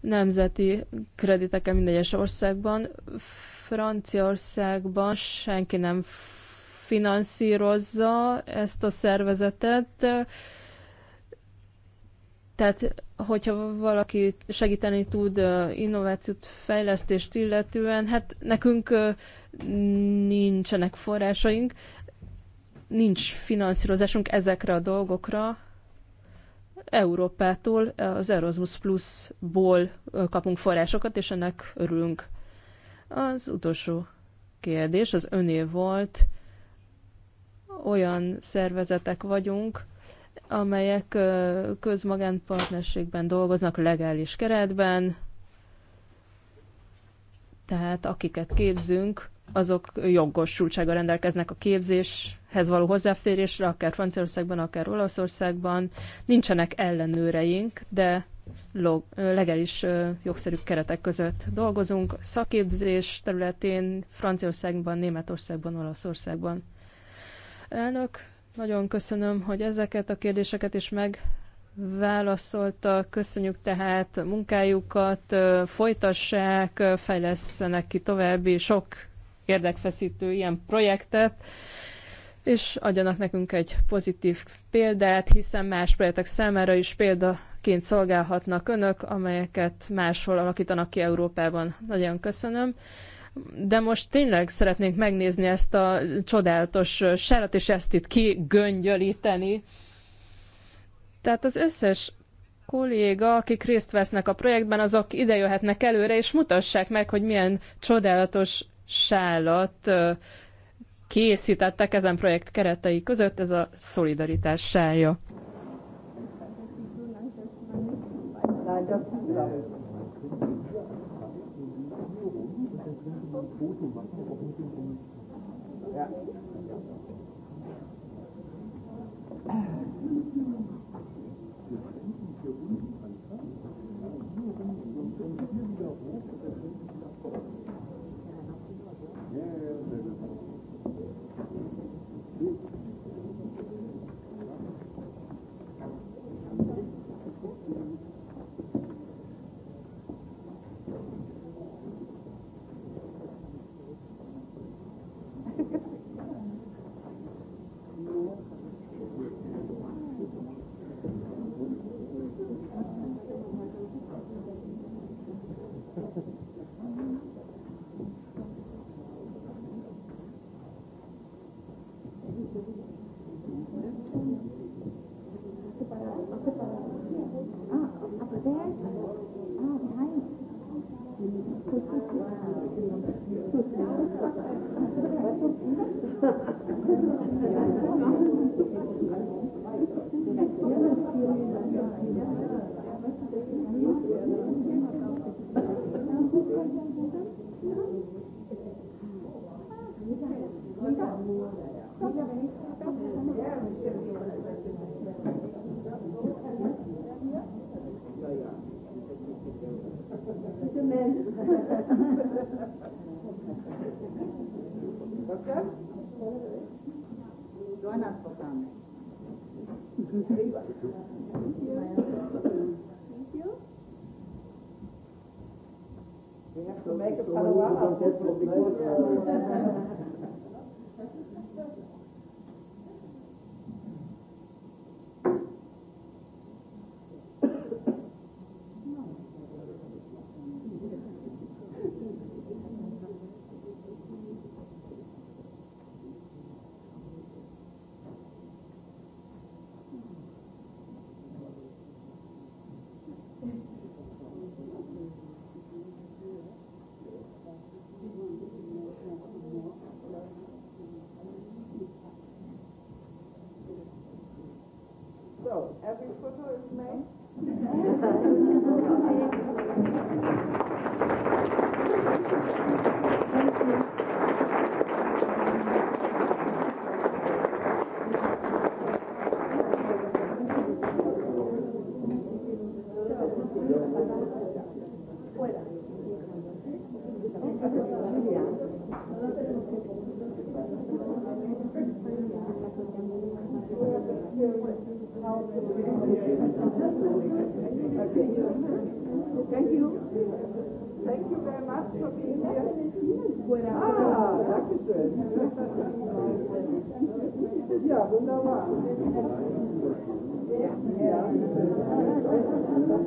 nemzeti krediteken minden egyes országban. Franciaországban senki nem finanszírozza ezt a szervezetet. Tehát, hogyha valaki segíteni tud innovációt, fejlesztést illetően, hát nekünk nincsenek forrásaink, nincs finanszírozásunk ezekre a dolgokra, Európától, az Erasmus Plus-ból kapunk forrásokat, és ennek örülünk. Az utolsó kérdés az öné volt, olyan szervezetek vagyunk, amelyek közmagánpartnerségben dolgoznak legális keretben, tehát akiket képzünk, azok jogosultsága rendelkeznek a képzéshez való hozzáférésre, akár Franciaországban, akár Olaszországban. Nincsenek ellenőreink, de log, legális jogszerű keretek között dolgozunk, Szaképzés területén Franciaországban, Németországban, Olaszországban. Elnök, nagyon köszönöm, hogy ezeket a kérdéseket is megválaszolta. Köszönjük tehát munkájukat, folytassák, fejlesztenek ki további sok érdekfeszítő ilyen projektet és adjanak nekünk egy pozitív példát, hiszen más projektek számára is példaként szolgálhatnak önök, amelyeket máshol alakítanak ki Európában. Nagyon köszönöm de most tényleg szeretnénk megnézni ezt a csodálatos sárat, és ezt itt kigöngyölíteni. Tehát az összes kolléga, akik részt vesznek a projektben, azok ide jöhetnek előre, és mutassák meg, hogy milyen csodálatos sálat készítettek ezen projekt keretei között, ez a szolidaritás sárja. Boten machen, Ja. We have to make a panorama.